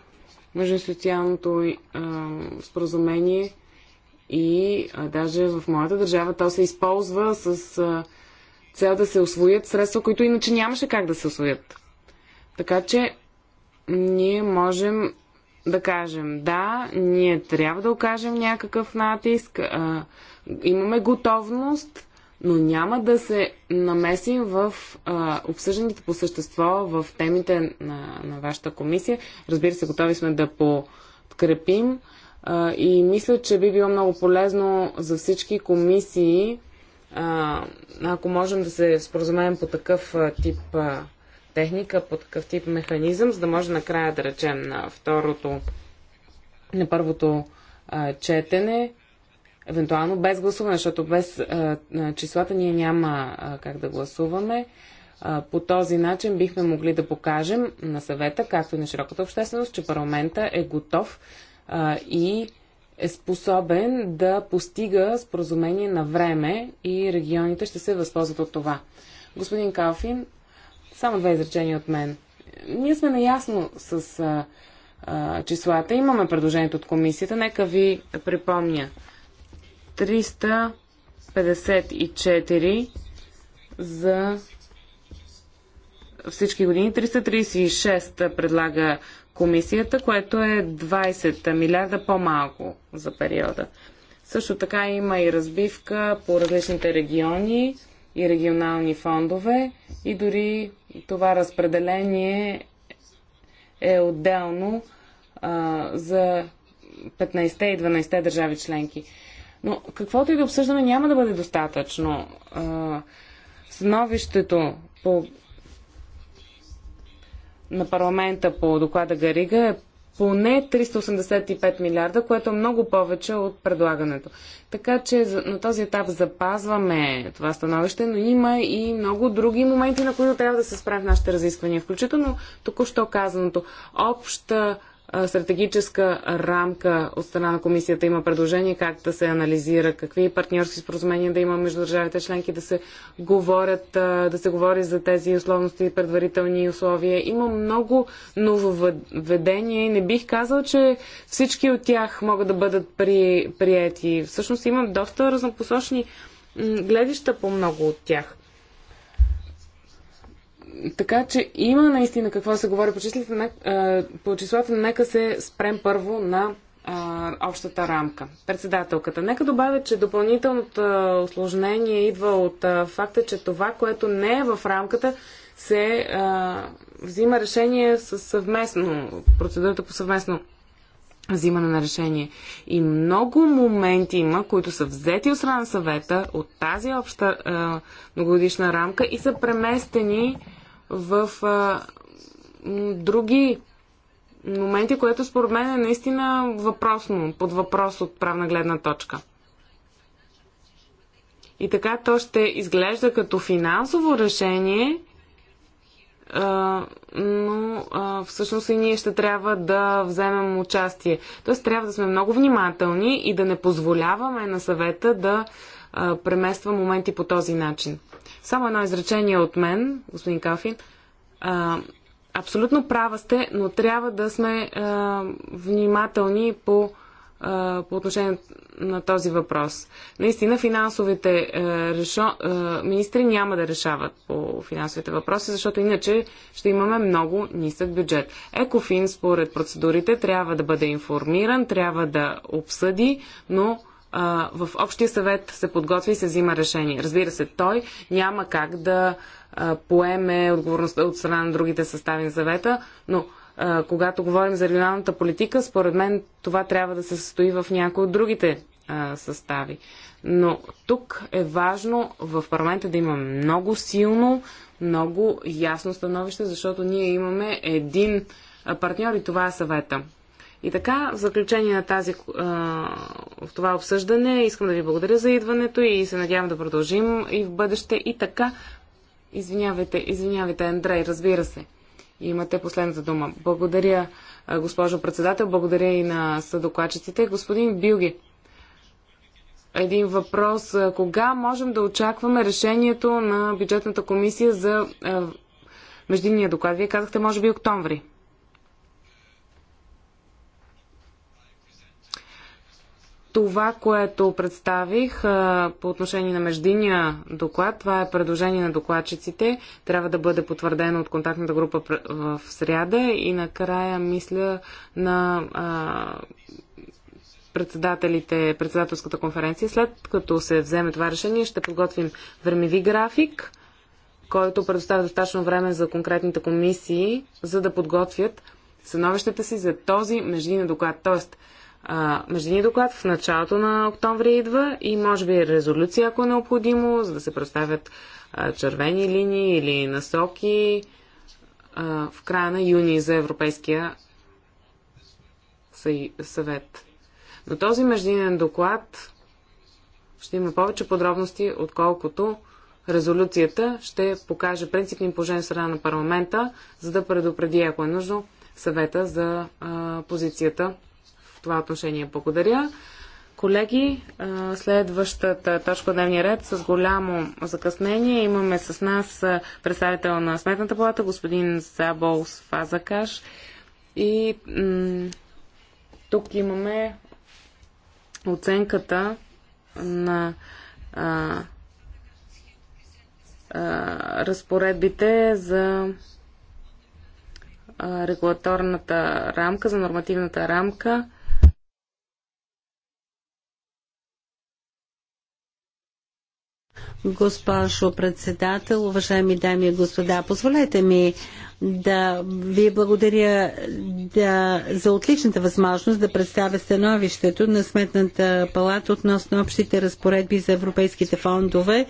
междуинституционалното а, споразумение и а, даже в моята държава то се използва с а, цел да се освоят средства, които иначе нямаше как да се освоят. Така че ние можем да кажем да, ние трябва да окажем някакъв натиск, а, имаме готовност, но няма да се намесим в а, обсъжданите по същество, в темите на, на вашата комисия. Разбира се, готови сме да подкрепим а, и мисля, че би било много полезно за всички комисии, а, ако можем да се споразумеем по такъв а, тип а, техника, по такъв тип механизъм, за да може накрая да речем на второто, на първото а, четене, евентуално без гласуване, защото без а, числата ние няма а, как да гласуваме. А, по този начин бихме могли да покажем на съвета, както и на широката общественост, че парламента е готов а, и е способен да постига споразумение на време и регионите ще се възползват от това. Господин Калфин, само две изречения от мен. Ние сме наясно с а, а, числата. Имаме предложението от комисията. Нека ви припомня. 354 за всички години. 336 предлага комисията, което е 20 милиарда по-малко за периода. Също така има и разбивка по различните региони и регионални фондове и дори това разпределение е отделно а, за 15-те и 12-те държави членки. Но каквото и да обсъждаме няма да бъде достатъчно. А, становището по на парламента по доклада Гарига е поне 385 милиарда, което е много повече от предлагането. Така че на този етап запазваме това становище, но има и много други моменти, на които трябва да се справим нашите разисквания, включително току-що казаното. Обща стратегическа рамка от страна на комисията има предложение как да се анализира, какви партньорски споразумения да има между държавите членки, да се говорят, да се говори за тези условности и предварителни условия. Има много нововведения и не бих казал, че всички от тях могат да бъдат при, приети. Всъщност имам доста разнопосочни гледища по много от тях така че има наистина какво да се говори по числата. По числата нека се спрем първо на а, общата рамка. Председателката. Нека добавя, че допълнителното осложнение идва от а, факта, че това, което не е в рамката, се а, взима решение с съвместно, процедурата по съвместно взимане на решение. И много моменти има, които са взети от страна съвета от тази обща а, многогодишна рамка и са преместени в а, други моменти, което според мен е наистина въпросно, под въпрос от правна гледна точка. И така то ще изглежда като финансово решение, а, но а, всъщност и ние ще трябва да вземем участие. Тоест трябва да сме много внимателни и да не позволяваме на съвета да а, премества моменти по този начин. Само едно изречение от мен, господин Калфин. А, абсолютно права сте, но трябва да сме а, внимателни по, а, по отношение на този въпрос. Наистина финансовите а, решо, а, министри няма да решават по финансовите въпроси, защото иначе ще имаме много нисък бюджет. Екофин според процедурите трябва да бъде информиран, трябва да обсъди, но в Общия съвет се подготвя и се взима решение. Разбира се, той няма как да поеме отговорността от страна на другите състави на съвета, но когато говорим за регионалната политика, според мен това трябва да се състои в някои от другите състави. Но тук е важно в парламента да има много силно, много ясно становище, защото ние имаме един партньор и това е съвета. И така, в заключение на тази, в това обсъждане, искам да ви благодаря за идването и се надявам да продължим и в бъдеще. И така, извинявайте, извинявайте, Андрей, разбира се. Имате последната дума. Благодаря, госпожо председател, благодаря и на съдокладчиците. Господин Билги, един въпрос. Кога можем да очакваме решението на бюджетната комисия за междинния доклад? Вие казахте, може би, октомври. това, което представих а, по отношение на междиния доклад, това е предложение на докладчиците, трябва да бъде потвърдено от контактната група в сряда и накрая мисля на а, председателите, председателската конференция. След като се вземе това решение, ще подготвим времеви график, който предоставя достатъчно време за конкретните комисии, за да подготвят становищата си за този междинен доклад. Тоест, а, доклад в началото на октомври идва и може би резолюция, ако е необходимо, за да се представят червени линии или насоки а, в края на юни за Европейския съвет. Но този междинен доклад ще има повече подробности, отколкото резолюцията ще покаже принципни положения страна на парламента, за да предупреди, ако е нужно, съвета за а, позицията това отношение. Благодаря. Колеги, следващата точка от дневния ред с голямо закъснение имаме с нас представител на Сметната палата, господин Заболс Фазакаш. И тук имаме оценката на а, а, разпоредбите за а, регулаторната рамка, за нормативната рамка Госпожо председател, уважаеми дами и господа, позволете ми да ви благодаря да, за отличната възможност да представя становището на Сметната палата относно общите разпоредби за европейските фондове.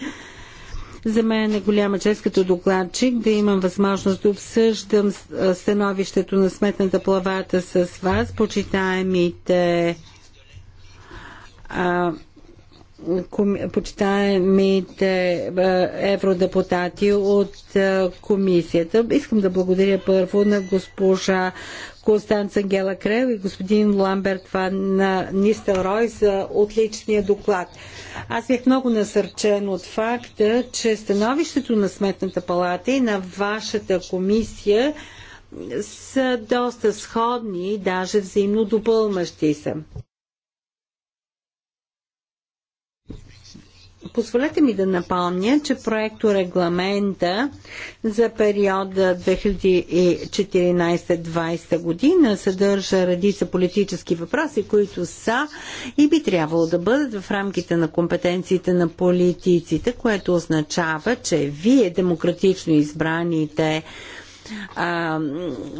За мен е голяма чест като докладчик да имам възможност да обсъждам становището на Сметната плавата с вас, почитаемите а, почитаемите е, евродепутати от е, комисията. Искам да благодаря първо на госпожа Констанца Гела Крел и господин Ламберт Ван Рой за отличния доклад. Аз бях много насърчен от факта, че становището на Сметната палата и на вашата комисия са доста сходни и даже взаимно допълмащи са. Позволете ми да напомня, че проекто регламента за периода 2014-2020 година съдържа редица политически въпроси, които са и би трябвало да бъдат в рамките на компетенциите на политиците, което означава, че вие, демократично избраните а,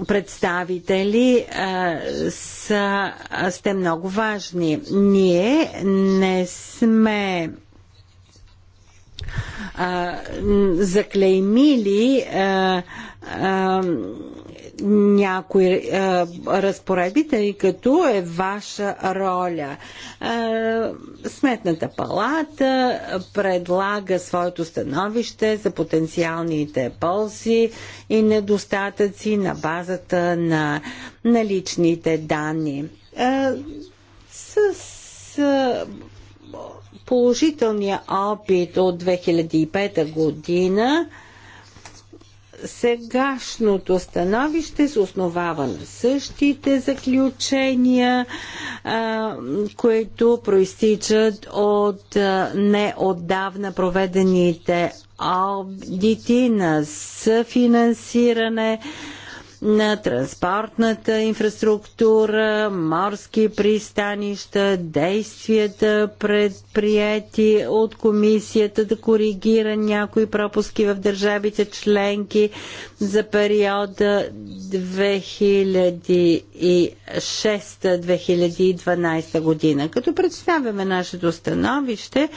представители а, са, сте много важни. Ние не сме а, заклеймили а, а, някои а, разпоредби, тъй като е ваша роля. А, Сметната палата предлага своето становище за потенциалните ползи и недостатъци на базата на наличните данни. А, с положителния опит от 2005 година, сегашното становище се основава на същите заключения, които проистичат от неотдавна проведените аудити на съфинансиране, на транспортната инфраструктура, морски пристанища, действията предприяти от комисията да коригира някои пропуски в държавите членки за периода 2006-2012 година. Като представяме нашето становище,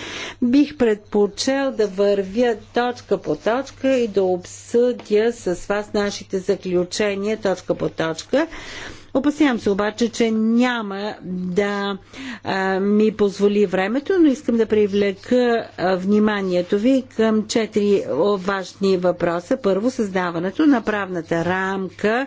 бих предпочел да вървя точка по точка и да обсъдя с вас нашите заключения решение точка по точка Опасявам се обаче, че няма да а, ми позволи времето, но искам да привлека вниманието ви към четири важни въпроса. Първо, създаването на правната рамка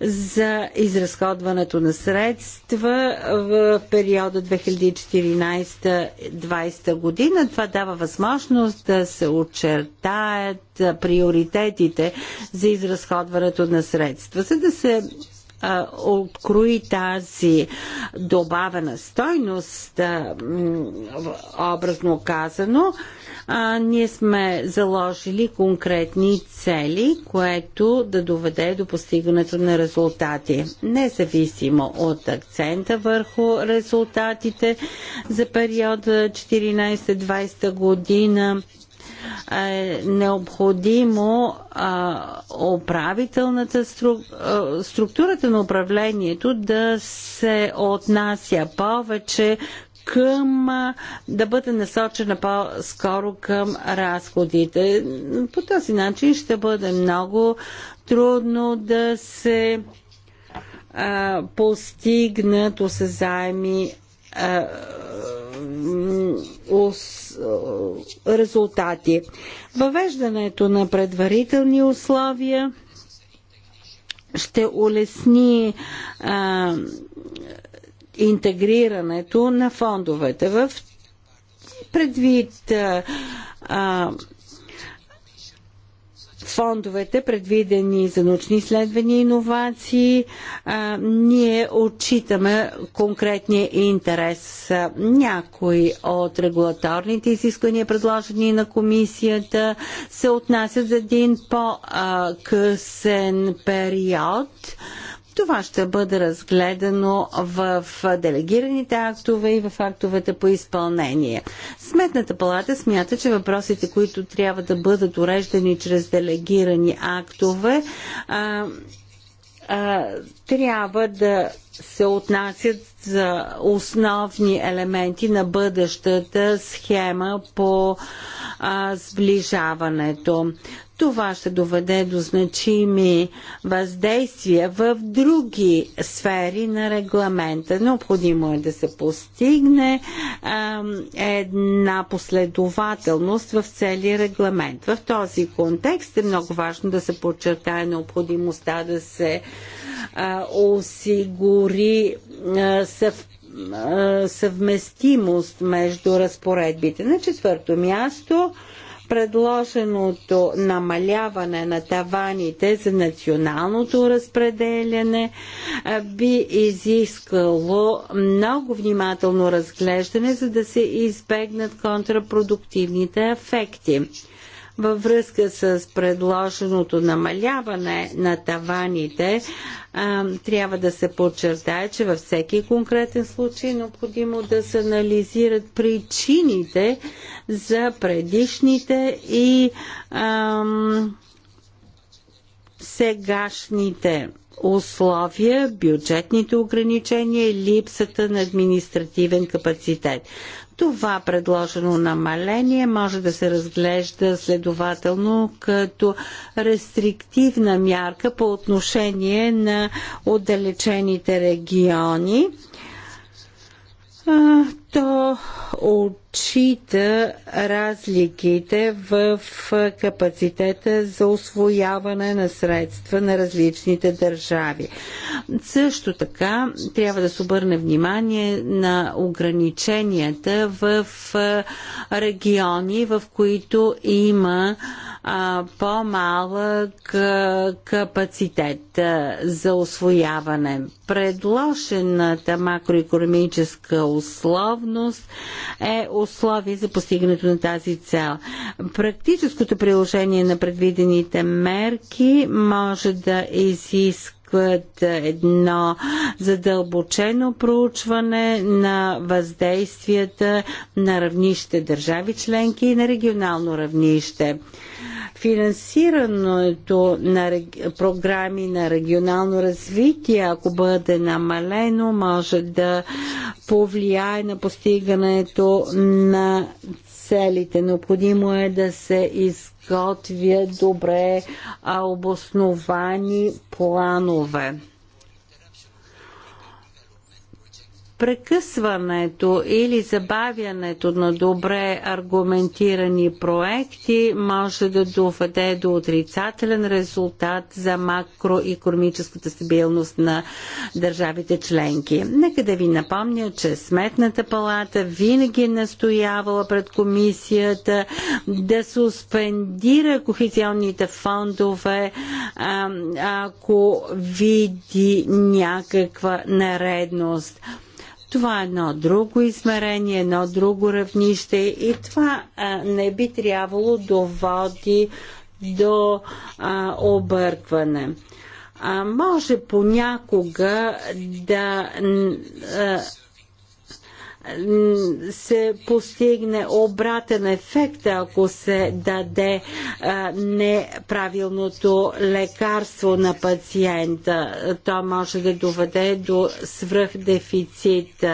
за изразходването на средства в периода 2014-2020 година. Това дава възможност да се очертаят приоритетите за изразходването на средства, за да се открои тази добавена стойност, образно казано, ние сме заложили конкретни цели, което да доведе до постигането на резултати. Независимо от акцента върху резултатите за периода 14-20 година, е необходимо управителната стру, структурата на управлението да се отнася повече към да бъде насочена по-скоро към разходите. По този начин ще бъде много трудно да се а, постигнат осезаеми резултати. Въвеждането на предварителни условия ще улесни а, интегрирането на фондовете в предвид а, фондовете, предвидени за научни изследвания и иновации, ние отчитаме конкретния интерес. Някои от регулаторните изисквания, предложени на комисията, се отнасят за един по-късен период. Това ще бъде разгледано в делегираните актове и в актовете по изпълнение. Сметната палата смята, че въпросите, които трябва да бъдат уреждани чрез делегирани актове, а, а, трябва да се отнасят за основни елементи на бъдещата схема по а, сближаването. Това ще доведе до значими въздействия в други сфери на регламента. Необходимо е да се постигне а, една последователност в целия регламент. В този контекст е много важно да се подчертае необходимостта да се а, осигури а, съв съвместимост между разпоредбите. На четвърто място предложеното намаляване на таваните за националното разпределяне би изискало много внимателно разглеждане, за да се избегнат контрапродуктивните ефекти. Във връзка с предложеното намаляване на таваните, трябва да се подчертае, че във всеки конкретен случай е необходимо да се анализират причините за предишните и ам, сегашните условия, бюджетните ограничения и липсата на административен капацитет. Това предложено намаление може да се разглежда следователно като рестриктивна мярка по отношение на отдалечените региони то отчита разликите в капацитета за освояване на средства на различните държави. Също така трябва да се обърне внимание на ограниченията в региони, в които има по-малък капацитет за освояване. Предложената макроекономическа условност е условие за постигането на тази цел. Практическото приложение на предвидените мерки може да изиска изискват едно задълбочено проучване на въздействията на равнище държави членки и на регионално равнище финансирането на програми на регионално развитие, ако бъде намалено, може да повлияе на постигането на целите. Необходимо е да се изготвят добре обосновани планове. Прекъсването или забавянето на добре аргументирани проекти може да доведе до отрицателен резултат за макроекономическата стабилност на държавите членки. Нека да ви напомня, че Сметната палата винаги е настоявала пред комисията да суспендира кохезионните фондове, ако види някаква наредност. Това е едно друго измерение, едно друго равнище и това а, не би трябвало да води до а, объркване. А, може понякога да. А, се постигне обратен ефект, ако се даде неправилното лекарство на пациента. То може да доведе до свръхдефицит.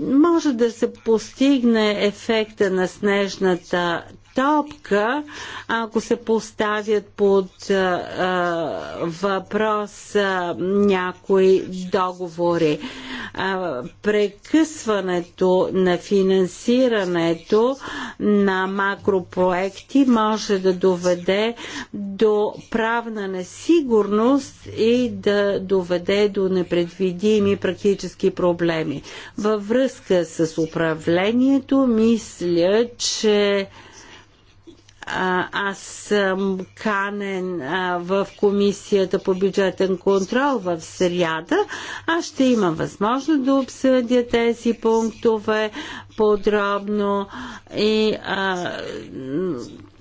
Може да се постигне ефекта на снежната топка, ако се поставят под а, въпрос а, някои договори. А, прекъсването на финансирането на макропроекти може да доведе до правна несигурност и да доведе до непредвидими практически проблеми. Във връзка с управлението, мисля, че аз съм канен в комисията по бюджетен контрол в сряда. Аз ще имам възможност да обсъдя тези пунктове подробно и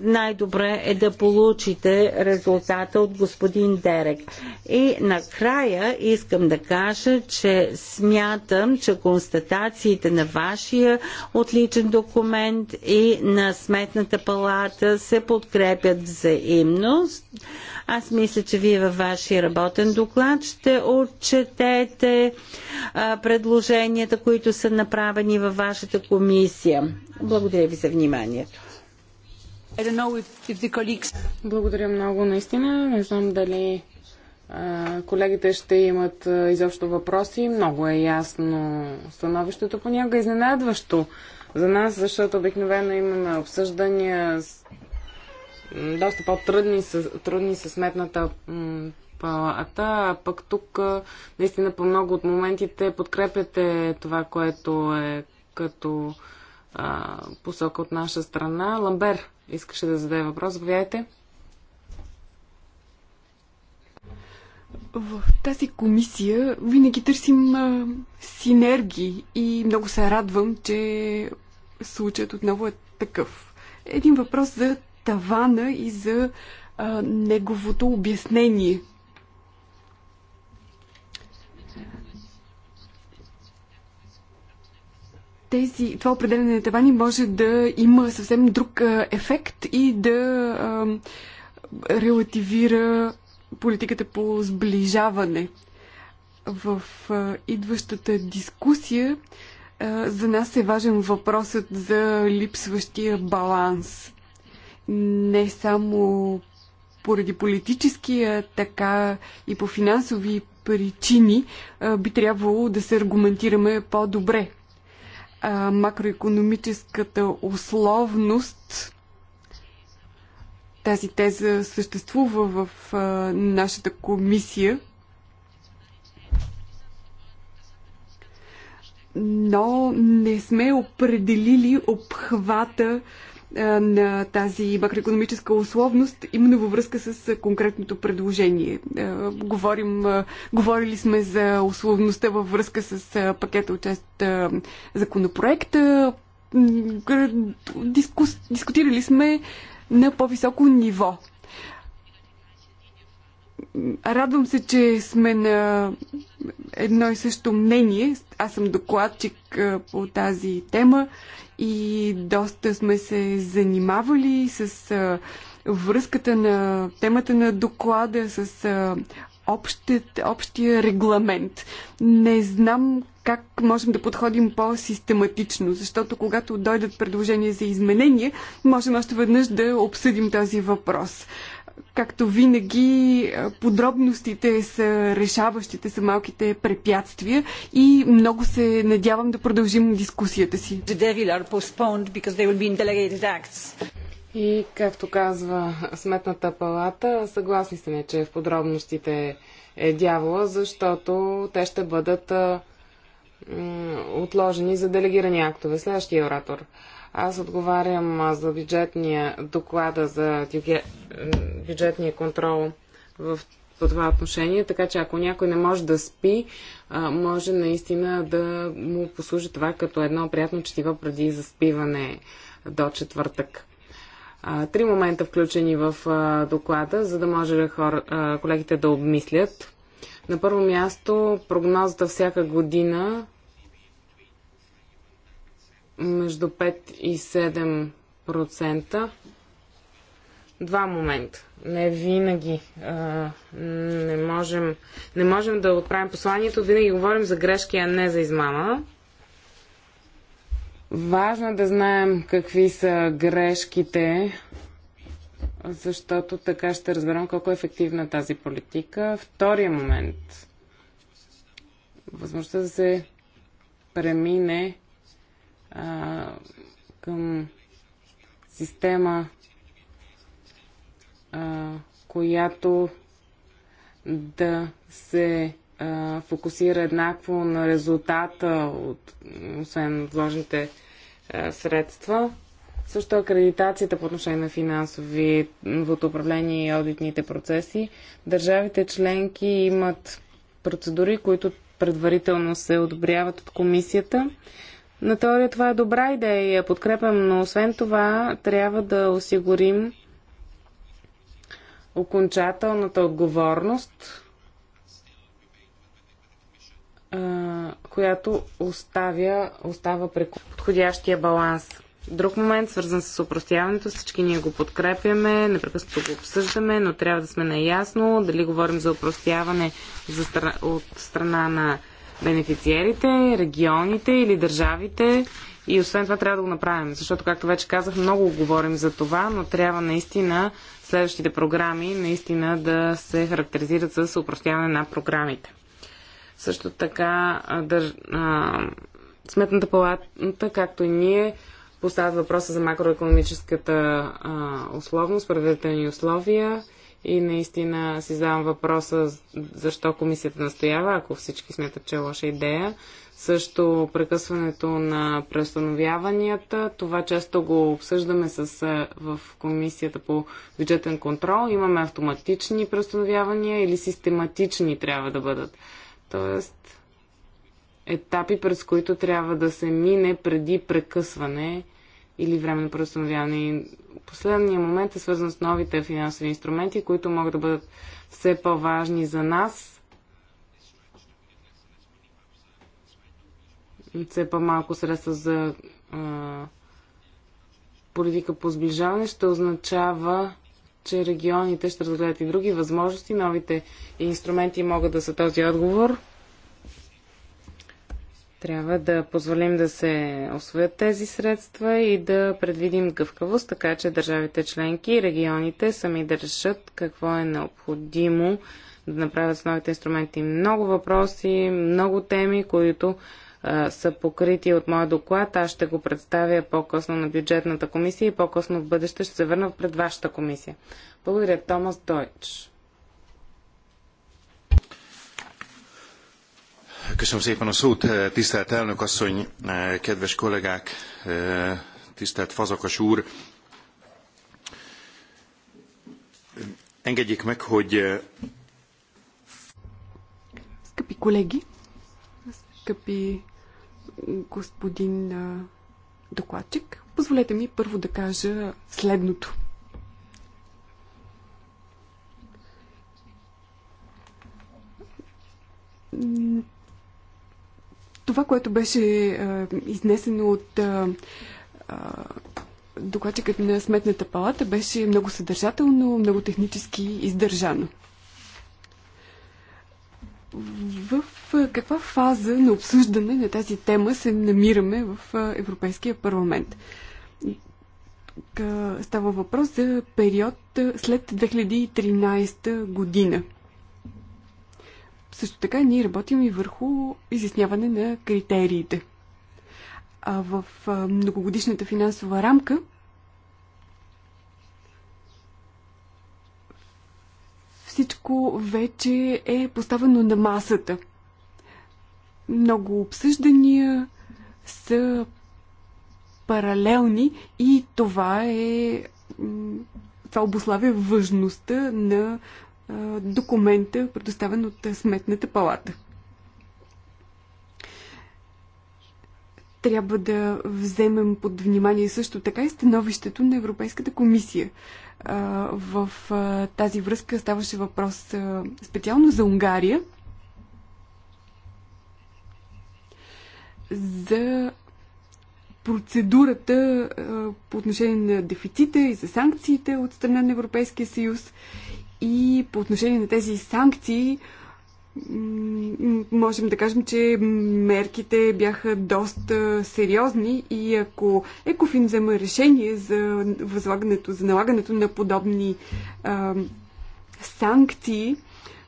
най-добре е да получите резултата от господин Дерек. И накрая искам да кажа, че смятам, че констатациите на вашия отличен документ и на Сметната палата се подкрепят взаимно. Аз мисля, че вие във вашия работен доклад ще отчетете а, предложенията, които са направени във вашата комисия. Благодаря ви за вниманието. Благодаря много, наистина. Не знам дали колегите ще имат изобщо въпроси. Много е ясно становището, понякога изненадващо за нас, защото обикновено имаме обсъждания, доста по-трудни с, трудни с сметната палата, а пък тук наистина по много от моментите подкрепяте това, което е като а, посока от наша страна. Ламбер искаше да зададе въпрос. Заповядайте. В тази комисия винаги търсим а, синергии и много се радвам, че случаят отново е такъв. Един въпрос за тавана и за а, неговото обяснение. Тези, това определене на тавани може да има съвсем друг а, ефект и да а, релативира политиката по сближаване. В а, идващата дискусия за нас е важен въпросът за липсващия баланс не само поради политически, а така и по финансови причини би трябвало да се аргументираме по-добре. макроекономическата условност тази теза съществува в нашата комисия, но не сме определили обхвата на тази макроекономическа условност, именно във връзка с конкретното предложение. Говорим, говорили сме за условността във връзка с пакета от част законопроекта. Дискус, дискутирали сме на по-високо ниво Радвам се, че сме на едно и също мнение. Аз съм докладчик по тази тема и доста сме се занимавали с връзката на темата на доклада с общият, общия регламент. Не знам как можем да подходим по-систематично, защото когато дойдат предложения за изменение, можем още веднъж да обсъдим този въпрос. Както винаги, подробностите са решаващите, са малките препятствия и много се надявам да продължим дискусията си. И както казва Сметната палата, съгласни сме, че в подробностите е дявола, защото те ще бъдат отложени за делегирани актове. Следващия оратор. Аз отговарям за бюджетния доклада за бюджетния контрол в по това отношение, така че ако някой не може да спи, може наистина да му послужи това като едно приятно четиво преди заспиване до четвъртък. Три момента включени в доклада, за да може хор, колегите да обмислят. На първо място прогнозата всяка година между 5 и 7%. Два момента. Не винаги а, не, можем, не можем да отправим посланието. Винаги говорим за грешки, а не за измама. Важно е да знаем какви са грешките, защото така ще разберем колко е ефективна тази политика. Втория момент. Възможността да се премине а, към система, а, която да се а, фокусира еднакво на резултата от освен вложените а, средства. Също акредитацията по отношение на финансовото управление и аудитните процеси. Държавите членки имат процедури, които предварително се одобряват от комисията на теория това е добра идея и я подкрепям, но освен това трябва да осигурим окончателната отговорност, която оставя, остава при подходящия баланс. Друг момент, свързан с упростяването, всички ние го подкрепяме, непрекъснато го обсъждаме, но трябва да сме наясно дали говорим за упростяване за от страна на бенефициерите, регионите или държавите. И освен това трябва да го направим, защото, както вече казах, много говорим за това, но трябва наистина следващите програми наистина да се характеризират с упростяване на програмите. Също така, държ... а, Сметната палата, както и ние, поставят въпроса за макроекономическата а, условност, предварителни условия и наистина си задавам въпроса защо комисията настоява, ако всички смятат, че е лоша идея. Също прекъсването на престановяванията, това често го обсъждаме с, е, в комисията по бюджетен контрол. Имаме автоматични престановявания или систематични трябва да бъдат. Тоест, етапи, през които трябва да се мине преди прекъсване или временно преустановяване. Последния момент е свързан с новите финансови инструменти, които могат да бъдат все по-важни за нас. Все по-малко средства за а, политика по сближаване ще означава, че регионите ще разгледат и други възможности. Новите инструменти могат да са този отговор. Трябва да позволим да се освоят тези средства и да предвидим гъвкавост, така че държавите членки и регионите сами да решат какво е необходимо да направят с новите инструменти. Много въпроси, много теми, които а, са покрити от моя доклад. Аз ще го представя по-късно на бюджетната комисия и по-късно в бъдеще ще се върна пред вашата комисия. Благодаря, Томас Дойч. Köszönöm szépen a szót, tisztelt elnök asszony, kedves kollégák, tisztelt Fazakas úr. Engedjék meg, hogy... господин докладчик, позволете ми първо да кажа следното. Това, което беше а, е, изнесено от а, е, е, докладчикът на Сметната палата, беше много съдържателно, много технически издържано. В каква фаза на обсъждане на тази тема се намираме в Европейския парламент? Става въпрос за период след 2013 година. Също така ние работим и върху изясняване на критериите. А в многогодишната финансова рамка всичко вече е поставено на масата. Много обсъждания са паралелни и това е това обославя важността на документа, предоставен от Сметната палата. Трябва да вземем под внимание също така и становището на Европейската комисия. В тази връзка ставаше въпрос специално за Унгария, за процедурата по отношение на дефицита и за санкциите от страна на Европейския съюз и по отношение на тези санкции, можем да кажем, че мерките бяха доста сериозни и ако Екофин взема решение за възлагането, за налагането на подобни а, санкции,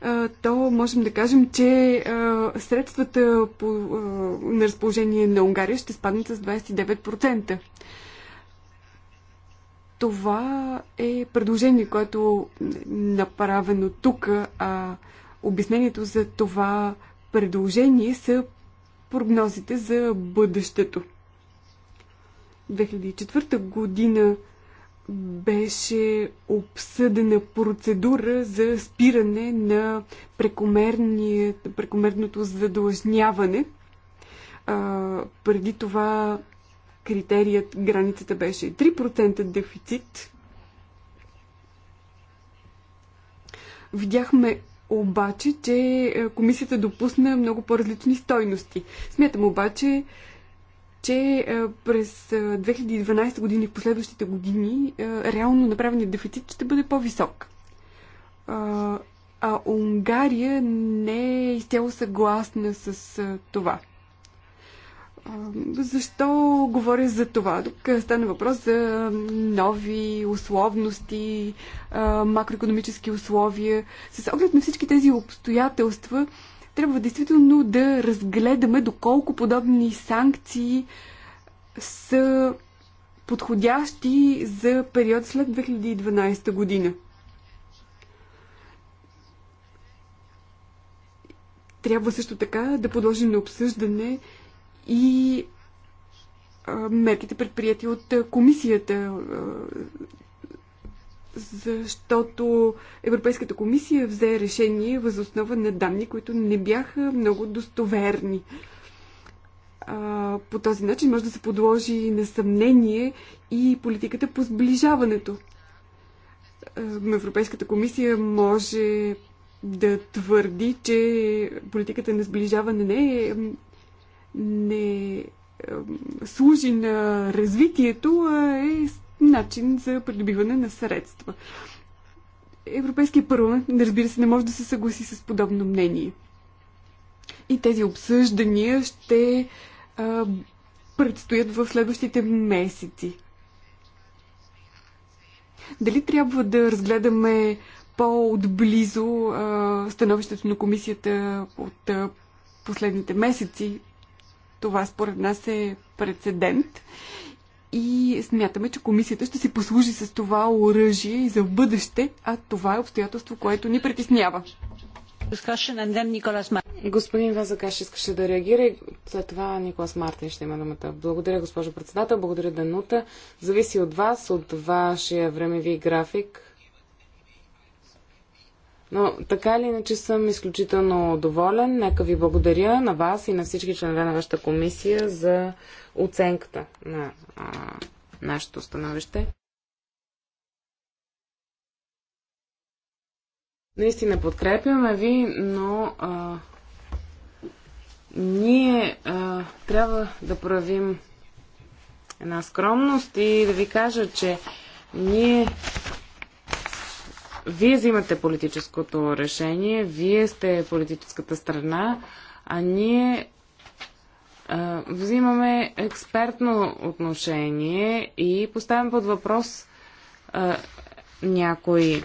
а, то можем да кажем, че а, средствата по, а, на разположение на Унгария ще спаднат с 29%. Това е предложение, което е направено тук, а обяснението за това предложение са прогнозите за бъдещето. 2004 година беше обсъдена процедура за спиране на прекомерното задлъжняване. А, преди това критерият, границата беше 3% дефицит. Видяхме обаче, че е, комисията допусна много по-различни стойности. Смятам обаче, че е, през 2012 е, години и в последващите години реално направеният дефицит ще бъде по-висок. А Унгария не е изцяло съгласна с това. Защо говоря за това? Тук стана въпрос за нови условности, макроекономически условия. С оглед на всички тези обстоятелства, трябва действително да разгледаме доколко подобни санкции са подходящи за период след 2012 година. Трябва също така да подложим на обсъждане и мерките предприяти от комисията, защото Европейската комисия взе решение възоснова на данни, които не бяха много достоверни. По този начин може да се подложи на съмнение и политиката по сближаването. Европейската комисия може да твърди, че политиката на сближаване не е не служи на развитието, а е начин за придобиване на средства. Европейския парламент, разбира се, не може да се съгласи с подобно мнение. И тези обсъждания ще а, предстоят в следващите месеци. Дали трябва да разгледаме по-отблизо становището на комисията от а, последните месеци? Това според нас е прецедент и смятаме, че комисията ще си послужи с това оръжие и за бъдеще, а това е обстоятелство, което ни притеснява. Господин Вазакаш искаше да реагира и след това Николас Мартин ще има думата. Благодаря, госпожо председател, благодаря Данута. Зависи от вас, от вашия времеви график. Но така или иначе съм изключително доволен. Нека ви благодаря на вас и на всички членове на вашата комисия за оценката на а, нашето становище. Наистина подкрепяме ви, но а, ние а, трябва да проявим една скромност и да ви кажа, че ние вие взимате политическото решение, вие сте политическата страна, а ние а, взимаме експертно отношение и поставям под въпрос а, някои а,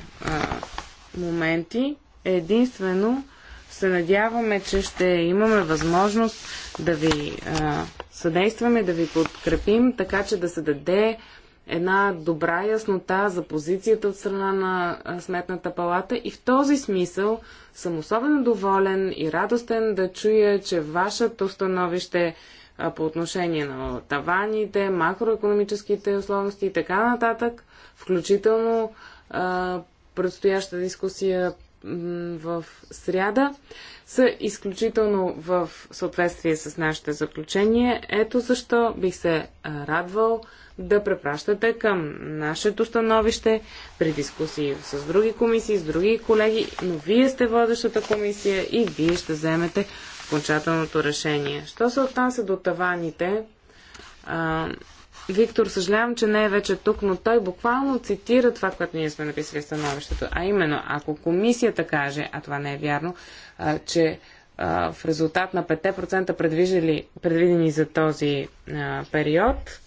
моменти. Единствено се надяваме, че ще имаме възможност да ви а, съдействаме, да ви подкрепим, така че да се даде една добра яснота за позицията от страна на Сметната палата и в този смисъл съм особено доволен и радостен да чуя, че вашето становище по отношение на таваните, макроекономическите условности и така нататък, включително предстояща дискусия в сряда, са изключително в съответствие с нашите заключения. Ето защо бих се радвал да препращате към нашето становище при дискусии с други комисии, с други колеги, но вие сте водещата комисия и вие ще вземете окончателното решение. Що се отнася до таваните, а, Виктор, съжалявам, че не е вече тук, но той буквално цитира това, което ние сме написали в становището. А именно, ако комисията каже, а това не е вярно, а, че а, в резултат на 5% предвидени за този а, период,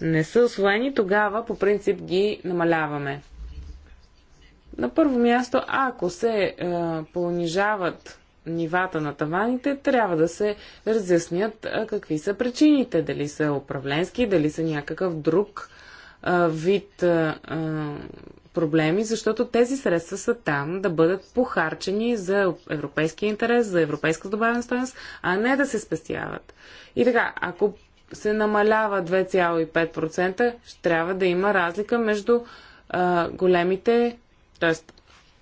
не са освоени, тогава по принцип ги намаляваме. На първо място, ако се е, понижават нивата на таваните, трябва да се разяснят е, какви са причините. Дали са управленски, дали са някакъв друг е, вид е, е проблеми, защото тези средства са там да бъдат похарчени за европейски интерес, за европейска добавена стоеност, а не да се спестяват. И така, ако се намалява 2,5%, ще трябва да има разлика между а, големите, т.е.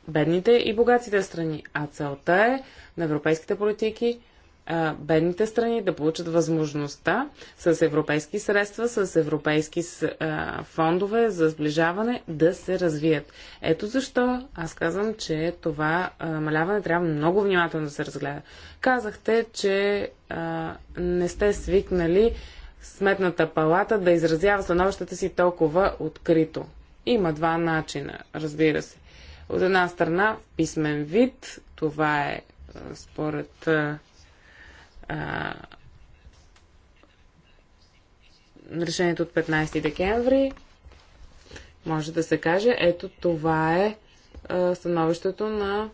бедните и богатите страни. А целта е на европейските политики бедните страни да получат възможността с европейски средства, с европейски фондове за сближаване да се развият. Ето защо аз казвам, че това намаляване трябва много внимателно да се разгледа. Казахте, че не сте свикнали Сметната палата да изразява становищата си толкова открито. Има два начина, разбира се. От една страна, в писмен вид, това е според а, решението от 15 декември може да се каже, ето това е а, становището на,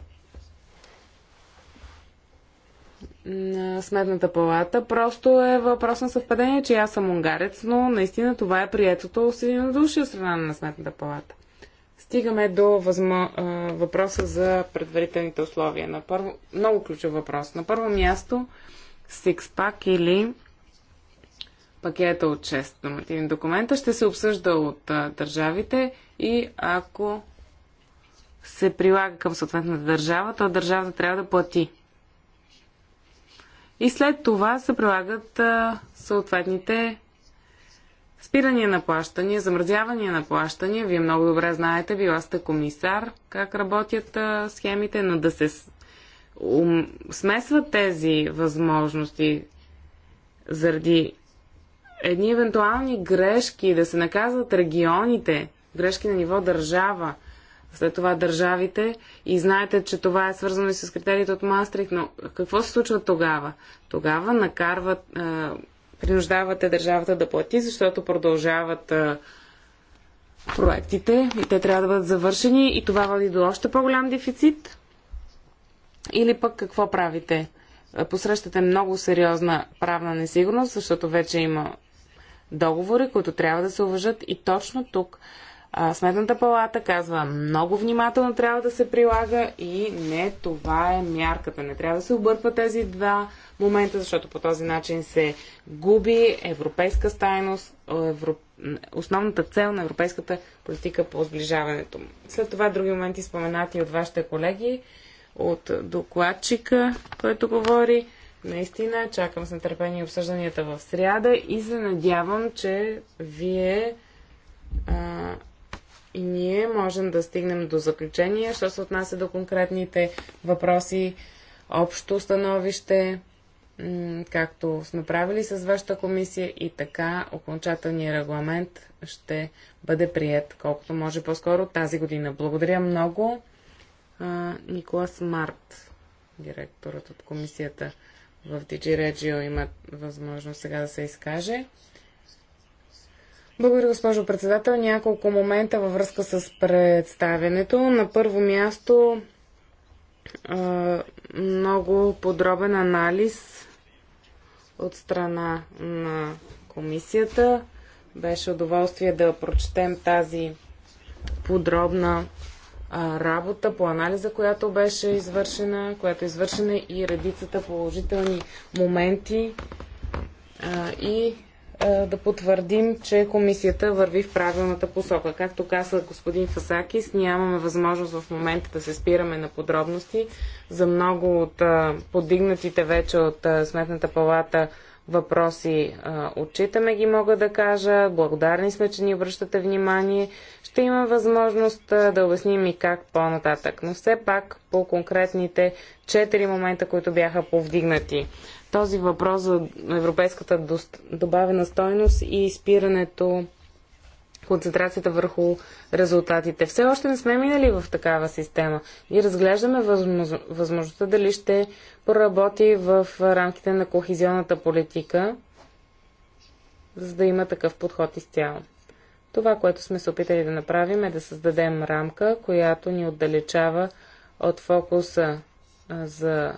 на Сметната палата. Просто е въпрос на съвпадение, че аз съм унгарец, но наистина това е приетото с души от страна на Сметната палата. Стигаме до възма, а, въпроса за предварителните условия. На първо, много ключов въпрос. На първо място Сикспак или пакета от 6 нормативни документа ще се обсъжда от а, държавите и ако се прилага към съответната държава, то държавата трябва да плати. И след това се прилагат а, съответните спирания на плащания, замразявания на плащания. Вие много добре знаете, била сте комисар, как работят а, схемите, но да се смесват тези възможности заради едни евентуални грешки, да се наказват регионите, грешки на ниво държава, след това държавите и знаете, че това е свързано и с критериите от Мастрих, но какво се случва тогава? Тогава накарват, е, принуждавате държавата да плати, защото продължават е, проектите и те трябва да бъдат завършени и това води до още по-голям дефицит или пък какво правите? Е, посрещате много сериозна правна несигурност, защото вече има договори, които трябва да се уважат и точно тук Сметната палата казва много внимателно трябва да се прилага и не това е мярката. Не трябва да се обърква тези два момента, защото по този начин се губи европейска стайност, евро... основната цел на европейската политика по сближаването. След това други моменти споменати от вашите колеги от докладчика, който говори. Наистина, чакам с нетърпение обсъжданията в сряда и се надявам, че вие а, и ние можем да стигнем до заключение, що се отнася до конкретните въпроси, общо становище, както сме правили с вашата комисия и така окончателният регламент ще бъде прият колкото може по-скоро тази година. Благодаря много Николас Март, директорът от комисията в DG Regio, има възможност сега да се изкаже. Благодаря, госпожо председател. Няколко момента във връзка с представенето. На първо място много подробен анализ от страна на комисията. Беше удоволствие да прочетем тази подробна работа, по анализа, която беше извършена, която е извършена и редицата положителни моменти и да потвърдим, че комисията върви в правилната посока. Както каза господин Фасакис, нямаме възможност в момента да се спираме на подробности за много от подигнатите вече от Сметната палата въпроси а, отчитаме ги, мога да кажа. Благодарни сме, че ни обръщате внимание. Ще има възможност а, да обясним и как по-нататък. Но все пак по конкретните четири момента, които бяха повдигнати. Този въпрос за европейската добавена стойност и спирането концентрацията върху резултатите. Все още не сме минали в такава система. И разглеждаме възможността дали ще поработи в рамките на кохезионната политика, за да има такъв подход изцяло. Това, което сме се опитали да направим е да създадем рамка, която ни отдалечава от фокуса за,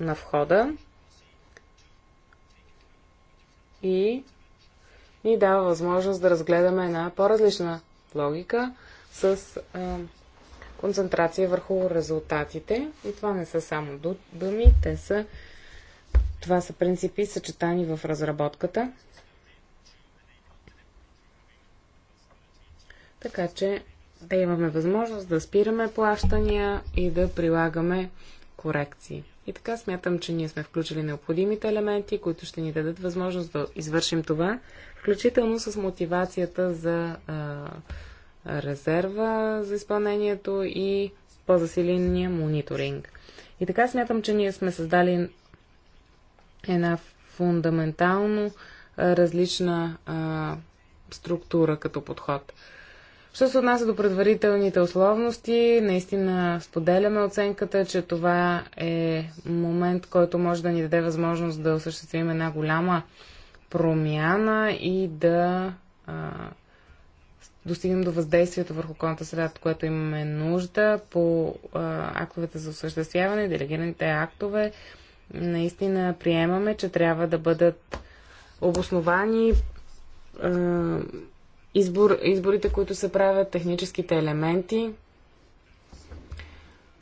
на входа и ни дава възможност да разгледаме една по-различна логика с а, концентрация върху резултатите. И това не са само думи, те са. Това са принципи, съчетани в разработката. Така че да имаме възможност да спираме плащания и да прилагаме корекции. И така смятам, че ние сме включили необходимите елементи, които ще ни дадат възможност да извършим това включително с мотивацията за а, резерва за изпълнението и по-засиления мониторинг. И така смятам, че ние сме създали една фундаментално а, различна а, структура като подход. Що се отнася до предварителните условности, наистина споделяме оценката, че това е момент, който може да ни даде възможност да осъществим една голяма промяна и да а, достигнем до въздействието върху околната среда, от което имаме нужда по а, актовете за осъществяване, делегираните актове. Наистина приемаме, че трябва да бъдат обосновани а, избор, изборите, които се правят, техническите елементи,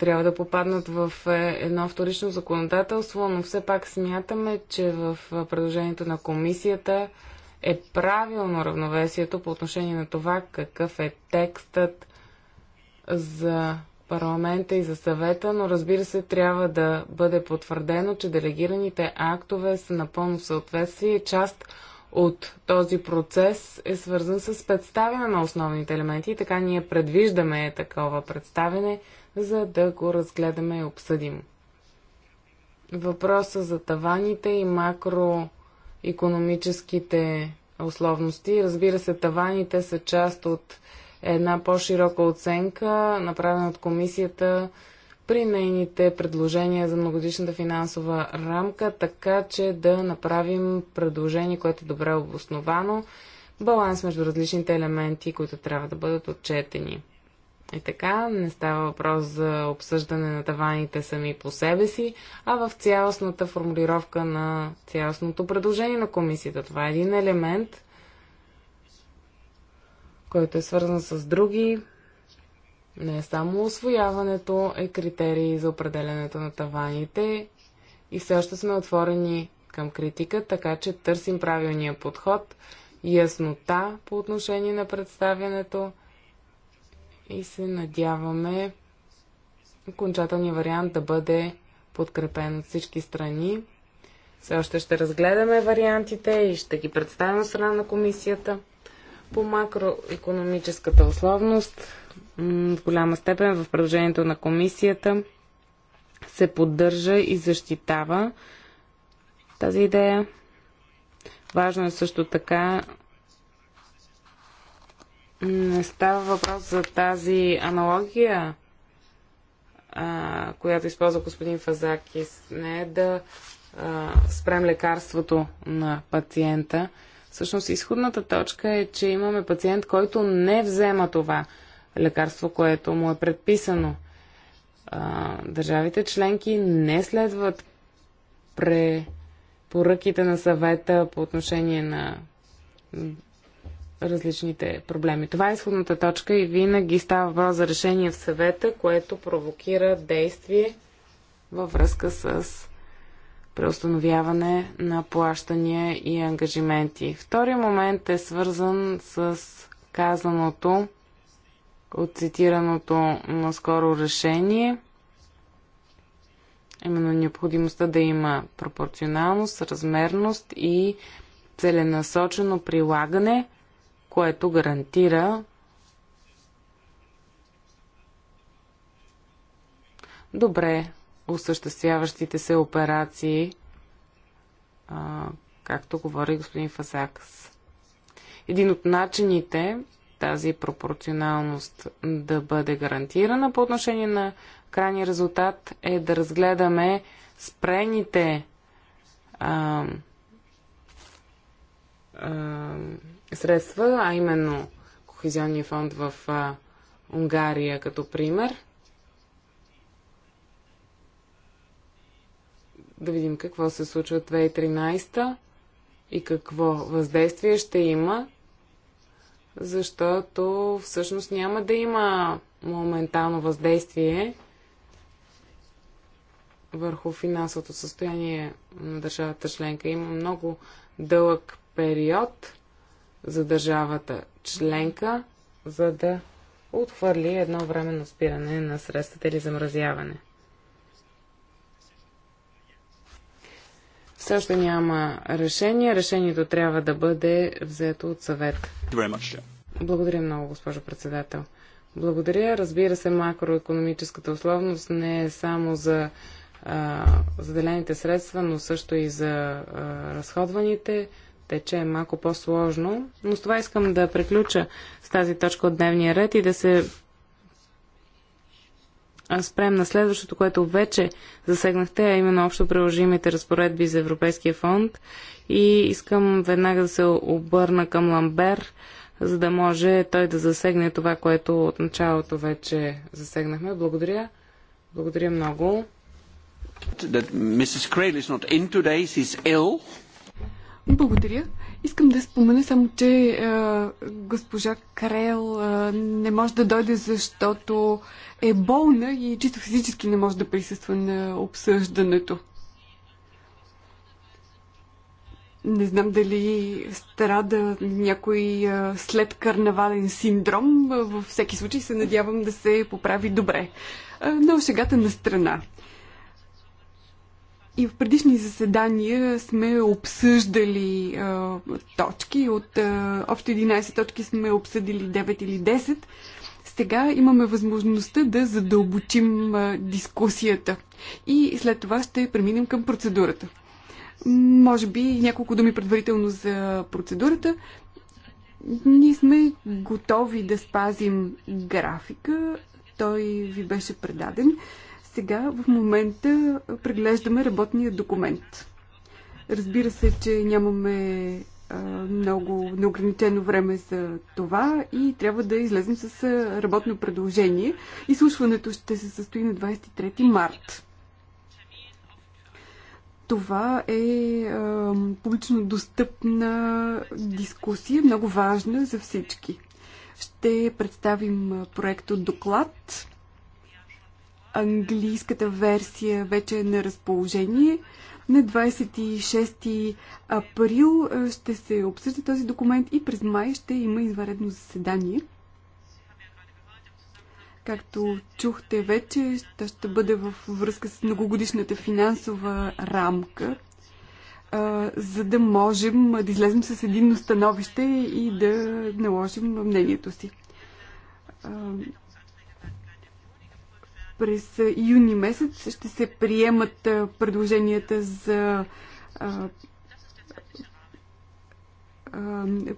трябва да попаднат в е, едно вторично законодателство, но все пак смятаме, че в е, предложението на комисията е правилно равновесието по отношение на това какъв е текстът за парламента и за съвета, но разбира се, трябва да бъде потвърдено, че делегираните актове са напълно в съответствие и е част от този процес е свързан с представяне на основните елементи и така ние предвиждаме такова представяне, за да го разгледаме и обсъдим. Въпроса за таваните и макроекономическите условности. Разбира се, таваните са част от една по-широка оценка, направена от комисията при нейните предложения за многодишната финансова рамка, така че да направим предложение, което е добре обосновано, баланс между различните елементи, които трябва да бъдат отчетени. И така, не става въпрос за обсъждане на таваните сами по себе си, а в цялостната формулировка на цялостното предложение на комисията. Това е един елемент, който е свързан с други не е само освояването е критерий за определенето на таваните и все още сме отворени към критика, така че търсим правилния подход, яснота по отношение на представянето и се надяваме окончателният вариант да бъде подкрепен от всички страни. Все още ще разгледаме вариантите и ще ги представим от страна на комисията. По макроекономическата условност, в голяма степен в предложението на комисията се поддържа и защитава тази идея. Важно е също така не става въпрос за тази аналогия, а, която използва господин Фазакис. Не е да а, спрем лекарството на пациента, Всъщност изходната точка е, че имаме пациент, който не взема това лекарство, което му е предписано. Държавите членки не следват препоръките на съвета по отношение на различните проблеми. Това е изходната точка и винаги става въпрос за решение в съвета, което провокира действие във връзка с преустановяване на плащания и ангажименти. Втори момент е свързан с казаното от цитираното наскоро решение, именно необходимостта да има пропорционалност, размерност и целенасочено прилагане, което гарантира добре осъществяващите се операции, а, както говори господин Фасакс. Един от начините тази пропорционалност да бъде гарантирана по отношение на крайния резултат е да разгледаме спрените а, а, средства, а именно Кохезионния фонд в а, Унгария като пример – да видим какво се случва 2013 и какво въздействие ще има, защото всъщност няма да има моментално въздействие върху финансовото състояние на държавата членка. Има много дълъг период за държавата членка, за да отхвърли едно временно спиране на средствата или замразяване. Все още няма решение. Решението трябва да бъде взето от съвет. Благодаря много, госпожо председател. Благодаря. Разбира се, макроекономическата условност не е само за заделените средства, но също и за а, разходваните. Тече е малко по-сложно. Но с това искам да преключа с тази точка от дневния ред и да се спрем на следващото, което вече засегнахте, а именно общо приложимите разпоредби за Европейския фонд. И искам веднага да се обърна към Ламбер, за да може той да засегне това, което от началото вече засегнахме. Благодаря. Благодаря много. Благодаря. Искам да спомена само, че е, госпожа Крел е, не може да дойде, защото е болна и чисто физически не може да присъства на обсъждането. Не знам дали страда някой след карнавален синдром. Във всеки случай се надявам да се поправи добре. Но шегата на страна. И в предишни заседания сме обсъждали а, точки. От а, общо 11 точки сме обсъдили 9 или 10. Сега имаме възможността да задълбочим дискусията и след това ще преминем към процедурата. Може би няколко думи предварително за процедурата. Ние сме готови да спазим графика. Той ви беше предаден. Сега в момента преглеждаме работния документ. Разбира се, че нямаме много неограничено време за това и трябва да излезем с работно предложение. Изслушването ще се състои на 23 март. Това е публично достъпна дискусия, много важна за всички. Ще представим проект от доклад. Английската версия вече е на разположение. На 26 април е, ще се обсъжда този документ и през май ще има изваредно заседание. Както чухте вече, то ще бъде в връзка с многогодишната финансова рамка, е, за да можем да излезем с единно становище и да наложим мнението си. Е, през юни месец ще се приемат предложенията за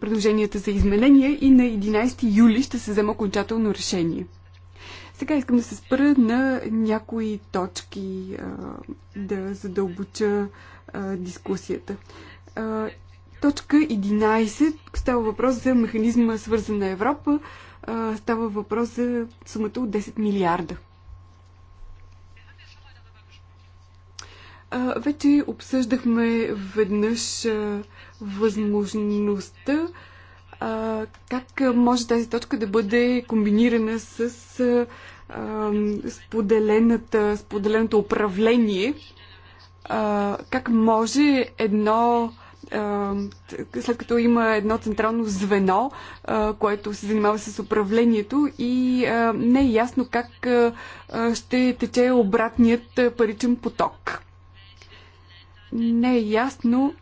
предложенията за изменения и на 11 юли ще се взема окончателно решение. Сега искам да се спра на някои точки, да задълбоча дискусията. Точка 11 става въпрос за механизма свързана Европа, става въпрос за сумата от 10 милиарда. Вече обсъждахме веднъж възможността как може тази точка да бъде комбинирана с споделената, споделеното управление. Как може едно след като има едно централно звено, което се занимава с управлението и не е ясно как ще тече обратният паричен поток не е ясно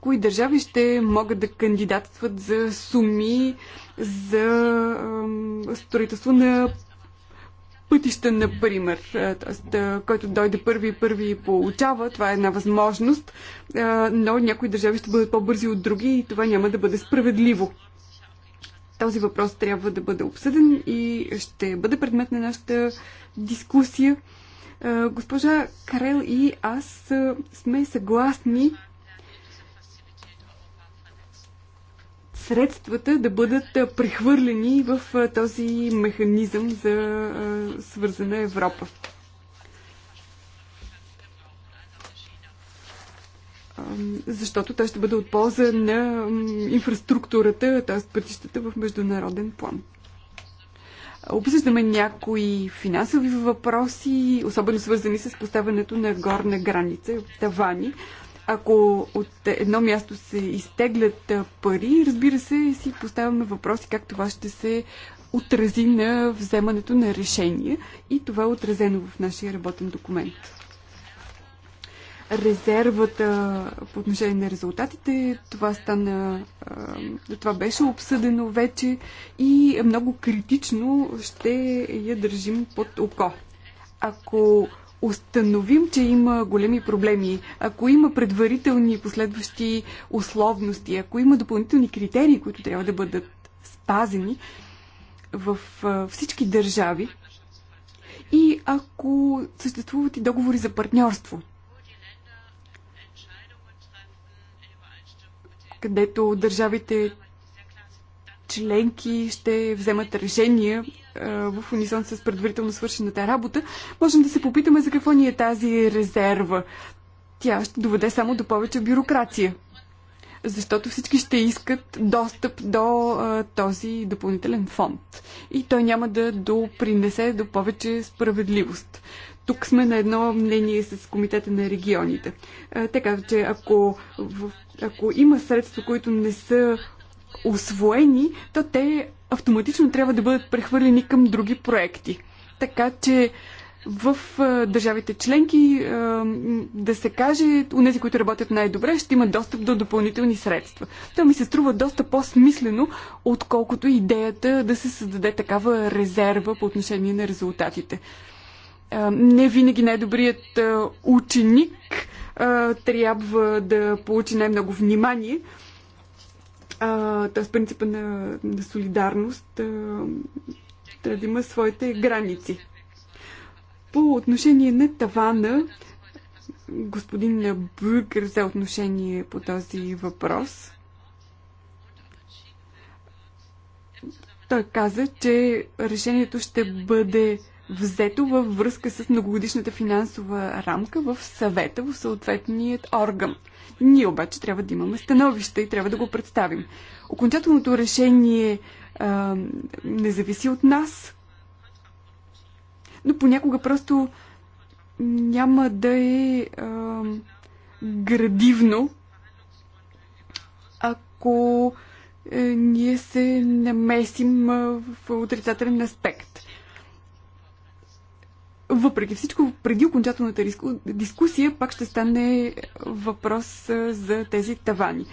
кои държави ще могат да кандидатстват за суми за строителство на пътища, например. Тоест, който дойде първи и първи получава, това е една възможност, но някои държави ще бъдат по-бързи от други и това няма да бъде справедливо. Този въпрос трябва да бъде обсъден и ще бъде предмет на нашата дискусия. Е, госпожа Карел и аз е, сме съгласни средствата да бъдат е, прехвърлени в този механизъм за свързана Европа. Защото той ще бъде от полза на инфраструктурата, т.е. пътищата в международен план. Обсъждаме някои финансови въпроси, особено свързани с поставянето на горна граница, тавани. Ако от едно място се изтеглят пари, разбира се, си поставяме въпроси как това ще се отрази на вземането на решения и това е отразено в нашия работен документ резервата по отношение на резултатите. Това стана, това беше обсъдено вече и много критично ще я държим под око. Ако установим, че има големи проблеми, ако има предварителни и последващи условности, ако има допълнителни критерии, които трябва да бъдат спазени в всички държави, и ако съществуват и договори за партньорство, където държавите членки ще вземат решения в унисон с предварително свършената работа, можем да се попитаме за какво ни е тази резерва. Тя ще доведе само до повече бюрокрация, защото всички ще искат достъп до а, този допълнителен фонд и той няма да допринесе до повече справедливост тук сме на едно мнение с Комитета на регионите. Те казват, че ако, ако има средства, които не са освоени, то те автоматично трябва да бъдат прехвърлени към други проекти. Така че в държавите членки да се каже, у нези, които работят най-добре, ще имат достъп до допълнителни средства. То ми се струва доста по-смислено, отколкото идеята да се създаде такава резерва по отношение на резултатите. Е, не винаги най-добрият е, ученик е, трябва да получи най-много внимание. Тоест принципа на, на солидарност трябва да има своите граници. По отношение на тавана, господин Бюгер взе отношение по този въпрос. Той каза, че решението ще бъде взето във връзка с многогодишната финансова рамка в съвета, в съответният орган. Ние обаче трябва да имаме становище и трябва да го представим. Окончателното решение а, не зависи от нас, но понякога просто няма да е а, градивно, ако а, е, ние се намесим а, в отрицателен аспект въпреки всичко, преди окончателната дискусия пак ще стане въпрос за тези тавани.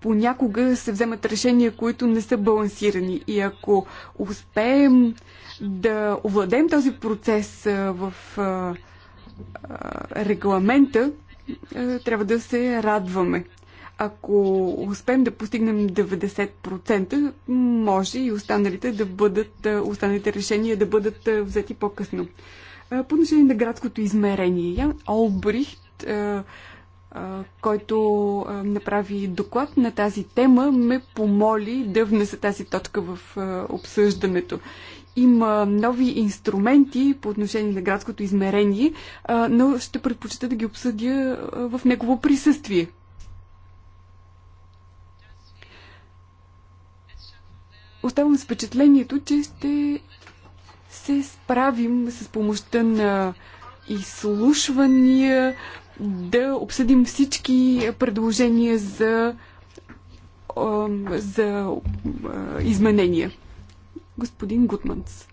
Понякога се вземат решения, които не са балансирани. И ако успеем да овладеем този процес в регламента, трябва да се радваме. Ако успеем да постигнем 90%, може и останалите да бъдат, останалите решения да бъдат взети по-късно. Е, по отношение на градското измерение, Ян Олбрихт, е, е, който направи доклад на тази тема, ме помоли да внеса тази точка в обсъждането. Има нови инструменти по отношение на градското измерение, но ще предпочита да ги обсъдя в негово присъствие. Оставам с впечатлението, че ще се справим с помощта на изслушвания, да обсъдим всички предложения за, за изменения. Господин Гутманс.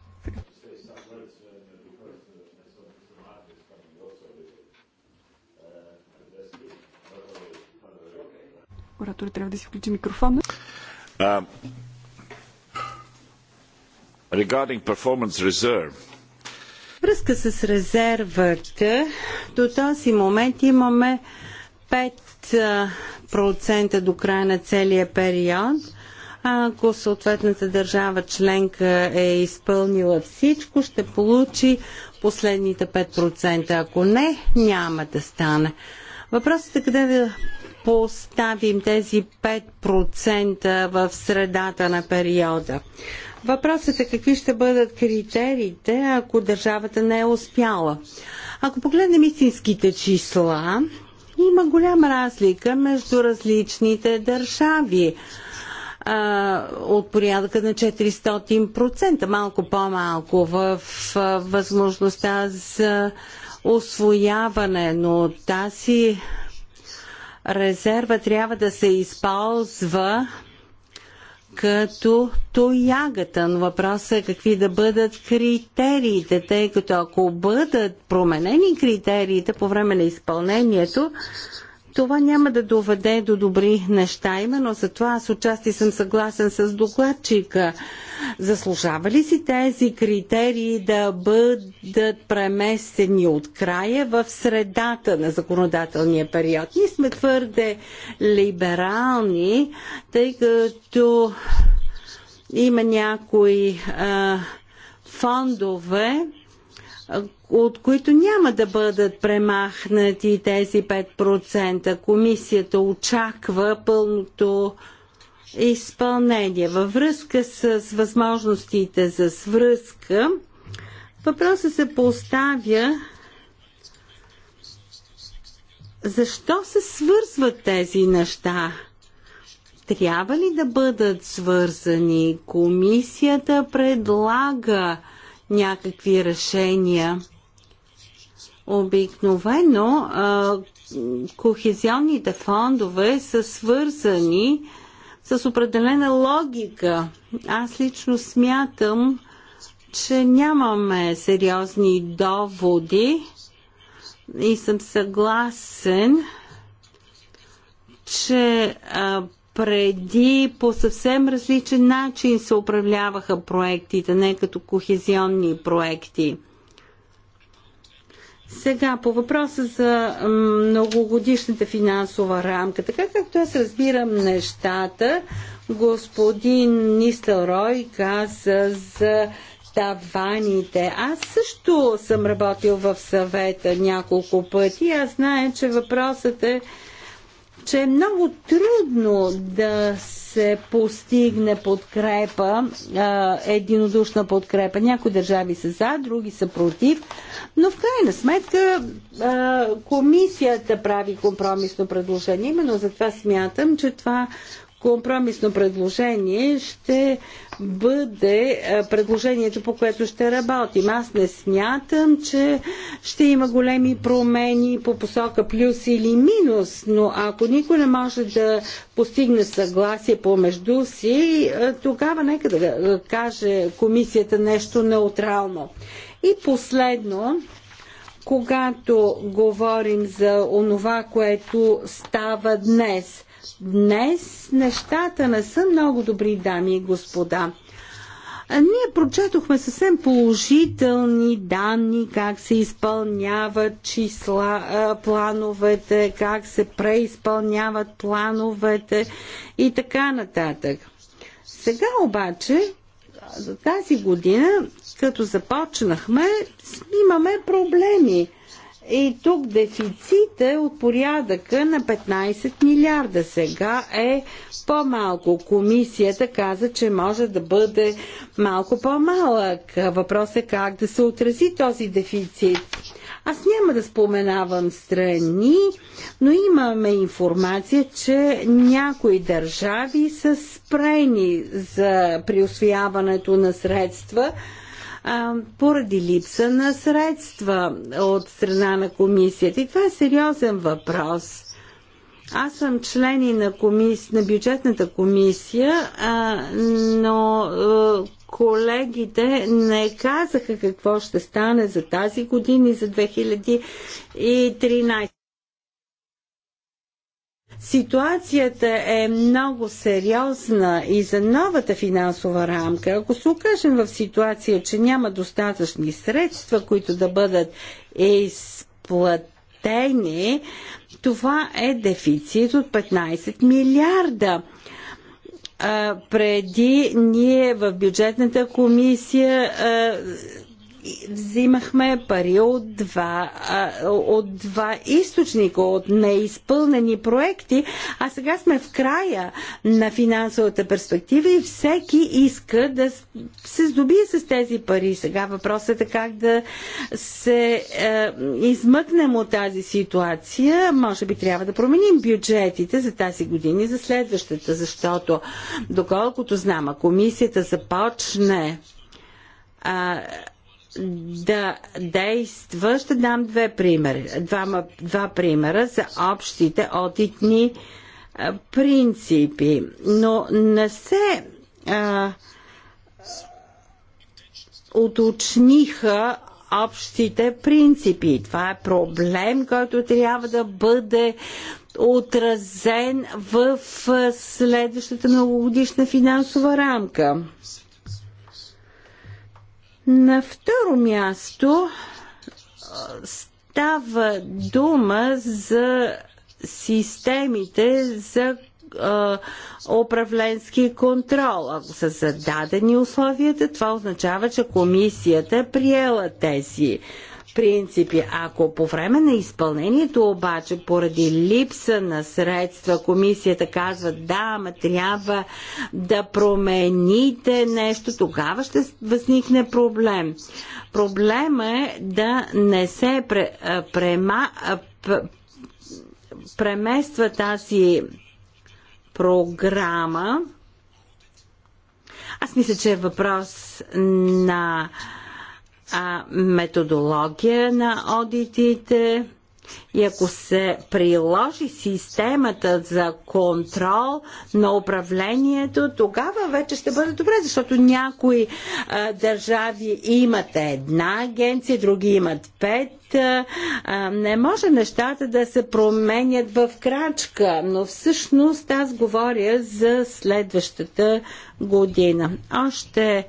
Оратори трябва да си включи микрофона regarding performance reserve. Връзка с резервата, до този момент имаме 5% до края на целия период. Ако съответната държава членка е изпълнила всичко, ще получи последните 5%. Ако не, няма да стане. Въпросът е къде да поставим тези 5% в средата на периода. Въпросът е какви ще бъдат критериите, ако държавата не е успяла. Ако погледнем истинските числа, има голяма разлика между различните държави а, от порядъка на 400%, малко по-малко в в възможността за освояване, но тази резерва трябва да се използва като тоягата. Но въпросът е какви да бъдат критериите, тъй като ако бъдат променени критериите по време на изпълнението, това няма да доведе до добри неща. Именно за това аз отчасти съм съгласен с докладчика. Заслужава ли си тези критерии да бъдат преместени от края в средата на законодателния период? Ние сме твърде либерални, тъй като има някои а, фондове, от които няма да бъдат премахнати тези 5%. Комисията очаква пълното изпълнение. Във връзка с възможностите за свръзка, въпросът се поставя защо се свързват тези неща? Трябва ли да бъдат свързани? Комисията предлага някакви решения. Обикновено кохезионните фондове са свързани с определена логика. Аз лично смятам, че нямаме сериозни доводи и съм съгласен, че а, преди по съвсем различен начин се управляваха проектите, не като кохезионни проекти. Сега по въпроса за многогодишната финансова рамка. Така както аз разбирам нещата, господин Нистел Рой каза за таваните. Аз също съм работил в съвета няколко пъти. Аз знае, че въпросът е, че е много трудно да се постигне подкрепа, единодушна подкрепа. Някои държави са за, други са против, но в крайна сметка комисията прави компромисно предложение. Именно затова смятам, че това компромисно предложение ще бъде предложението, по което ще работим. Аз не смятам, че ще има големи промени по посока плюс или минус, но ако никой не може да постигне съгласие помежду си, тогава нека да каже комисията нещо неутрално. И последно, когато говорим за онова, което става днес – Днес нещата не са много добри, дами и господа. Ние прочетохме съвсем положителни данни, как се изпълняват числа, плановете, как се преизпълняват плановете и така нататък. Сега обаче, за тази година, като започнахме, имаме проблеми. И тук дефицита е от порядъка на 15 милиарда. Сега е по-малко. Комисията каза, че може да бъде малко по-малък. Въпрос е как да се отрази този дефицит. Аз няма да споменавам страни, но имаме информация, че някои държави са спрени за при на средства а, поради липса на средства от страна на комисията. И това е сериозен въпрос. Аз съм член и на, комис... на бюджетната комисия, а, но а, колегите не казаха какво ще стане за тази година и за 2013. Ситуацията е много сериозна и за новата финансова рамка. Ако се окажем в ситуация, че няма достатъчни средства, които да бъдат изплатени, това е дефицит от 15 милиарда преди ние в бюджетната комисия взимахме пари от два, от два източника, от неизпълнени проекти, а сега сме в края на финансовата перспектива и всеки иска да се здобие с тези пари. Сега въпросът е как да се е, измъкнем от тази ситуация. Може би трябва да променим бюджетите за тази година и за следващата, защото доколкото знам, комисията започне а, да действа, ще дам две примери, два, два примера за общите одитни принципи, но не се а, уточниха общите принципи. Това е проблем, който трябва да бъде отразен в следващата многогодишна финансова рамка. На второ място става дума за системите за управленски контрол. Ако са зададени условията, това означава, че комисията е приела тези принципи. Ако по време на изпълнението обаче, поради липса на средства, комисията казва да, ма трябва да промените нещо, тогава ще възникне проблем. Проблема е да не се према, премества тази програма. Аз мисля, че е въпрос на а, методология на одитите и ако се приложи системата за контрол на управлението, тогава вече ще бъде добре, защото някои а, държави имат една агенция, други имат пет. А, а, не може нещата да се променят в крачка, но всъщност аз говоря за следващата година. Още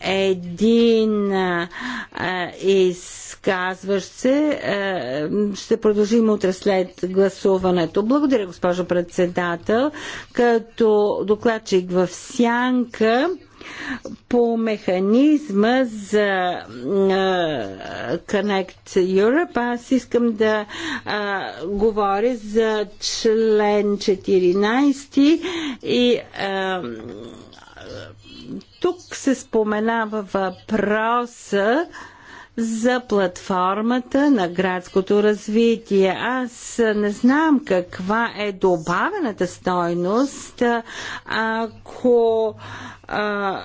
един а, изказващ се. А, ще продължим утре след гласуването. Благодаря, госпожо председател. Като докладчик в Сянка, по механизма за Connect Europe, аз искам да а, говоря за член 14 и а, тук се споменава въпроса за платформата на градското развитие. Аз не знам каква е добавената стойност, ако а,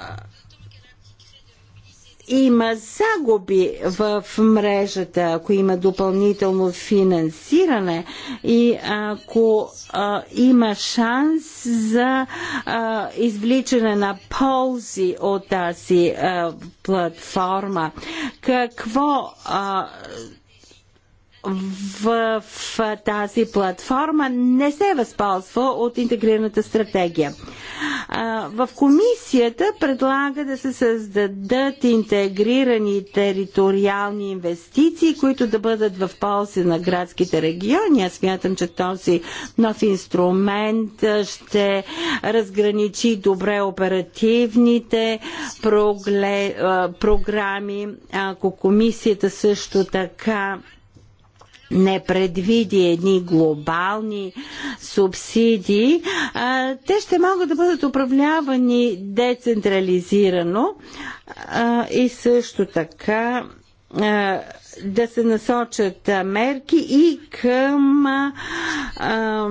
има загуби в мрежата, ако има допълнително финансиране и ако а, има шанс за а, извличане на ползи от тази а, платформа, какво а, в, в тази платформа не се възползва от интегрираната стратегия. В комисията предлага да се създадат интегрирани териториални инвестиции, които да бъдат в полза на градските региони. Аз смятам, че този нов инструмент ще разграничи добре оперативните програми. Ако комисията също така не предвиди едни глобални субсидии, а, те ще могат да бъдат управлявани децентрализирано а, и също така а, да се насочат мерки и към а,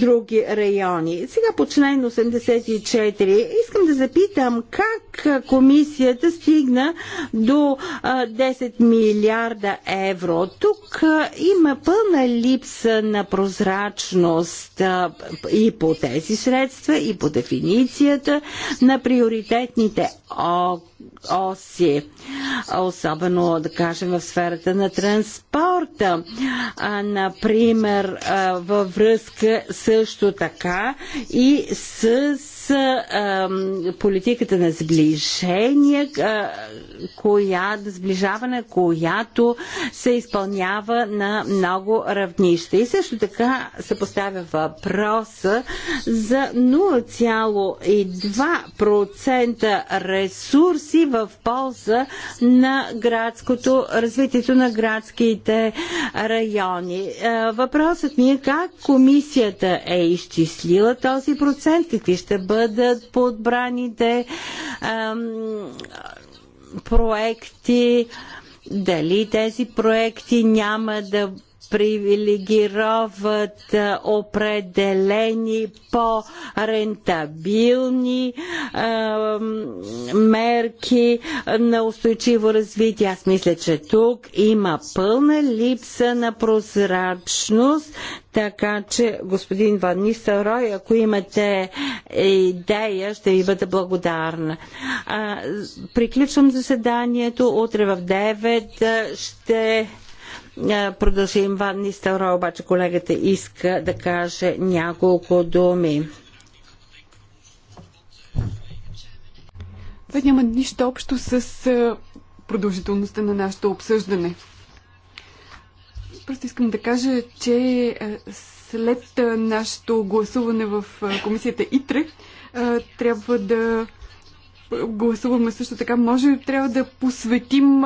други райони. Сега по член 84 искам да запитам как комисията стигна до 10 милиарда евро. Тук има пълна липса на прозрачност и по тези средства, и по дефиницията на приоритетните оси. Особено, да кажем, в сферата на транспорта. Например, във връзка също така и с а, политиката на сближение, а, коя, сближаване, която се изпълнява на много равнища. И също така се поставя въпроса за 0,2% ресурси в полза на градското, развитието на градските райони. Въпросът ми е как комисията е изчислила този процент, какви ще бъдат бъдат подбраните ам, проекти, дали тези проекти няма да привилегироват определени по-рентабилни мерки на устойчиво развитие. Аз мисля, че тук има пълна липса на прозрачност, така че, господин Ван Нисарой, ако имате идея, ще ви бъда благодарна. А, приключвам заседанието. Утре в 9 ще е, продължим. Ван Нистелро, обаче колегата иска да каже няколко думи. Това няма нищо общо с е, продължителността на нашето обсъждане. Просто искам да кажа, че е, след нашето гласуване в комисията ИТРЕ трябва да гласуваме също така. Може трябва да посветим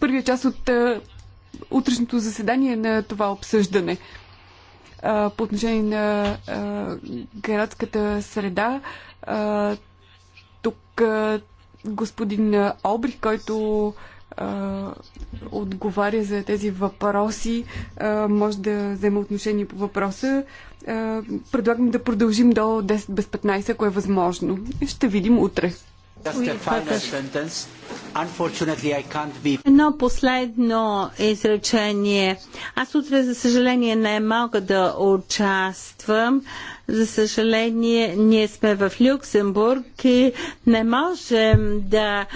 първия част от утрешното заседание на това обсъждане. По отношение на градската среда, тук господин Обри, който отговаря за тези въпроси, може да вземе отношение по въпроса. Предлагам да продължим до 10 без 15, ако е възможно. Ще видим утре. Едно последно изречение. Аз утре, за съжаление, не мога да участвам, за съжаление, ние сме в Люксембург и не можем да,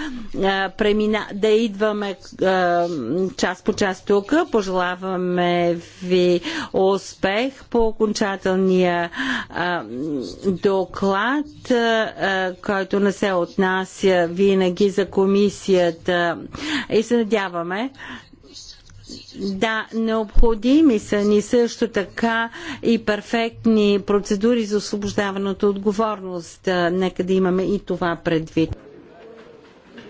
а, премина, да идваме а, час по час тук. Пожелаваме ви успех по окончателния а, доклад, а, който не се отнася винаги за комисията. И се надяваме, да, необходими са ни също така и перфектни процедури за от отговорност. Нека да имаме и това предвид.